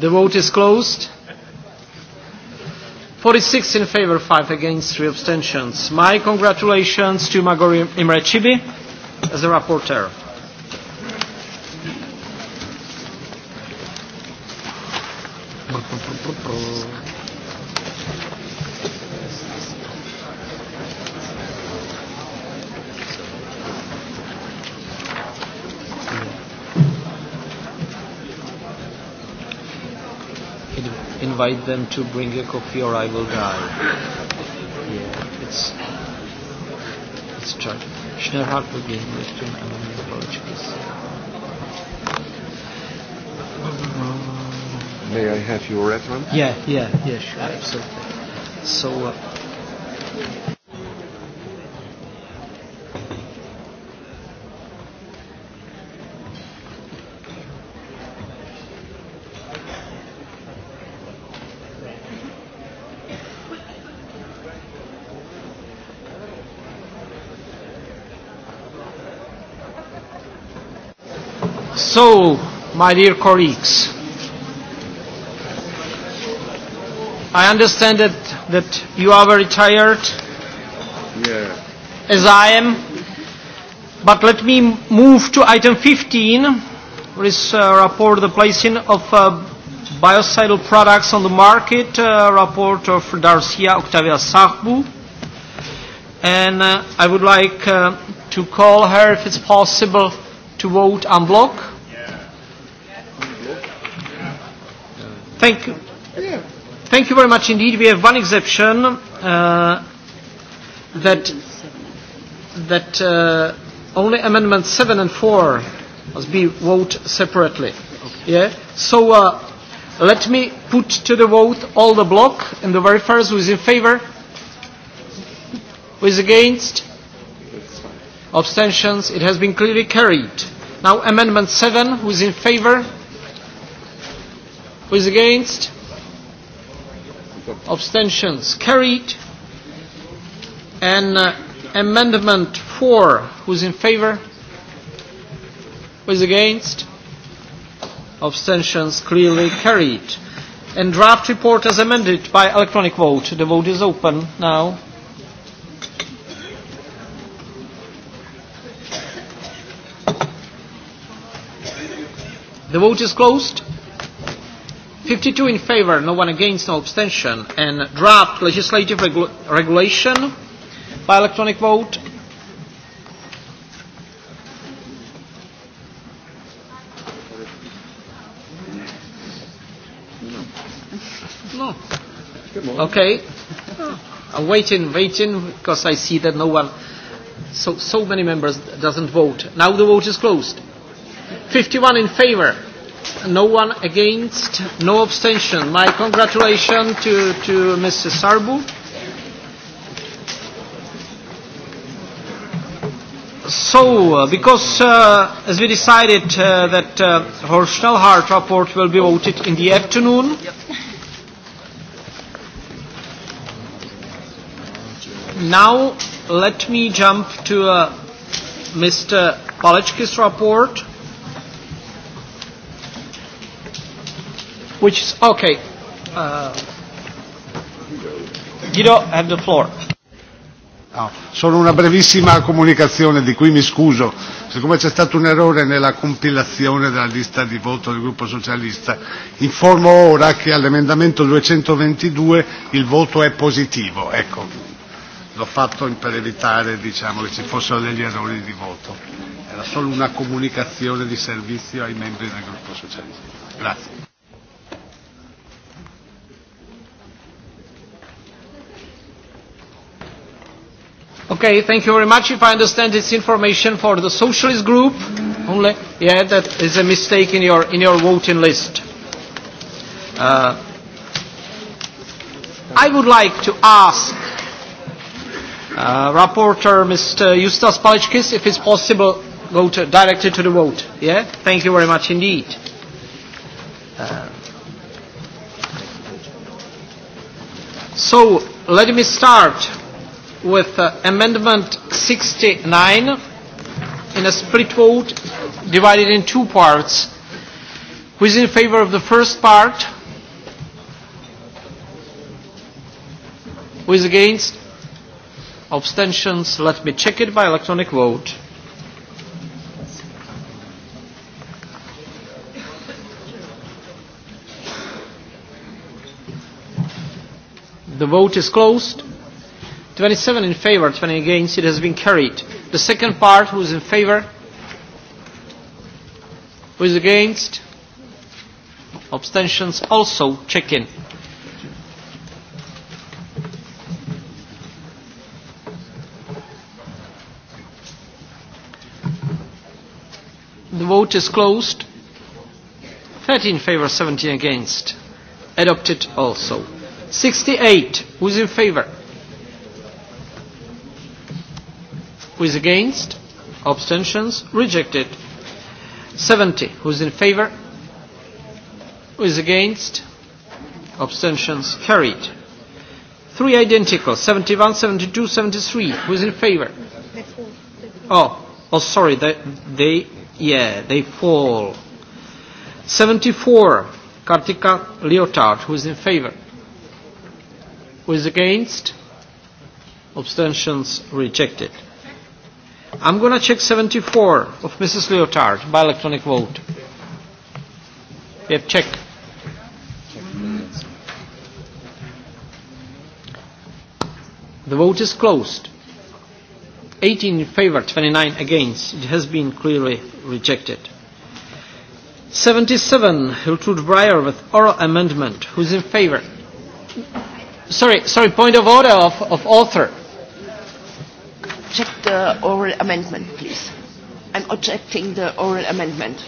The vote is closed. 46 in favor, 5 against, 3 abstentions. My congratulations to Magori Imrechibi as a rapporteur. invite them to bring a coffee or I will die. Yeah, it's, it's tragic. Schneerhardt will be to an May I have your reference? Yeah, yeah, yeah, sure, absolutely. So, uh, So, my dear colleagues, I understand that, that you are very tired, yeah. as I am, but let me move to item 15, which is uh, report the placing of uh, biocidal products on the market, uh, report of Darcia Octavia Sahbu. And uh, I would like uh, to call her, if it's possible, to vote on bloc. Thank you. Thank you very much indeed. We have one exception uh, that that uh, only amendments 7 and 4 must be voted separately. Okay. Yeah. So uh, let me put to the vote all the block and the very first who is in favor, who is against, abstentions. It has been clearly carried. Now amendment 7, who is in favor? Who is against? Abstentions carried. And uh, amendment 4. Who is in favor? Who is against? Abstentions clearly carried. And draft report as amended by electronic vote. The vote is open now. The vote is closed. 52 in favor, no one against, no abstention. And draft legislative regu regulation by electronic vote. No. Okay. I'm waiting, waiting, because I see that no one, so, so many members doesn't vote. Now the vote is closed. 51 in favor. No one against, no abstention. My congratulations to, to Mr. Sarbu. So, uh, because uh, as we decided uh, that uh, Horst Schnellhardt report will be voted in the afternoon, now let me jump to uh, Mr. Palechki's report which is okay. Uh, don't have the floor. No, ah, solo una brevissima comunicazione di cui mi scuso, siccome c'è stato un errore nella compilazione della lista di voto del gruppo socialista, informo ora che all'emendamento 222 il voto è positivo, ecco, l'ho fatto per evitare diciamo, che ci fossero degli errori di voto, era solo una comunicazione di servizio ai membri del gruppo socialista. Grazie. Okay, thank you very much. If I understand, it's information for the socialist group only. Yeah, that is a mistake in your in your voting list. Uh, I would like to ask uh, rapporteur Mr. Justas Palickis if it's possible go to, directly to the vote. Yeah, thank you very much indeed. Uh, so let me start with uh, Amendment 69 in a split vote divided in two parts. Who is in favor of the first part? Who is against? Abstentions. Let me check it by electronic vote. The vote is closed. 27 in favor, 20 against, it has been carried. The second part, who is in favor? Who is against? Abstentions also check in. The vote is closed. 13 in favor, 17 against. Adopted also. 68, who is in favor? Who is against? Abstentions? Rejected. 70. Who is in favor? Who is against? Abstentions? Carried. Three identical. 71, 72, 73. Who is in favor? Oh, oh sorry. They, they yeah, they fall. 74. Kartika Leotard. Who is in favor? Who is against? Abstentions rejected. I'm going to check 74 of Mrs. Leotard by electronic vote. Yeah, check. The vote is closed. 18 in favor, 29 against. It has been clearly rejected. 77, Hiltrud Breyer with oral amendment. Who's in favor? Sorry, sorry, point of order of, of author object the oral amendment, please. I'm objecting the oral amendment.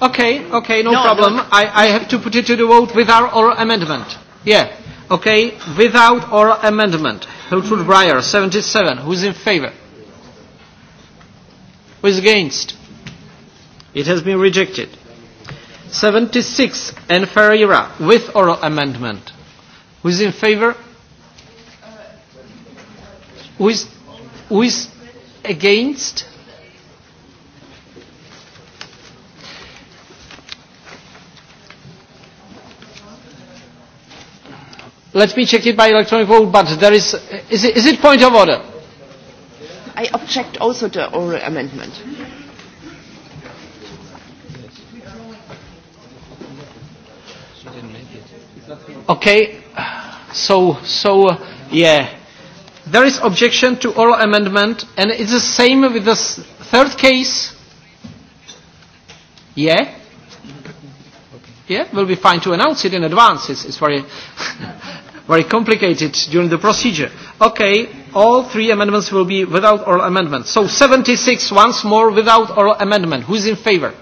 Okay, okay, no, no problem. No. I, I have to put it to the vote without oral amendment. Yeah, okay, without oral amendment. Hiltrud Breyer, 77. Who's in favor? Who is against? It has been rejected. 76, and Ferreira, with oral amendment. Who is in favor? Who is, who is against? Let me check it by electronic vote, but there is, is it, is it point of order? I object also to oral amendment. Okay, so, so, uh, yeah. There is objection to oral amendment, and it's the same with the third case. Yeah? Yeah, We'll be fine to announce it in advance. It's, it's very, very complicated during the procedure. Okay, all three amendments will be without oral amendment. So 76 once more without oral amendment. Who is in favor?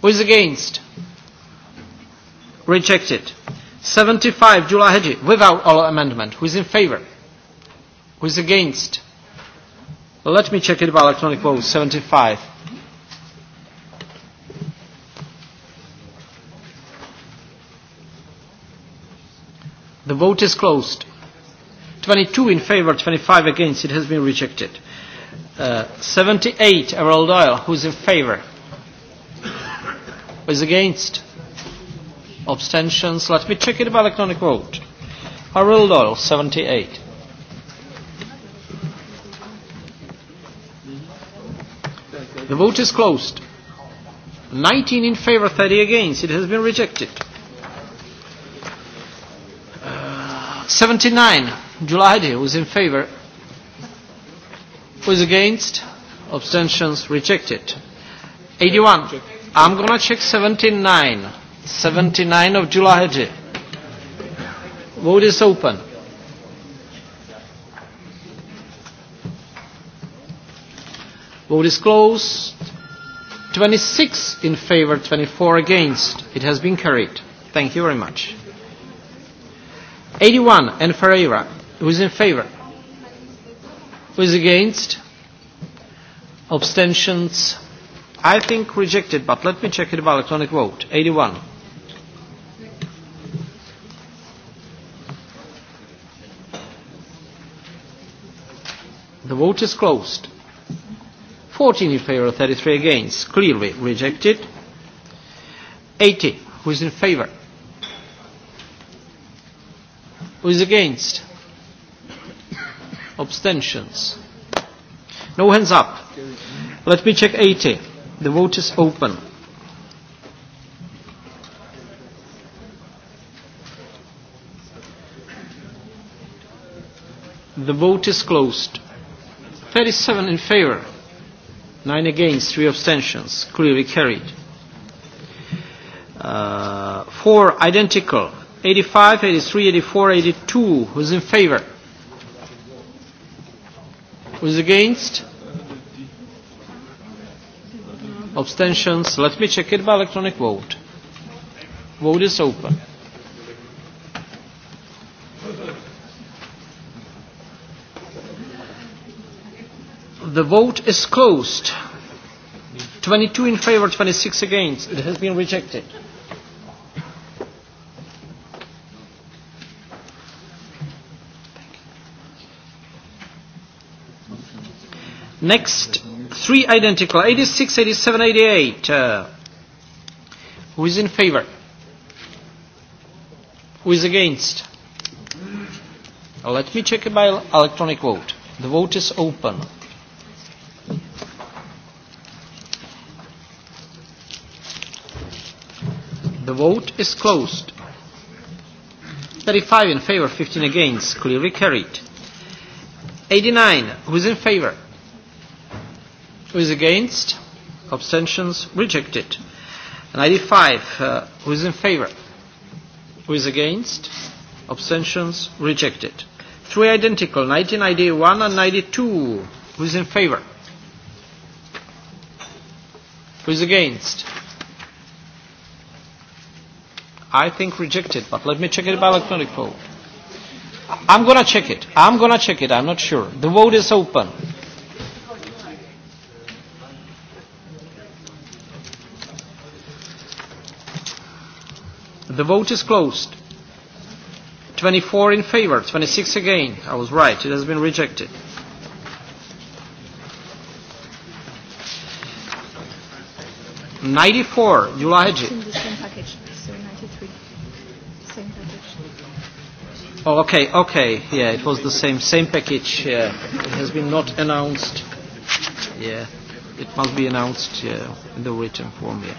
Who is against? Rejected. 75 Jula Hedji without oral amendment. Who is in favor? Who is against? Well, let me check it by electronic vote. 75. The vote is closed. 22 in favor, 25 against. It has been rejected. Uh, 78, Errol Doyle. who is in favor? is against? Abstentions. Let me check it by electronic vote. Errol Doyle, 78. The vote is closed. 19 in favor, 30 against. It has been rejected. Uh, 79. Julaide was in favor. Was against. Abstentions rejected. 81. I'm going to check 79. 79 of Julaide. Vote is open. Vote is closed. 26 in favor, 24 against. It has been carried. Thank you very much. 81 and Ferreira. Who is in favor? Who is against? Abstentions. I think rejected, but let me check it by electronic vote. 81. The vote is closed. 14 in favor, 33 against, clearly rejected. 80, who is in favor? Who is against? Abstentions. No hands up. Let me check 80. The vote is open. The vote is closed. 37 in favor, Nine against, three abstentions. Clearly carried. Uh, four identical. 85, 83, 84, 82. Who's in favor? Who's against? Abstentions. Let me check it by electronic vote. Vote is open. The vote is closed. 22 in favor, 26 against. It has been rejected. Next, three identical, 86, 87, 88. Uh, who is in favor? Who is against? Let me check by electronic vote. The vote is open. The vote is closed. 35 in favor, 15 against, clearly carried. 89, who is in favor? Who is against? Abstentions rejected. 95, uh, who is in favor? Who is against? Abstentions rejected. Three identical, 1991 and 92. Who is in favor? Who is against? I think rejected, but let me check it by electronic vote. I'm going to check it. I'm going to check it. I'm not sure. The vote is open. The vote is closed. 24 in favor, 26 again. I was right. It has been rejected. Ninety-four, Yulahaji. Oh, okay, okay. Yeah, it was the same, same package. Yeah. It has been not announced. Yeah, it must be announced yeah, in the written form. Yeah.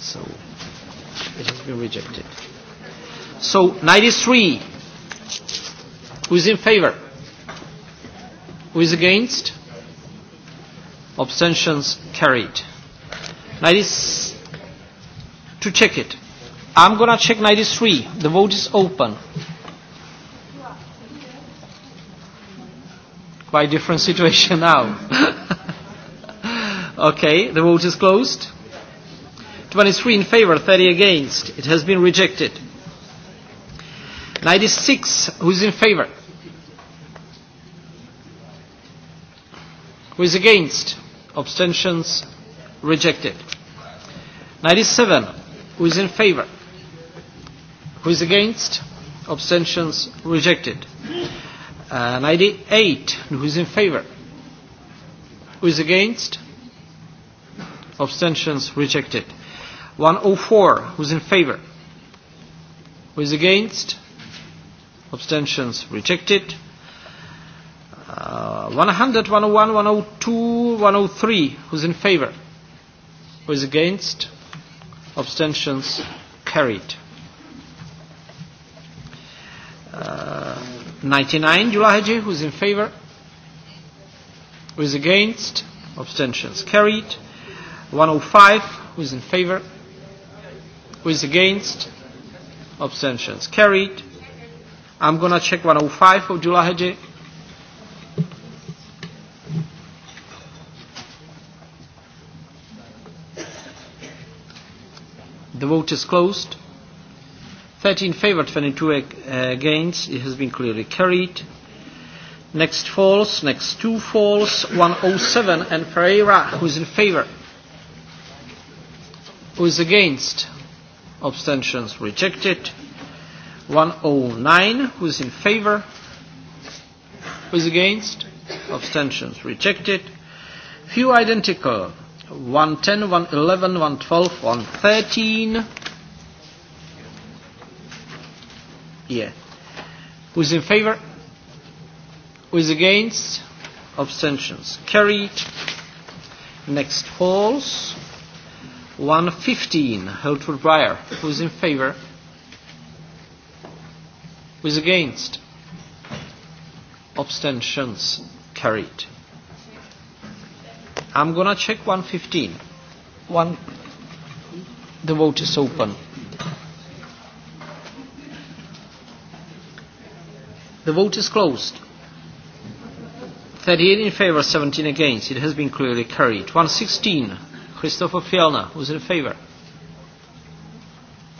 So it has been rejected. So 93. Who is in favor? Who is against? Abstentions carried. 90 to check it. I'm going to check 93. The vote is open. By different situation now. okay, the vote is closed. 23 in favor, 30 against. It has been rejected. 96, who is in favor? Who is against? Abstentions rejected. 97, who is in favor? Who is against? Abstentions rejected. 98, uh, who is in favor? Who is against? Abstentions rejected. 104, who is in favor? Who is against? Abstentions rejected. Uh, 100, 101, 102, 103, who is in favor? Who is against? Abstentions carried. Uh, 99, Julahaji, who's in favor? Who's against? Abstentions carried. 105, who's in favor? Who's against? Abstentions carried. I'm going to check 105 of Julahaji. The vote is closed. 13 in favor, 22 against. It has been clearly carried. Next false, next two false, 107 and Pereira, who is in favor? Who is against? Abstentions rejected. 109, who is in favor? Who is against? Abstentions rejected. Few identical. 110, 111, 112, 113 Yeah. Who's in favor? Who is against? Abstentions. Carried. Next falls. 115. Heltwood Breyer. Who's in favor? Who's against? Abstentions. Carried. I'm going to check 115. One, the vote is open. The vote is closed. 38 in favor, 17 against. It has been clearly carried. 116, Christopher Fielner, who's in favor?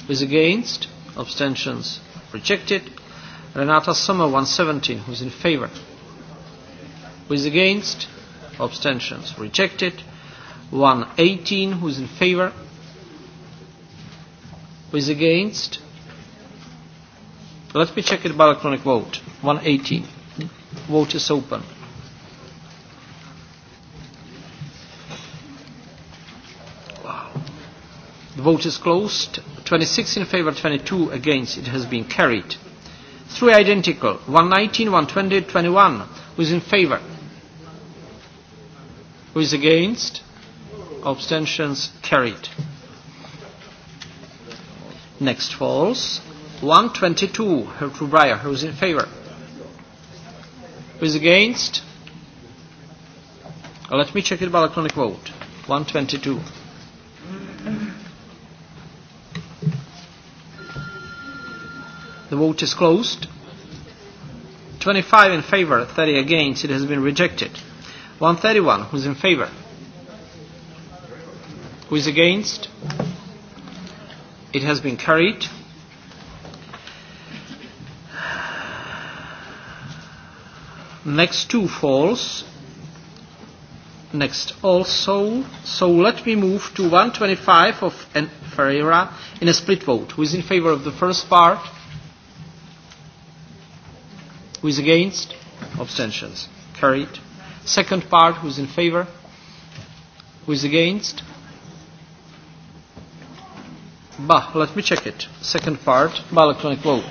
Who's against? Abstentions rejected. Renata Sommer, 117, who's in favor? Who's against? Abstentions rejected. 118, who's in favor? Who's against? Let me check it by electronic vote. 180. Vote is open. Wow. The vote is closed. 26 in favor, 22 against. It has been carried. Three identical. 119, 120, 21. Who is in favor? Who is against? Abstentions carried. Next false. 122, Herr Breyer, who's in favor? Who is against? Oh, let me check it by electronic vote. 122. The vote is closed. 25 in favor, 30 against. It has been rejected. 131, who's in favor? Who is against? It has been carried. Next two falls. Next also. So let me move to 125 of N Ferreira in a split vote. Who is in favor of the first part? Who is against? Abstentions. Carried. Second part, who is in favor? Who is against? Bah, let me check it. Second part, by electronic vote.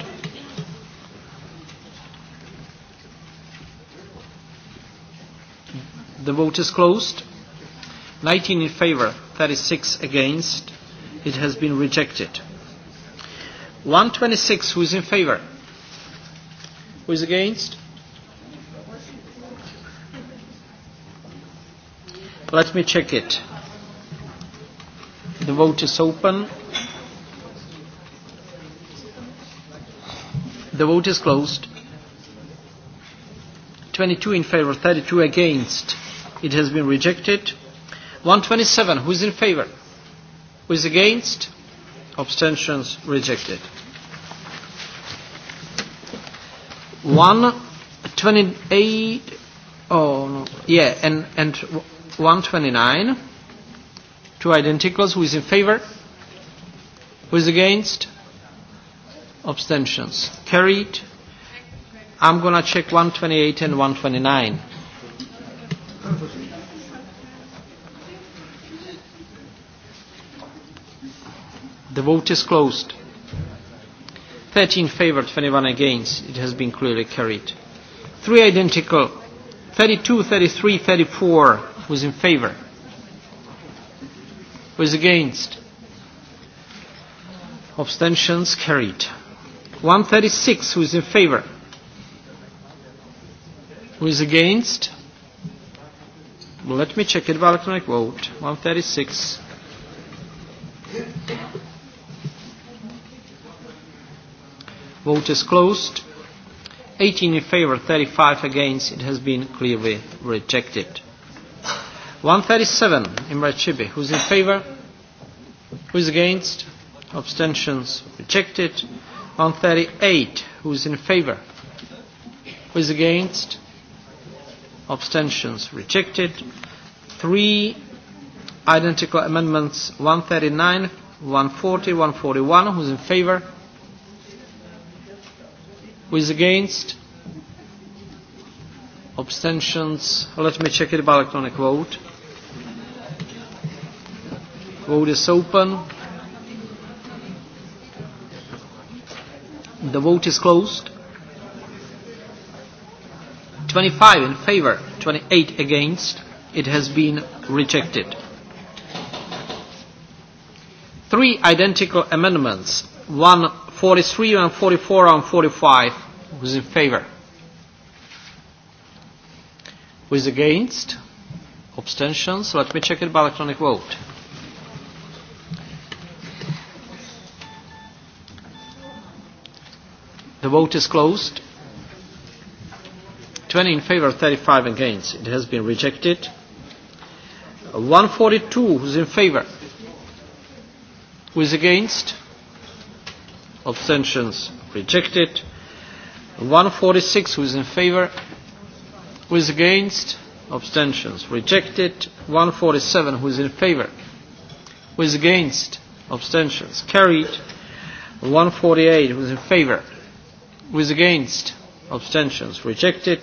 The vote is closed. 19 in favor, 36 against. It has been rejected. 126, who is in favor? Who is against? Let me check it. The vote is open. The vote is closed. 22 in favor, 32 against. It has been rejected. 127. Who is in favor? Who is against? Abstentions rejected. 128. Oh, no. Yeah, and, and 129. Two identicals. Who is in favor? Who is against? Abstentions. Carried. I'm going to check 128 and 129. The vote is closed. 13 favoured, 21 against. It has been clearly carried. Three identical. 32, 33, 34. Who's in favour? Who's against? Abstentions carried. 136. who is in favor? Who is against? Well, let me check it by electronic vote. 136. Vote is closed. 18 in favor, 35 against. It has been clearly rejected. 137, Imre Chibi. Who's in favor? Who's against? Abstentions rejected. 138, who's in favor? Who's against? Abstentions rejected. Three identical amendments, 139, 140, 141. Who's in favor? Who is against? Abstentions. Let me check it by electronic vote. Vote is open. The vote is closed. 25 in favor, 28 against. It has been rejected. Three identical amendments, one 43 and 44 and 45 Who's in favor? Who is against? Abstentions? Let me check it by electronic vote. The vote is closed. 20 in favor, 35 against. It has been rejected. 142, who's in favor? Who is against? Abstentions rejected. 146 who is in favor who is against abstentions rejected 147 who is in favor who is against abstentions carried 148 who is in favor who is against abstentions rejected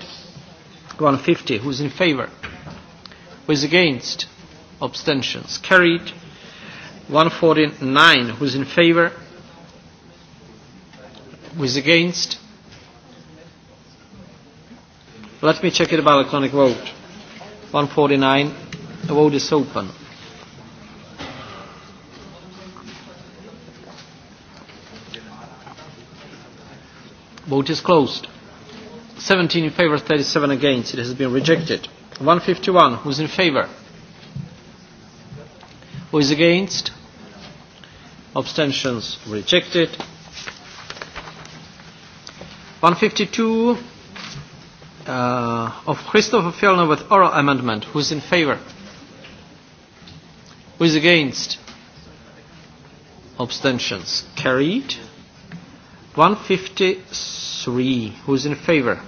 150 who is in favor who is against abstentions carried 149 who is in favor who is against Let me check it by electronic vote. 149. The vote is open. Vote is closed. 17 in favor, 37 against. It has been rejected. 151. Who's in favor? Who is against? Abstentions rejected. 152 uh, of Christopher Fjellner with oral amendment. Who's in favor? Who's against? Abstentions. Carried. 153. Who's in favor?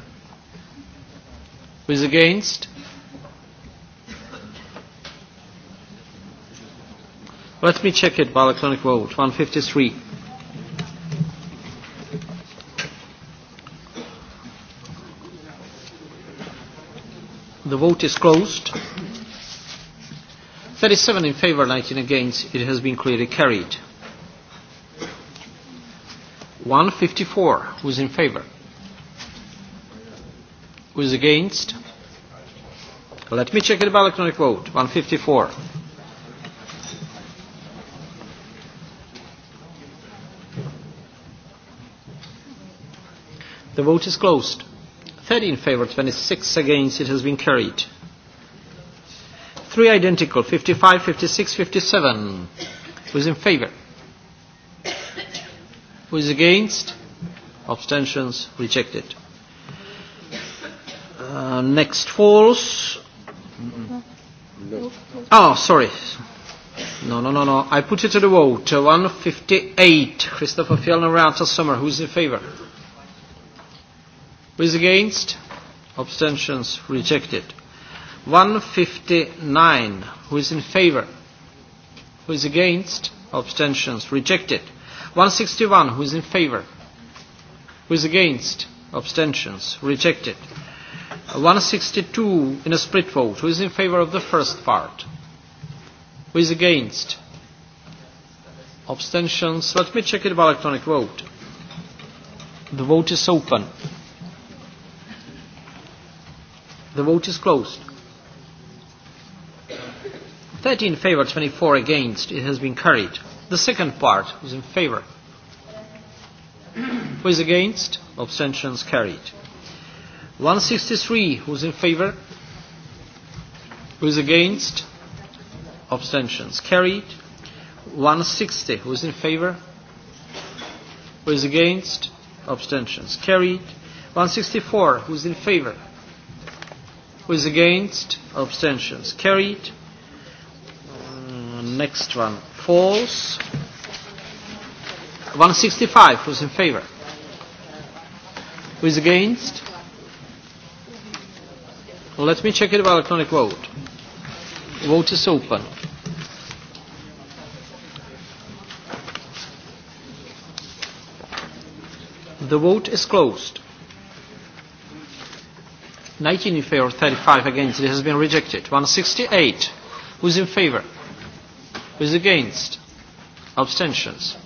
Who's against? Let me check it by electronic vote. 153. The vote is closed. 37 in favour, 19 against. It has been clearly carried. 154. Who is in favour? Who is against? Let me check the electronic vote. 154. The vote is closed. 30 in favor, 26 against, it has been carried. Three identical, 55, 56, 57. Who is in favor? Who is against? Abstentions rejected. Uh, next falls. Mm -mm. Oh, sorry. No, no, no, no. I put it to the vote. 158. Christopher Fjellner, Rata Summer. Who is in favor? Who is against? Abstentions rejected. 159. Who is in favor? Who is against? Abstentions rejected. 161. Who is in favor? Who is against? Abstentions rejected. 162 in a split vote. Who is in favor of the first part? Who is against? Abstentions. Let me check it by electronic vote. The vote is open. The vote is closed. 13 in favor, 24 against. It has been carried. The second part is in favor. Who is against? Abstentions carried. 163, who's in favor? Who is against? Abstentions carried. 160, who is in favor? Who is against? Abstentions carried. 164, who is in favor? Who is against? Abstentions. Carried. Uh, next one. False. 165. who's in favor? Who is against? Well, let me check it by electronic vote. Vote is open. The vote is closed. 19 in favor, 35 against. It has been rejected. 168. Who's in favor? Who's against? Abstentions.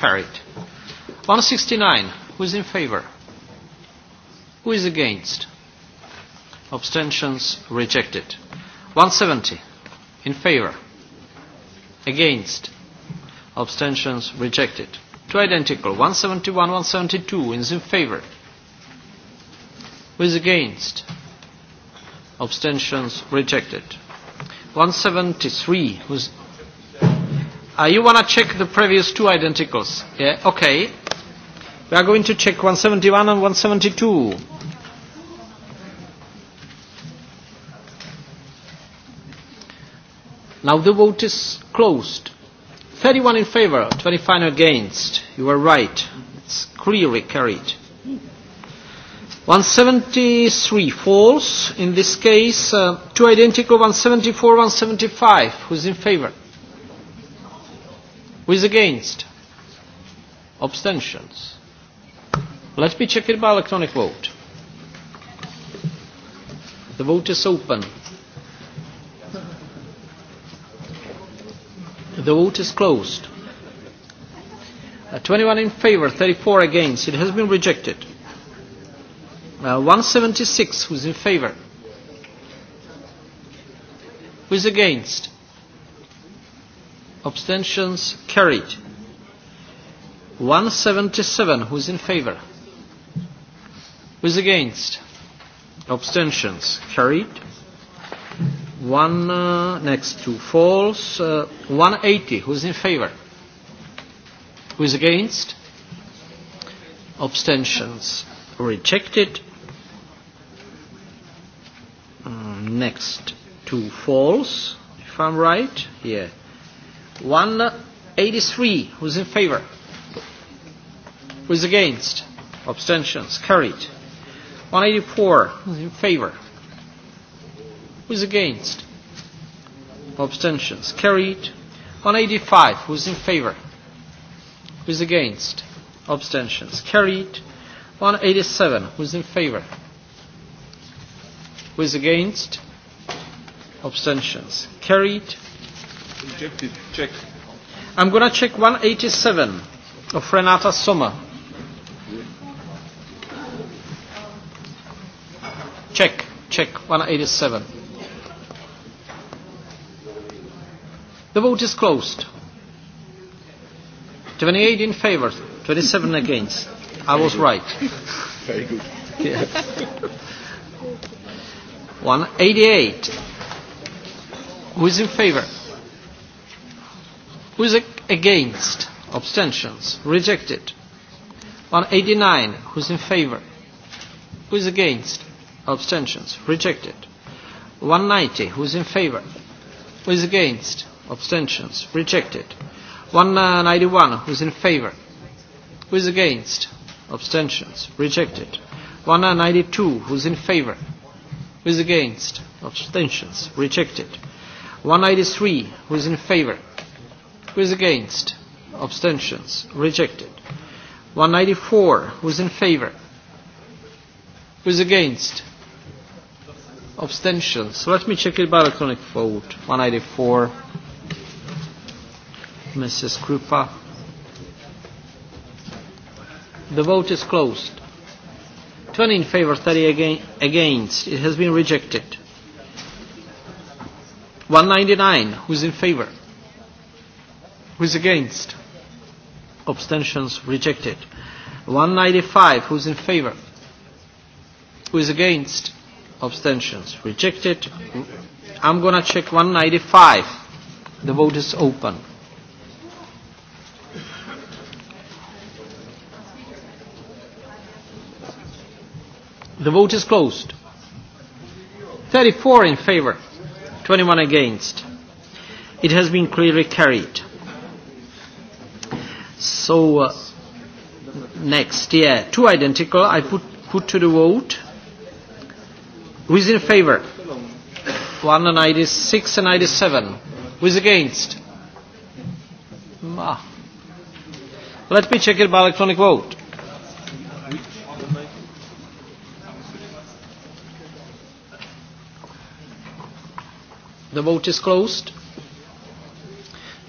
Carried. 169. Who's in favor? Who is against? Abstentions rejected. 170. In favor. Against. Abstentions rejected. Two identical. 171, 172 is in favor Who is against? Abstentions rejected. 173. Who's uh, you want to check the previous two identicals? Yeah, okay. We are going to check 171 and 172. Now the vote is closed. 31 in favor, 25 against. You were right. It's clearly carried. 173 falls, in this case, uh, two identical 174, 175. Who's in favor? Who is against? Abstentions. Let me check it by electronic vote. The vote is open. The vote is closed. Uh, 21 in favor, 34 against. It has been rejected. 176, uh, who's in favor? Who's against? Abstentions carried. 177, who's in favor? Who's against? Abstentions carried. One uh, next to false. Uh, 180, who's in favor? Who's against? Abstentions rejected. next two false, if I'm right. Yeah. 183, who's in favor? Who's against? Abstentions, carried. 184, who's in favor? Who's against? Abstentions, carried. 185, who's in favor? Who's against? Abstentions, carried. 187, who's in favor? with against? Abstentions. Carried. Rejected. Check. I'm going to check 187 of Renata Sommer. Check. Check. 187. The vote is closed. 28 in favor, 27 against. I was right. Very good. Yeah. 188. Who is in favor? Who is against? Abstentions. Rejected. 189. Who is in favor? Who is against? Abstentions. Rejected. 190. Who is in favor? Who is against? Abstentions. Rejected. 191. Who is in favor? Who is against? Abstentions. Rejected. 192. Who is in favor? Who is against? Abstentions. Rejected. 193. Who is in favor? Who is against? Abstentions. Rejected. 194. Who is in favor? Who is against? Abstentions. So let me check it by electronic vote. 194. Mrs. Krupa. The vote is closed. 20 in favor, 30 again, against. It has been rejected. 199, who's in favor? Who's against? Abstentions rejected. 195, who's in favor? Who is against? Abstentions rejected. I'm going to check 195. The vote is open. The vote is closed. 34 in favor, 21 against. It has been clearly carried. So, uh, next, yeah, two identical. I put, put to the vote. Who is in favor? 196 and and 97. Who is against? Ah. Let me check it by electronic vote. The vote is closed.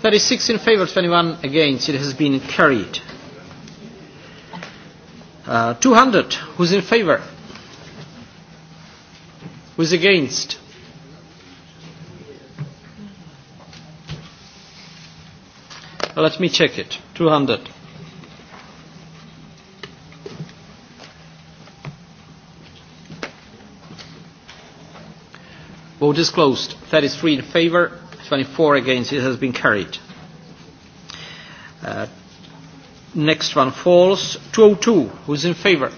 36 in favor, 21 against. It has been carried. Uh, 200. Who's in favor? Who's against? Let me check it. 200. Vote is closed. 33 in favour, 24 against. It has been carried. Uh, next one falls. 202. Who's in favour?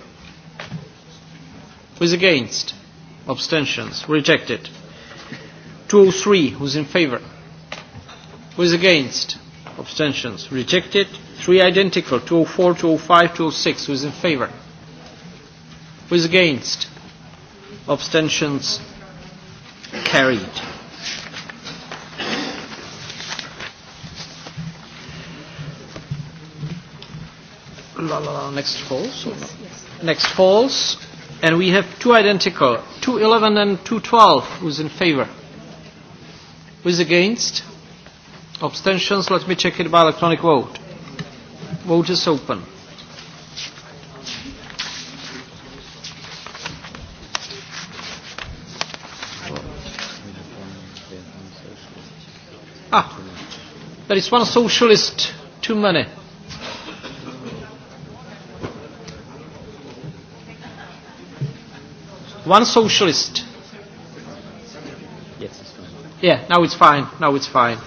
Who's against? Abstentions. Rejected. 203. Who's in favour? Who's against? Abstentions. Rejected. Three identical. 204, 205, 206. Who's in favour? Who's against? Abstentions carried. La, la, la, next false. Or yes, yes. Next false. And we have two identical, 211 and 212. Who's in favor? Who's against? Abstentions? Let me check it by electronic vote. Vote is open. That is one socialist too many. One socialist. Yes, it's fine. Yeah, now it's fine. Now it's fine.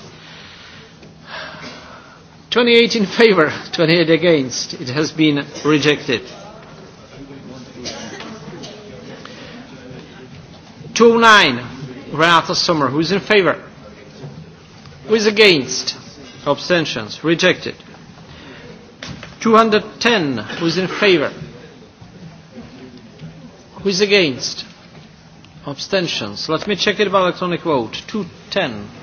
28 in favor, 28 against. It has been rejected. 209, Renata Sommer. Who is in favor? Who is against? abstentions rejected 210 who is in favor who is against abstentions let me check it by electronic vote 210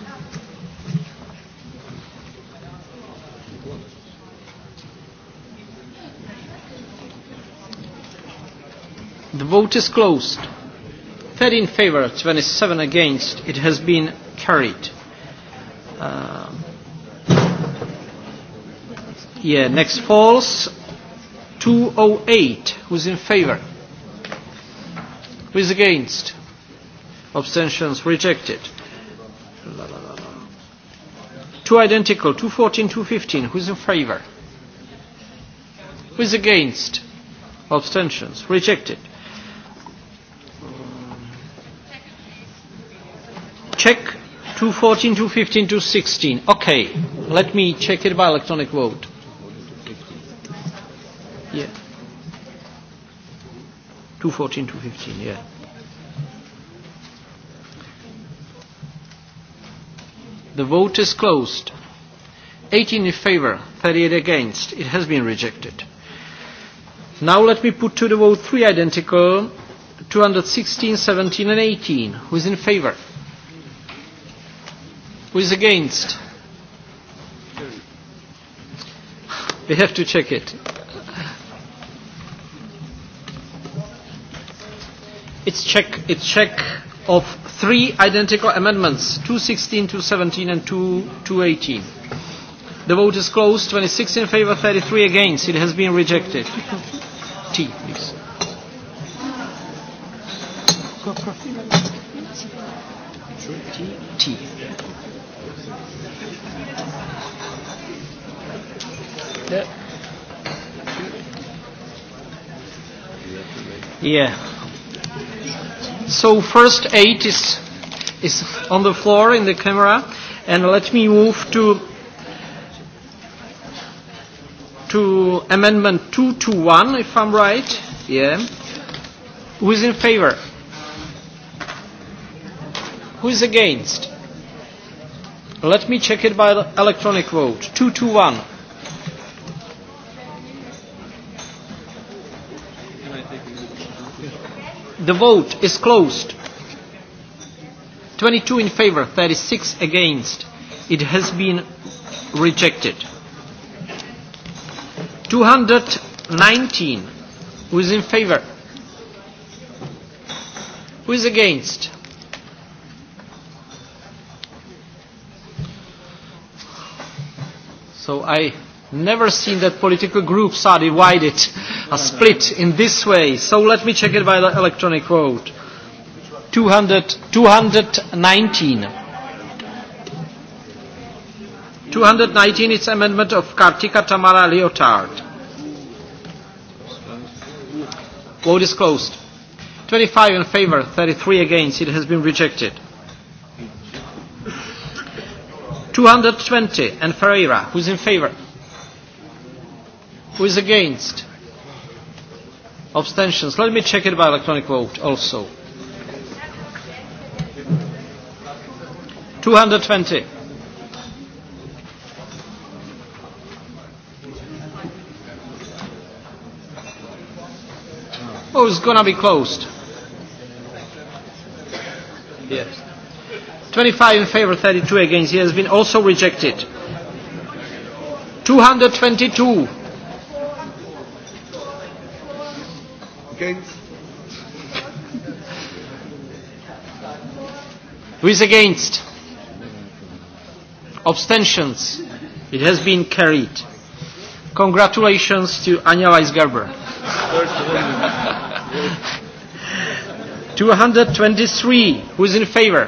The vote is closed. 30 in favor, 27 against. It has been carried. Uh, Yeah, next falls. 208. Who's in favor? Who's against? Abstentions rejected. La, la, la, la. Two identical. 214, 215. Who's in favor? Who's against? Abstentions rejected. Check 214, 215, 216. Okay, let me check it by electronic vote. Yeah. 214, 215, yeah. The vote is closed. 18 in favor, 38 against. It has been rejected. Now let me put to the vote three identical, 216, 17 and 18. Who is in favor? Who is against? We have to check it. It's check, it's check of three identical amendments, 216, 217 and 2, 218. The vote is closed, 26 in favor, 33 against. It has been rejected. T, please. T. Yeah. So first eight is, is on the floor in the camera and let me move to to amendment 221 if I'm right. Yeah. Who is in favor? Who is against? Let me check it by the electronic vote. 221. The vote is closed. 22 in favor, 36 against. It has been rejected. 219. Who is in favor? Who is against? So I Never seen that political groups are divided, a split in this way. So let me check it by the electronic vote. 200, 219. 219 it's amendment of Kartika Tamara Leotard. Vote is closed. 25 in favor, 33 against. It has been rejected. 220 and Ferreira, who's in favor? Who is against? Abstentions. Let me check it by electronic vote also. 220. Oh, it's going to be closed. Yes. 25 in favor, 32 against. He has been also rejected. 222. against? Who is against? Abstentions. It has been carried. Congratulations to Anja Weisgerber. 223. Who is in favor?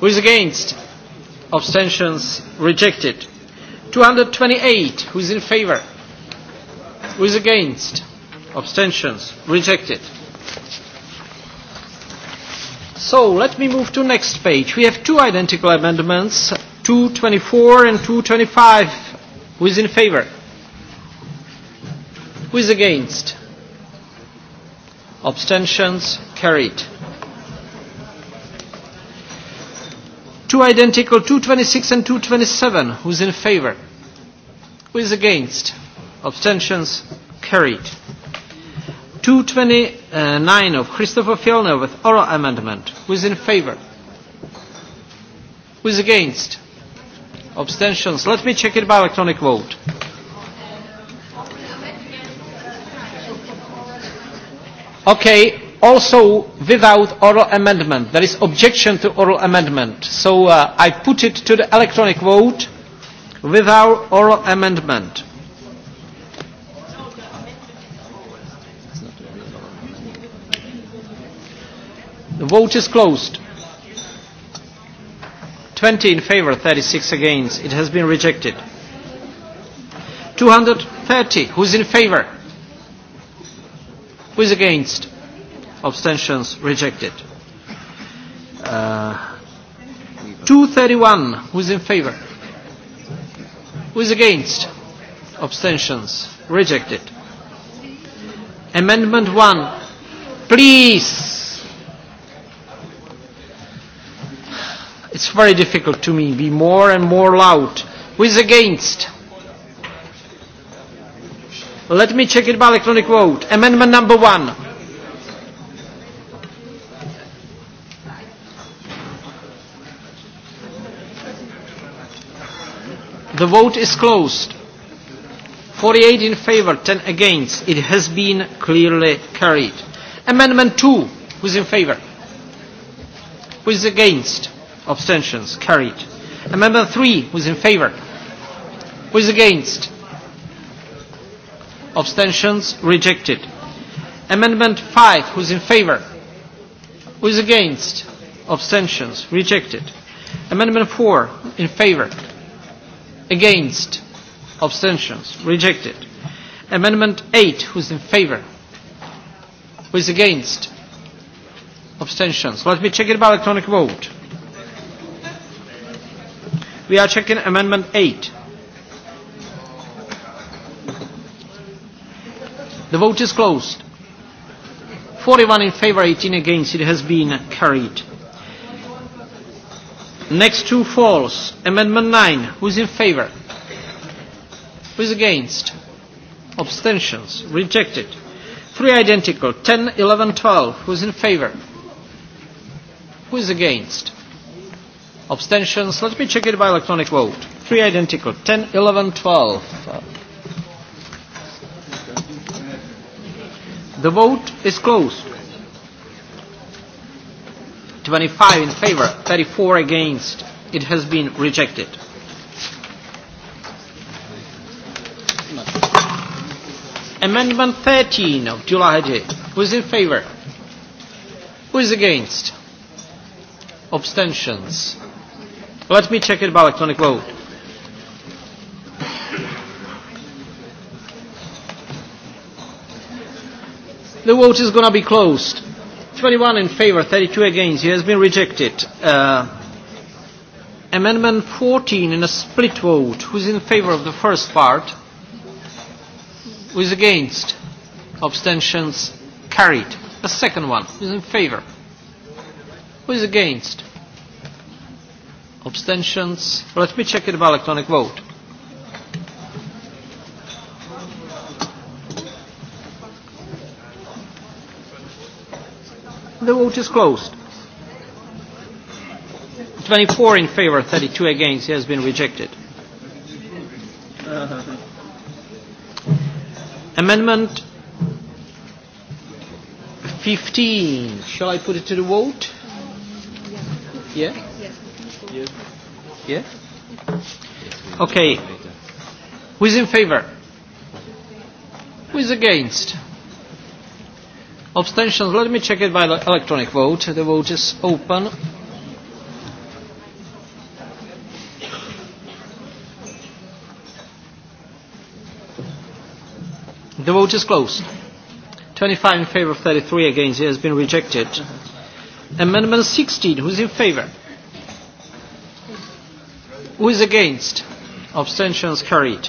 Who is against? Abstentions rejected. 228. Who is in favor? Who is against? abstentions rejected so let me move to next page we have two identical amendments 224 and 225 who is in favor who is against abstentions carried two identical 226 and 227 is in favor who is against abstentions carried 229 of Christopher Fjellner with oral amendment. Who is in favor? Who is against? Abstentions. Let me check it by electronic vote. Okay, also without oral amendment. There is objection to oral amendment. So uh, I put it to the electronic vote without oral amendment. The vote is closed. 20 in favor, 36 against. It has been rejected. 230. Who's in favor? Who's against? Abstentions rejected. Uh, 231. Who's in favor? Who's against? Abstentions rejected. Amendment 1. Please It's very difficult to me. Be more and more loud. Who is against? Let me check it by electronic vote. Amendment number one. The vote is closed. 48 in favor, 10 against. It has been clearly carried. Amendment 2. Who is in favor? Who is against? Abstentions. Carried. Amendment 3. is in favor? is against? Abstentions. Rejected. Amendment 5. Who's in favor? is against? Abstentions. Rejected. Amendment 4. In favor. Against. Abstentions. Rejected. Amendment 8. Who's in favor? is against? Abstentions. Let me check it by electronic vote. We are checking Amendment 8. The vote is closed. 41 in favor, 18 against. It has been carried. Next two falls. Amendment 9. Who is in favor? Who is against? Abstentions. Rejected. Three identical. 10, 11, 12. Who is in favor? Who is against? abstentions. Let me check it by electronic vote. Three identical, 10, 11, 12. The vote is closed. 25 in favor, 34 against. It has been rejected. Amendment 13 of July Who is in favor? Who is against? Abstentions. Let me check it by electronic vote. The vote is going to be closed. 21 in favor, 32 against. It has been rejected. Uh, amendment 14 in a split vote. Who is in favor of the first part? Who is against? Abstentions carried. The second one. Who is in favor? Who is against? Abstentions? Well, Let me check it by electronic vote. The vote is closed. 24 in favor, 32 against. It has been rejected. Uh, amendment 15. Shall I put it to the vote? Yeah? Yeah? Okay. Who is in favor? Who is against? Abstentions. Let me check it by electronic vote. The vote is open. The vote is closed. 25 in favor, 33 against. It has been rejected. Amendment 16. Who is in favor? Who is against? Abstentions carried.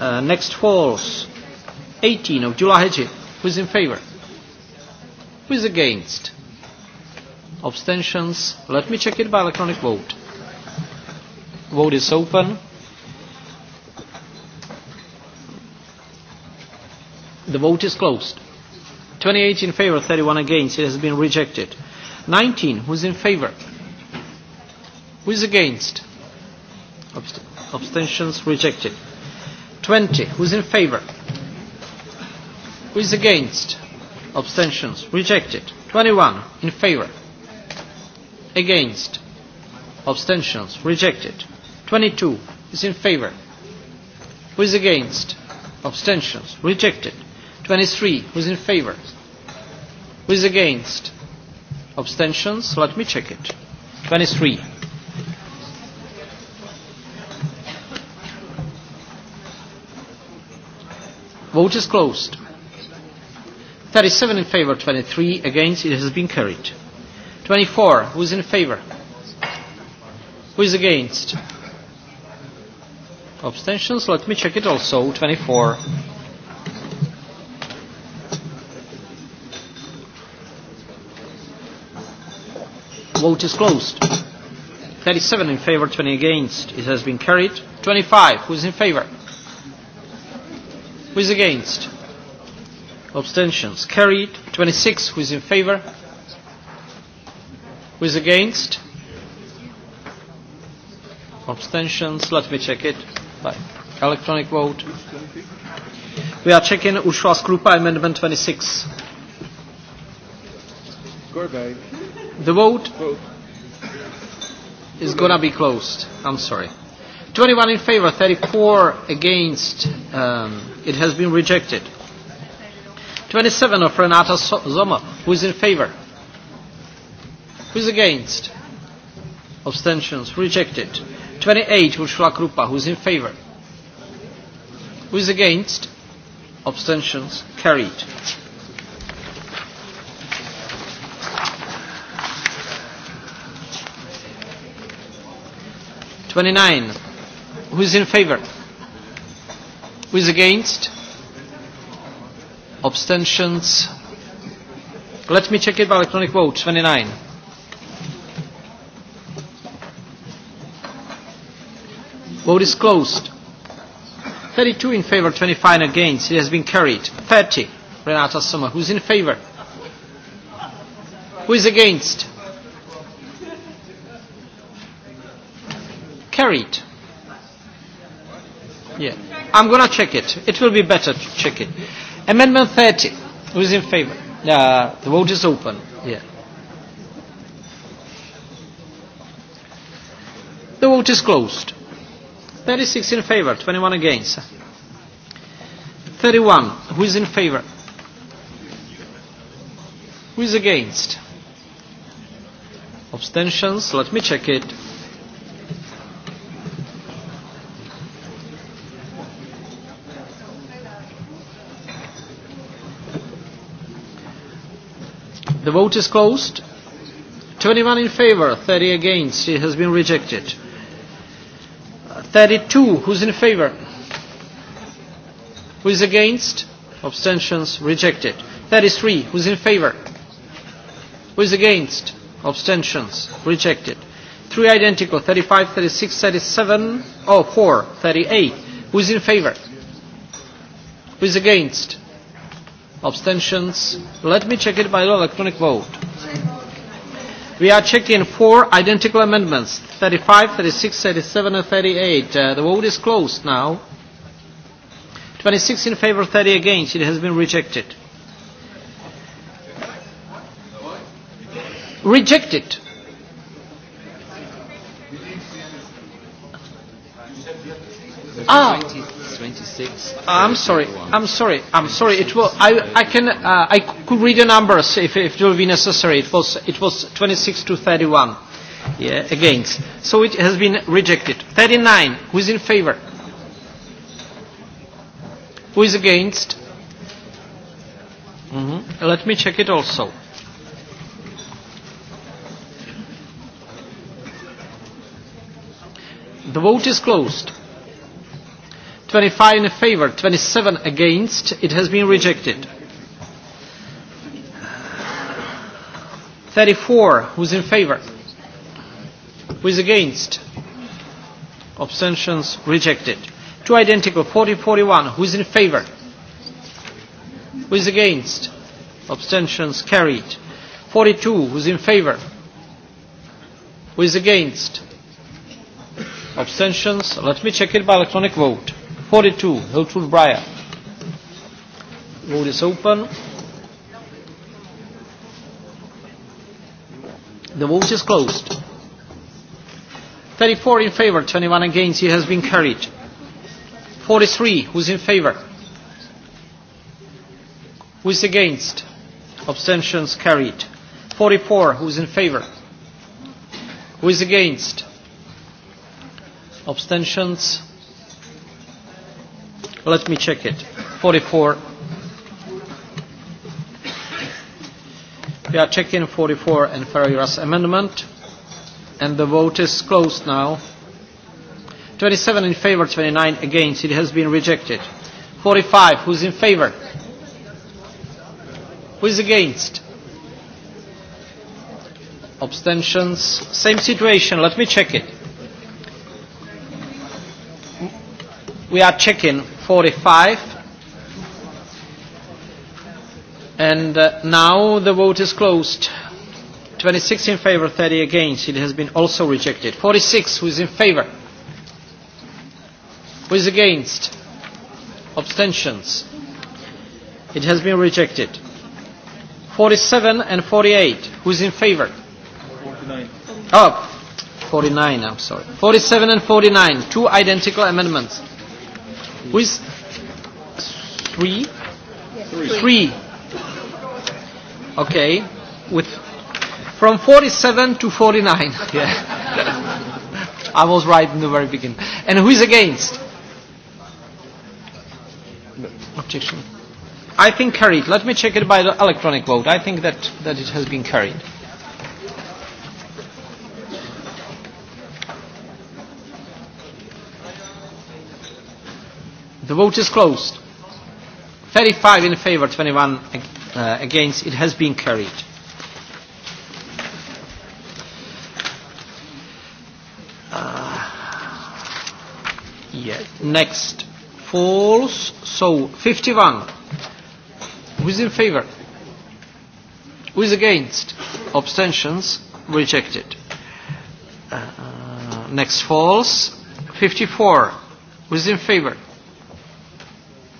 Uh, next falls. 18 of July Who is in favor? Who is against? Abstentions. Let me check it by electronic vote. Vote is open. The vote is closed. 28 in favor, 31 against. It has been rejected. 19. Who is in favor? Who is against? Abst abstentions rejected. 20. Who is in favor? Who is against? Abstentions rejected. 21. In favor. Against. Abstentions rejected. 22. Is in favor. Who is against? Abstentions rejected. 23. Who is in favor? Who is against? Abstentions. Let me check it. 23. Vote is closed. 37 in favor, 23 against. It has been carried. 24. Who is in favor? Who is against? Abstentions? Let me check it also. 24. Vote is closed. 37 in favor, 20 against. It has been carried. 25. Who is in favor? Who is against? Abstentions. Carried. 26. Who is in favor? Who is against? Abstentions. Let me check it Bye. electronic vote. We are checking Ushua's group amendment 26. Gorbay. The vote, vote. is going to be closed. I'm sorry. 21 in favor, 34 against. Um, It has been rejected. 27 of Renata Zoma. Who is in favor? Who is against? Abstentions. Rejected. 28 Ursula Krupa. Who is in favor? Who is against? Abstentions. Carried. Twenty-nine. Who is in favor? Who is against? Abstentions? Let me check it by electronic vote, 29. Vote is closed. 32 in favor, 25 against. It has been carried. 30, Renata Summer. Who is in favor? Who is against? Carried. Yeah. I'm going to check it. It will be better to check it. Amendment 30. Who is in favor? Uh, the vote is open. Yeah. The vote is closed. 36 in favor, 21 against. 31. Who is in favor? Who is against? Abstentions. Let me check it. The vote is closed. 21 in favor, 30 against. It has been rejected. 32, uh, who's in favor? Who is against? Abstentions rejected. 33, who's in favor? Who is against? Abstentions rejected. Three identical, 35, 36, 37, oh, 4, 38. Who is in favor? Who is against? abstentions. Let me check it by the electronic vote. We are checking four identical amendments, 35, 36, 37 and 38. Uh, the vote is closed now. 26 in favor, 30 against. It has been rejected. Rejected. Ah, six. Uh, I'm sorry. I'm sorry. I'm sorry. It was I. I can. Uh, I could read the numbers if if it will be necessary. It was it was 26 to 31 yeah, against. So it has been rejected. 39. Who is in favor? Who is against? Mm -hmm. Let me check it also. The vote is closed. 25 in favor, 27 against. It has been rejected. 34, who's in favor? Who is against? Abstentions rejected. Two identical, 40, 41, who is in favor? Who is against? Abstentions carried. 42, who is in favor? Who is against? Abstentions. Let me check it by electronic vote. 42, Hiltrud Breyer. Vote is open. The vote is closed. 34 in favor, 21 against, he has been carried. 43, who's in favor? Who is against? Abstentions carried. 44, who's in favor? Who is against? Abstentions Let me check it. 44. We are checking 44 and Ferreira's amendment. And the vote is closed now. 27 in favor, 29 against. It has been rejected. 45. Who's in favor? Who is against? Abstentions. Same situation. Let me check it. We are checking 45. And uh, now the vote is closed. 26 in favor, 30 against. It has been also rejected. 46, who is in favor? Who is against? Abstentions. It has been rejected. 47 and 48, who is in favor? 49. Oh, 49, I'm sorry. 47 and 49, two identical amendments. Who is three? three. Three. Okay. With from 47 to 49. yeah. I was right in the very beginning. And who is against? Objection. I think carried. Let me check it by the electronic vote. I think that, that it has been carried. The vote is closed. 35 in favor, 21 uh, against. It has been carried. Uh, yeah. Next False. So 51. Who is in favor? Who is against? Abstentions rejected. Uh, uh next False. 54. Who is in favor?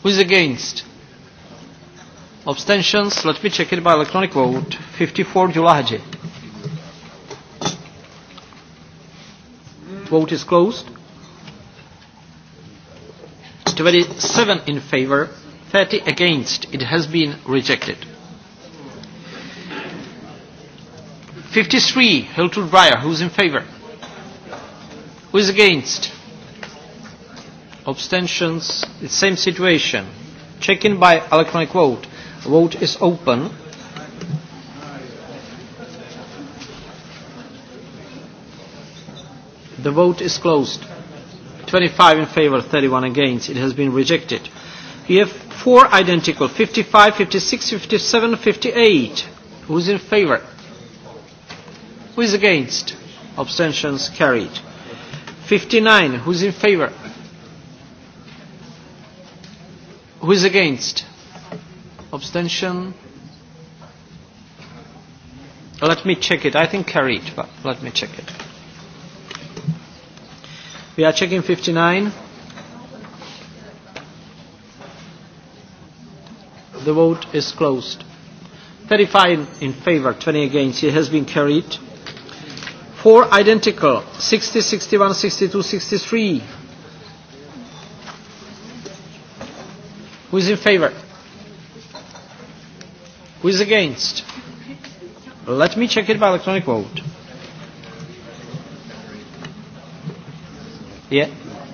Who is against? Abstentions? Let me check it by electronic vote. 54 Julahaji. Vote is closed. 27 in favor, 30 against. It has been rejected. 53, Hiltrud Breyer. Who's in favor? Who is against? abstentions, the same situation. Check-in by electronic vote. Vote is open. The vote is closed. 25 in favor, 31 against. It has been rejected. We have four identical, 55, 56, 57, 58. Who is in favor? Who is against? Abstentions carried. 59. Who is in favor? Who is against? Abstention? Let me check it. I think carried, but let me check it. We are checking 59. The vote is closed. 35 in favor, 20 against. It has been carried. Four identical, 60, 61, 62, 63. Who is in favor? Who is against? Let me check it by electronic vote. Yeah?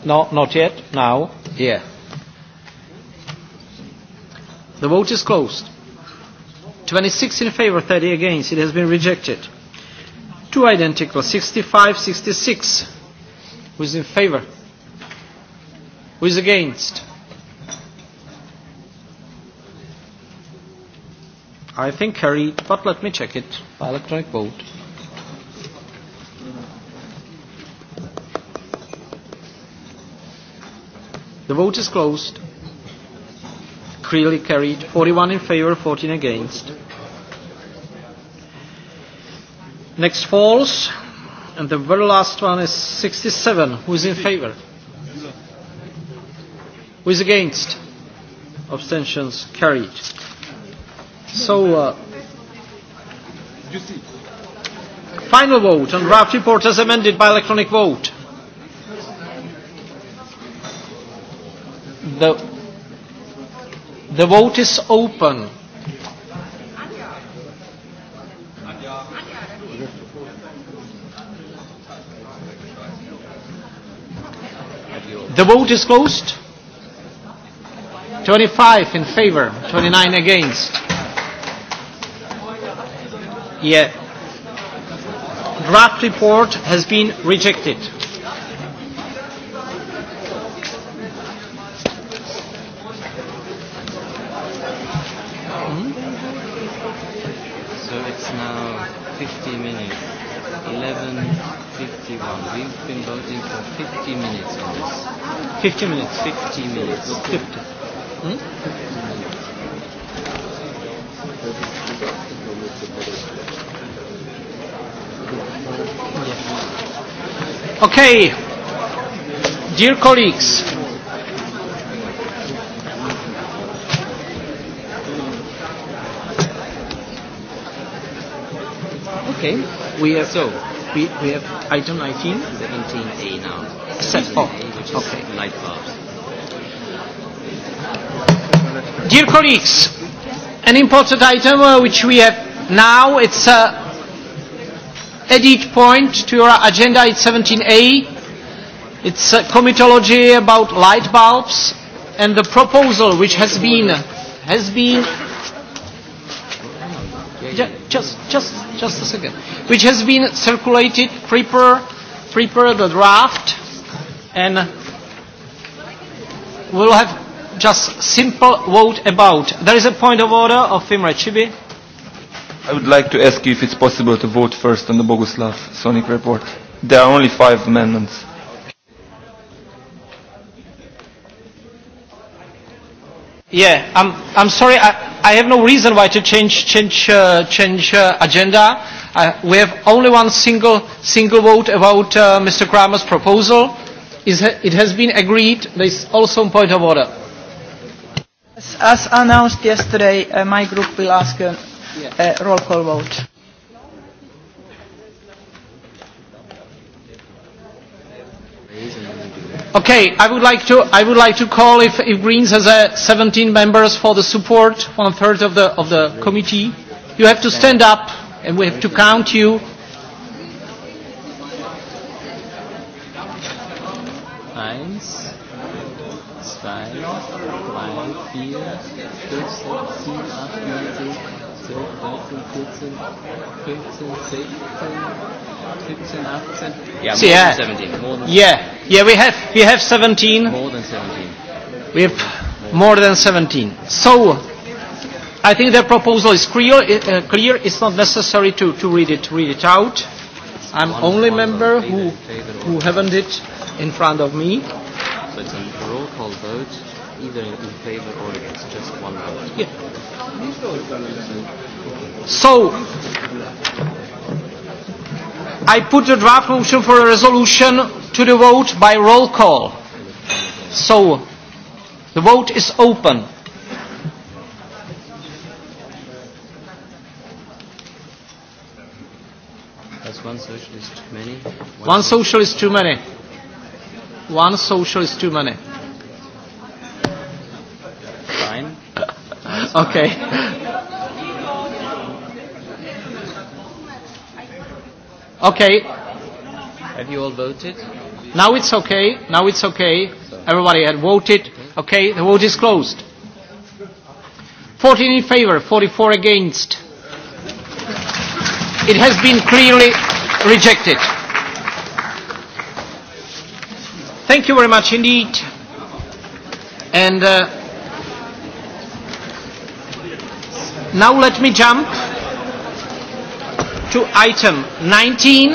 No, not yet. Now? Yeah. The vote is closed. 26 in favor, 30 against. It has been rejected. Two identical, 65, 66. Who is in favor? Who is against? I think carried, but let me check it by electronic vote. The vote is closed. Clearly carried, 41 in favor, 14 against. Next falls, and the very last one is 67. Who is in favor? Who is against? Abstentions carried. So, uh, final vote on draft report as amended by electronic vote. The, the vote is open. The vote is closed. 25 in favor, 29 against. Yeah. Draft report has been rejected. So it's now 50 minutes, 11.51. We've been voting for 50 minutes on this. 50 minutes? 50 minutes. 50. Hmm? Okay, dear colleagues, okay, we have so we, we have item 19, 17A now. Set oh, okay. light bulbs. Dear colleagues, an important item uh, which we have now it's uh, edit point to your agenda, it's 17A. It's a comitology about light bulbs and the proposal which has been, has been, just, just, just a second, which has been circulated, prepare, prepare the draft and we'll have just simple vote about. There is a point of order of Fimra Chibi. I would like to ask you if it's possible to vote first on the Boguslav Sonic report. There are only five amendments. Yeah, I'm, I'm sorry, I, I have no reason why to change, change, uh, change uh, agenda. Uh, we have only one single, single vote about uh, Mr. Kramer's proposal. Is ha it has been agreed. There is also a point of order. As, as announced yesterday, uh, my group will ask Uh, uh, roll call vote. Okay, I would like to I would like to call if, if Greens has uh, 17 members for the support one third of the of the committee. You have to stand up and we have to count you. Eins. Yeah, so, yeah. 17. More than yeah, yeah. We have we have 17. More than 17. We have more than 17. So, I think the proposal is clear. Uh, clear. It's not necessary to, to read it read it out. I'm one, only one member who who haven't it in front of me. So it's a roll call vote, either in favor or against. Just one vote. Yeah. So I put the draft motion for a resolution to the vote by roll call. So, the vote is open. That's one socialist too many. One, one socialist too many. One socialist too many. Fine. That's okay. Fine. Okay. Have you all voted? Now it's okay. Now it's okay. Everybody had voted. Okay, the vote is closed. 14 in favor, 44 against. It has been clearly rejected. Thank you very much indeed. And uh, now let me jump to item 19.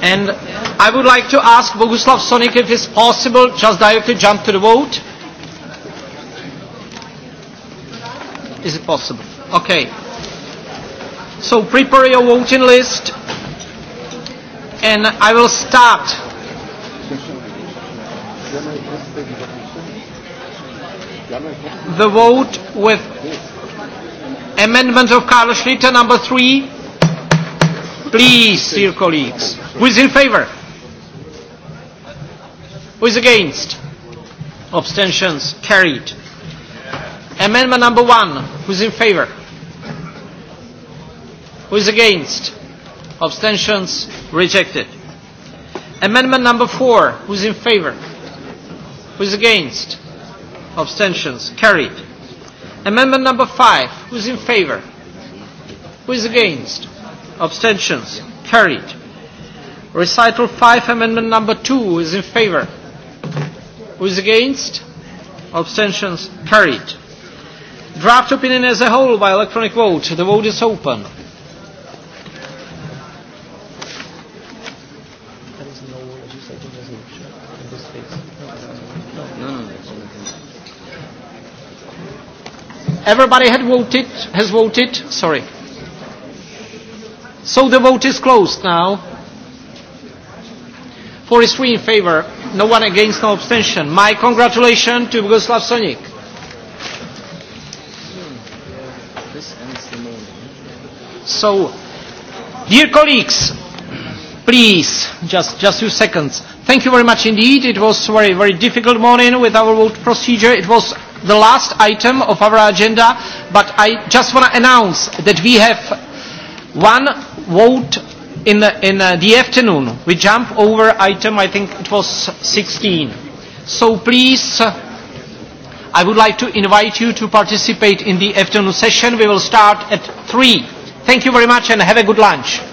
And I would like to ask Boguslav Sonik if it's possible just directly jump to the vote. Is it possible? Okay. So prepare your voting list and I will start The vote with amendment of Carlos Schlitter number three. Please, dear colleagues. Who is in favor? Who is against? Abstentions carried. Amendment number one. Who is in favor? Who is against? Abstentions rejected. Amendment number four. Who is in favor? Who is against? Abstentions. Carried. Amendment number five. Who is in favor? Who is against? Abstentions. Carried. Recital five, amendment number two, Who is in favor? Who is against? Abstentions. Carried. Draft opinion as a whole by electronic vote. The vote is open. Everybody had voted, has voted, sorry. So the vote is closed now. 43 in favor, no one against, no abstention. My congratulations to Bogoslav Sonic. So, dear colleagues, please, just, just few seconds. Thank you very much indeed. It was very, very difficult morning with our vote procedure. It was the last item of our agenda, but I just want to announce that we have one vote in the, in uh, the afternoon. We jump over item, I think it was 16. So please, uh, I would like to invite you to participate in the afternoon session. We will start at 3. Thank you very much and have a good lunch.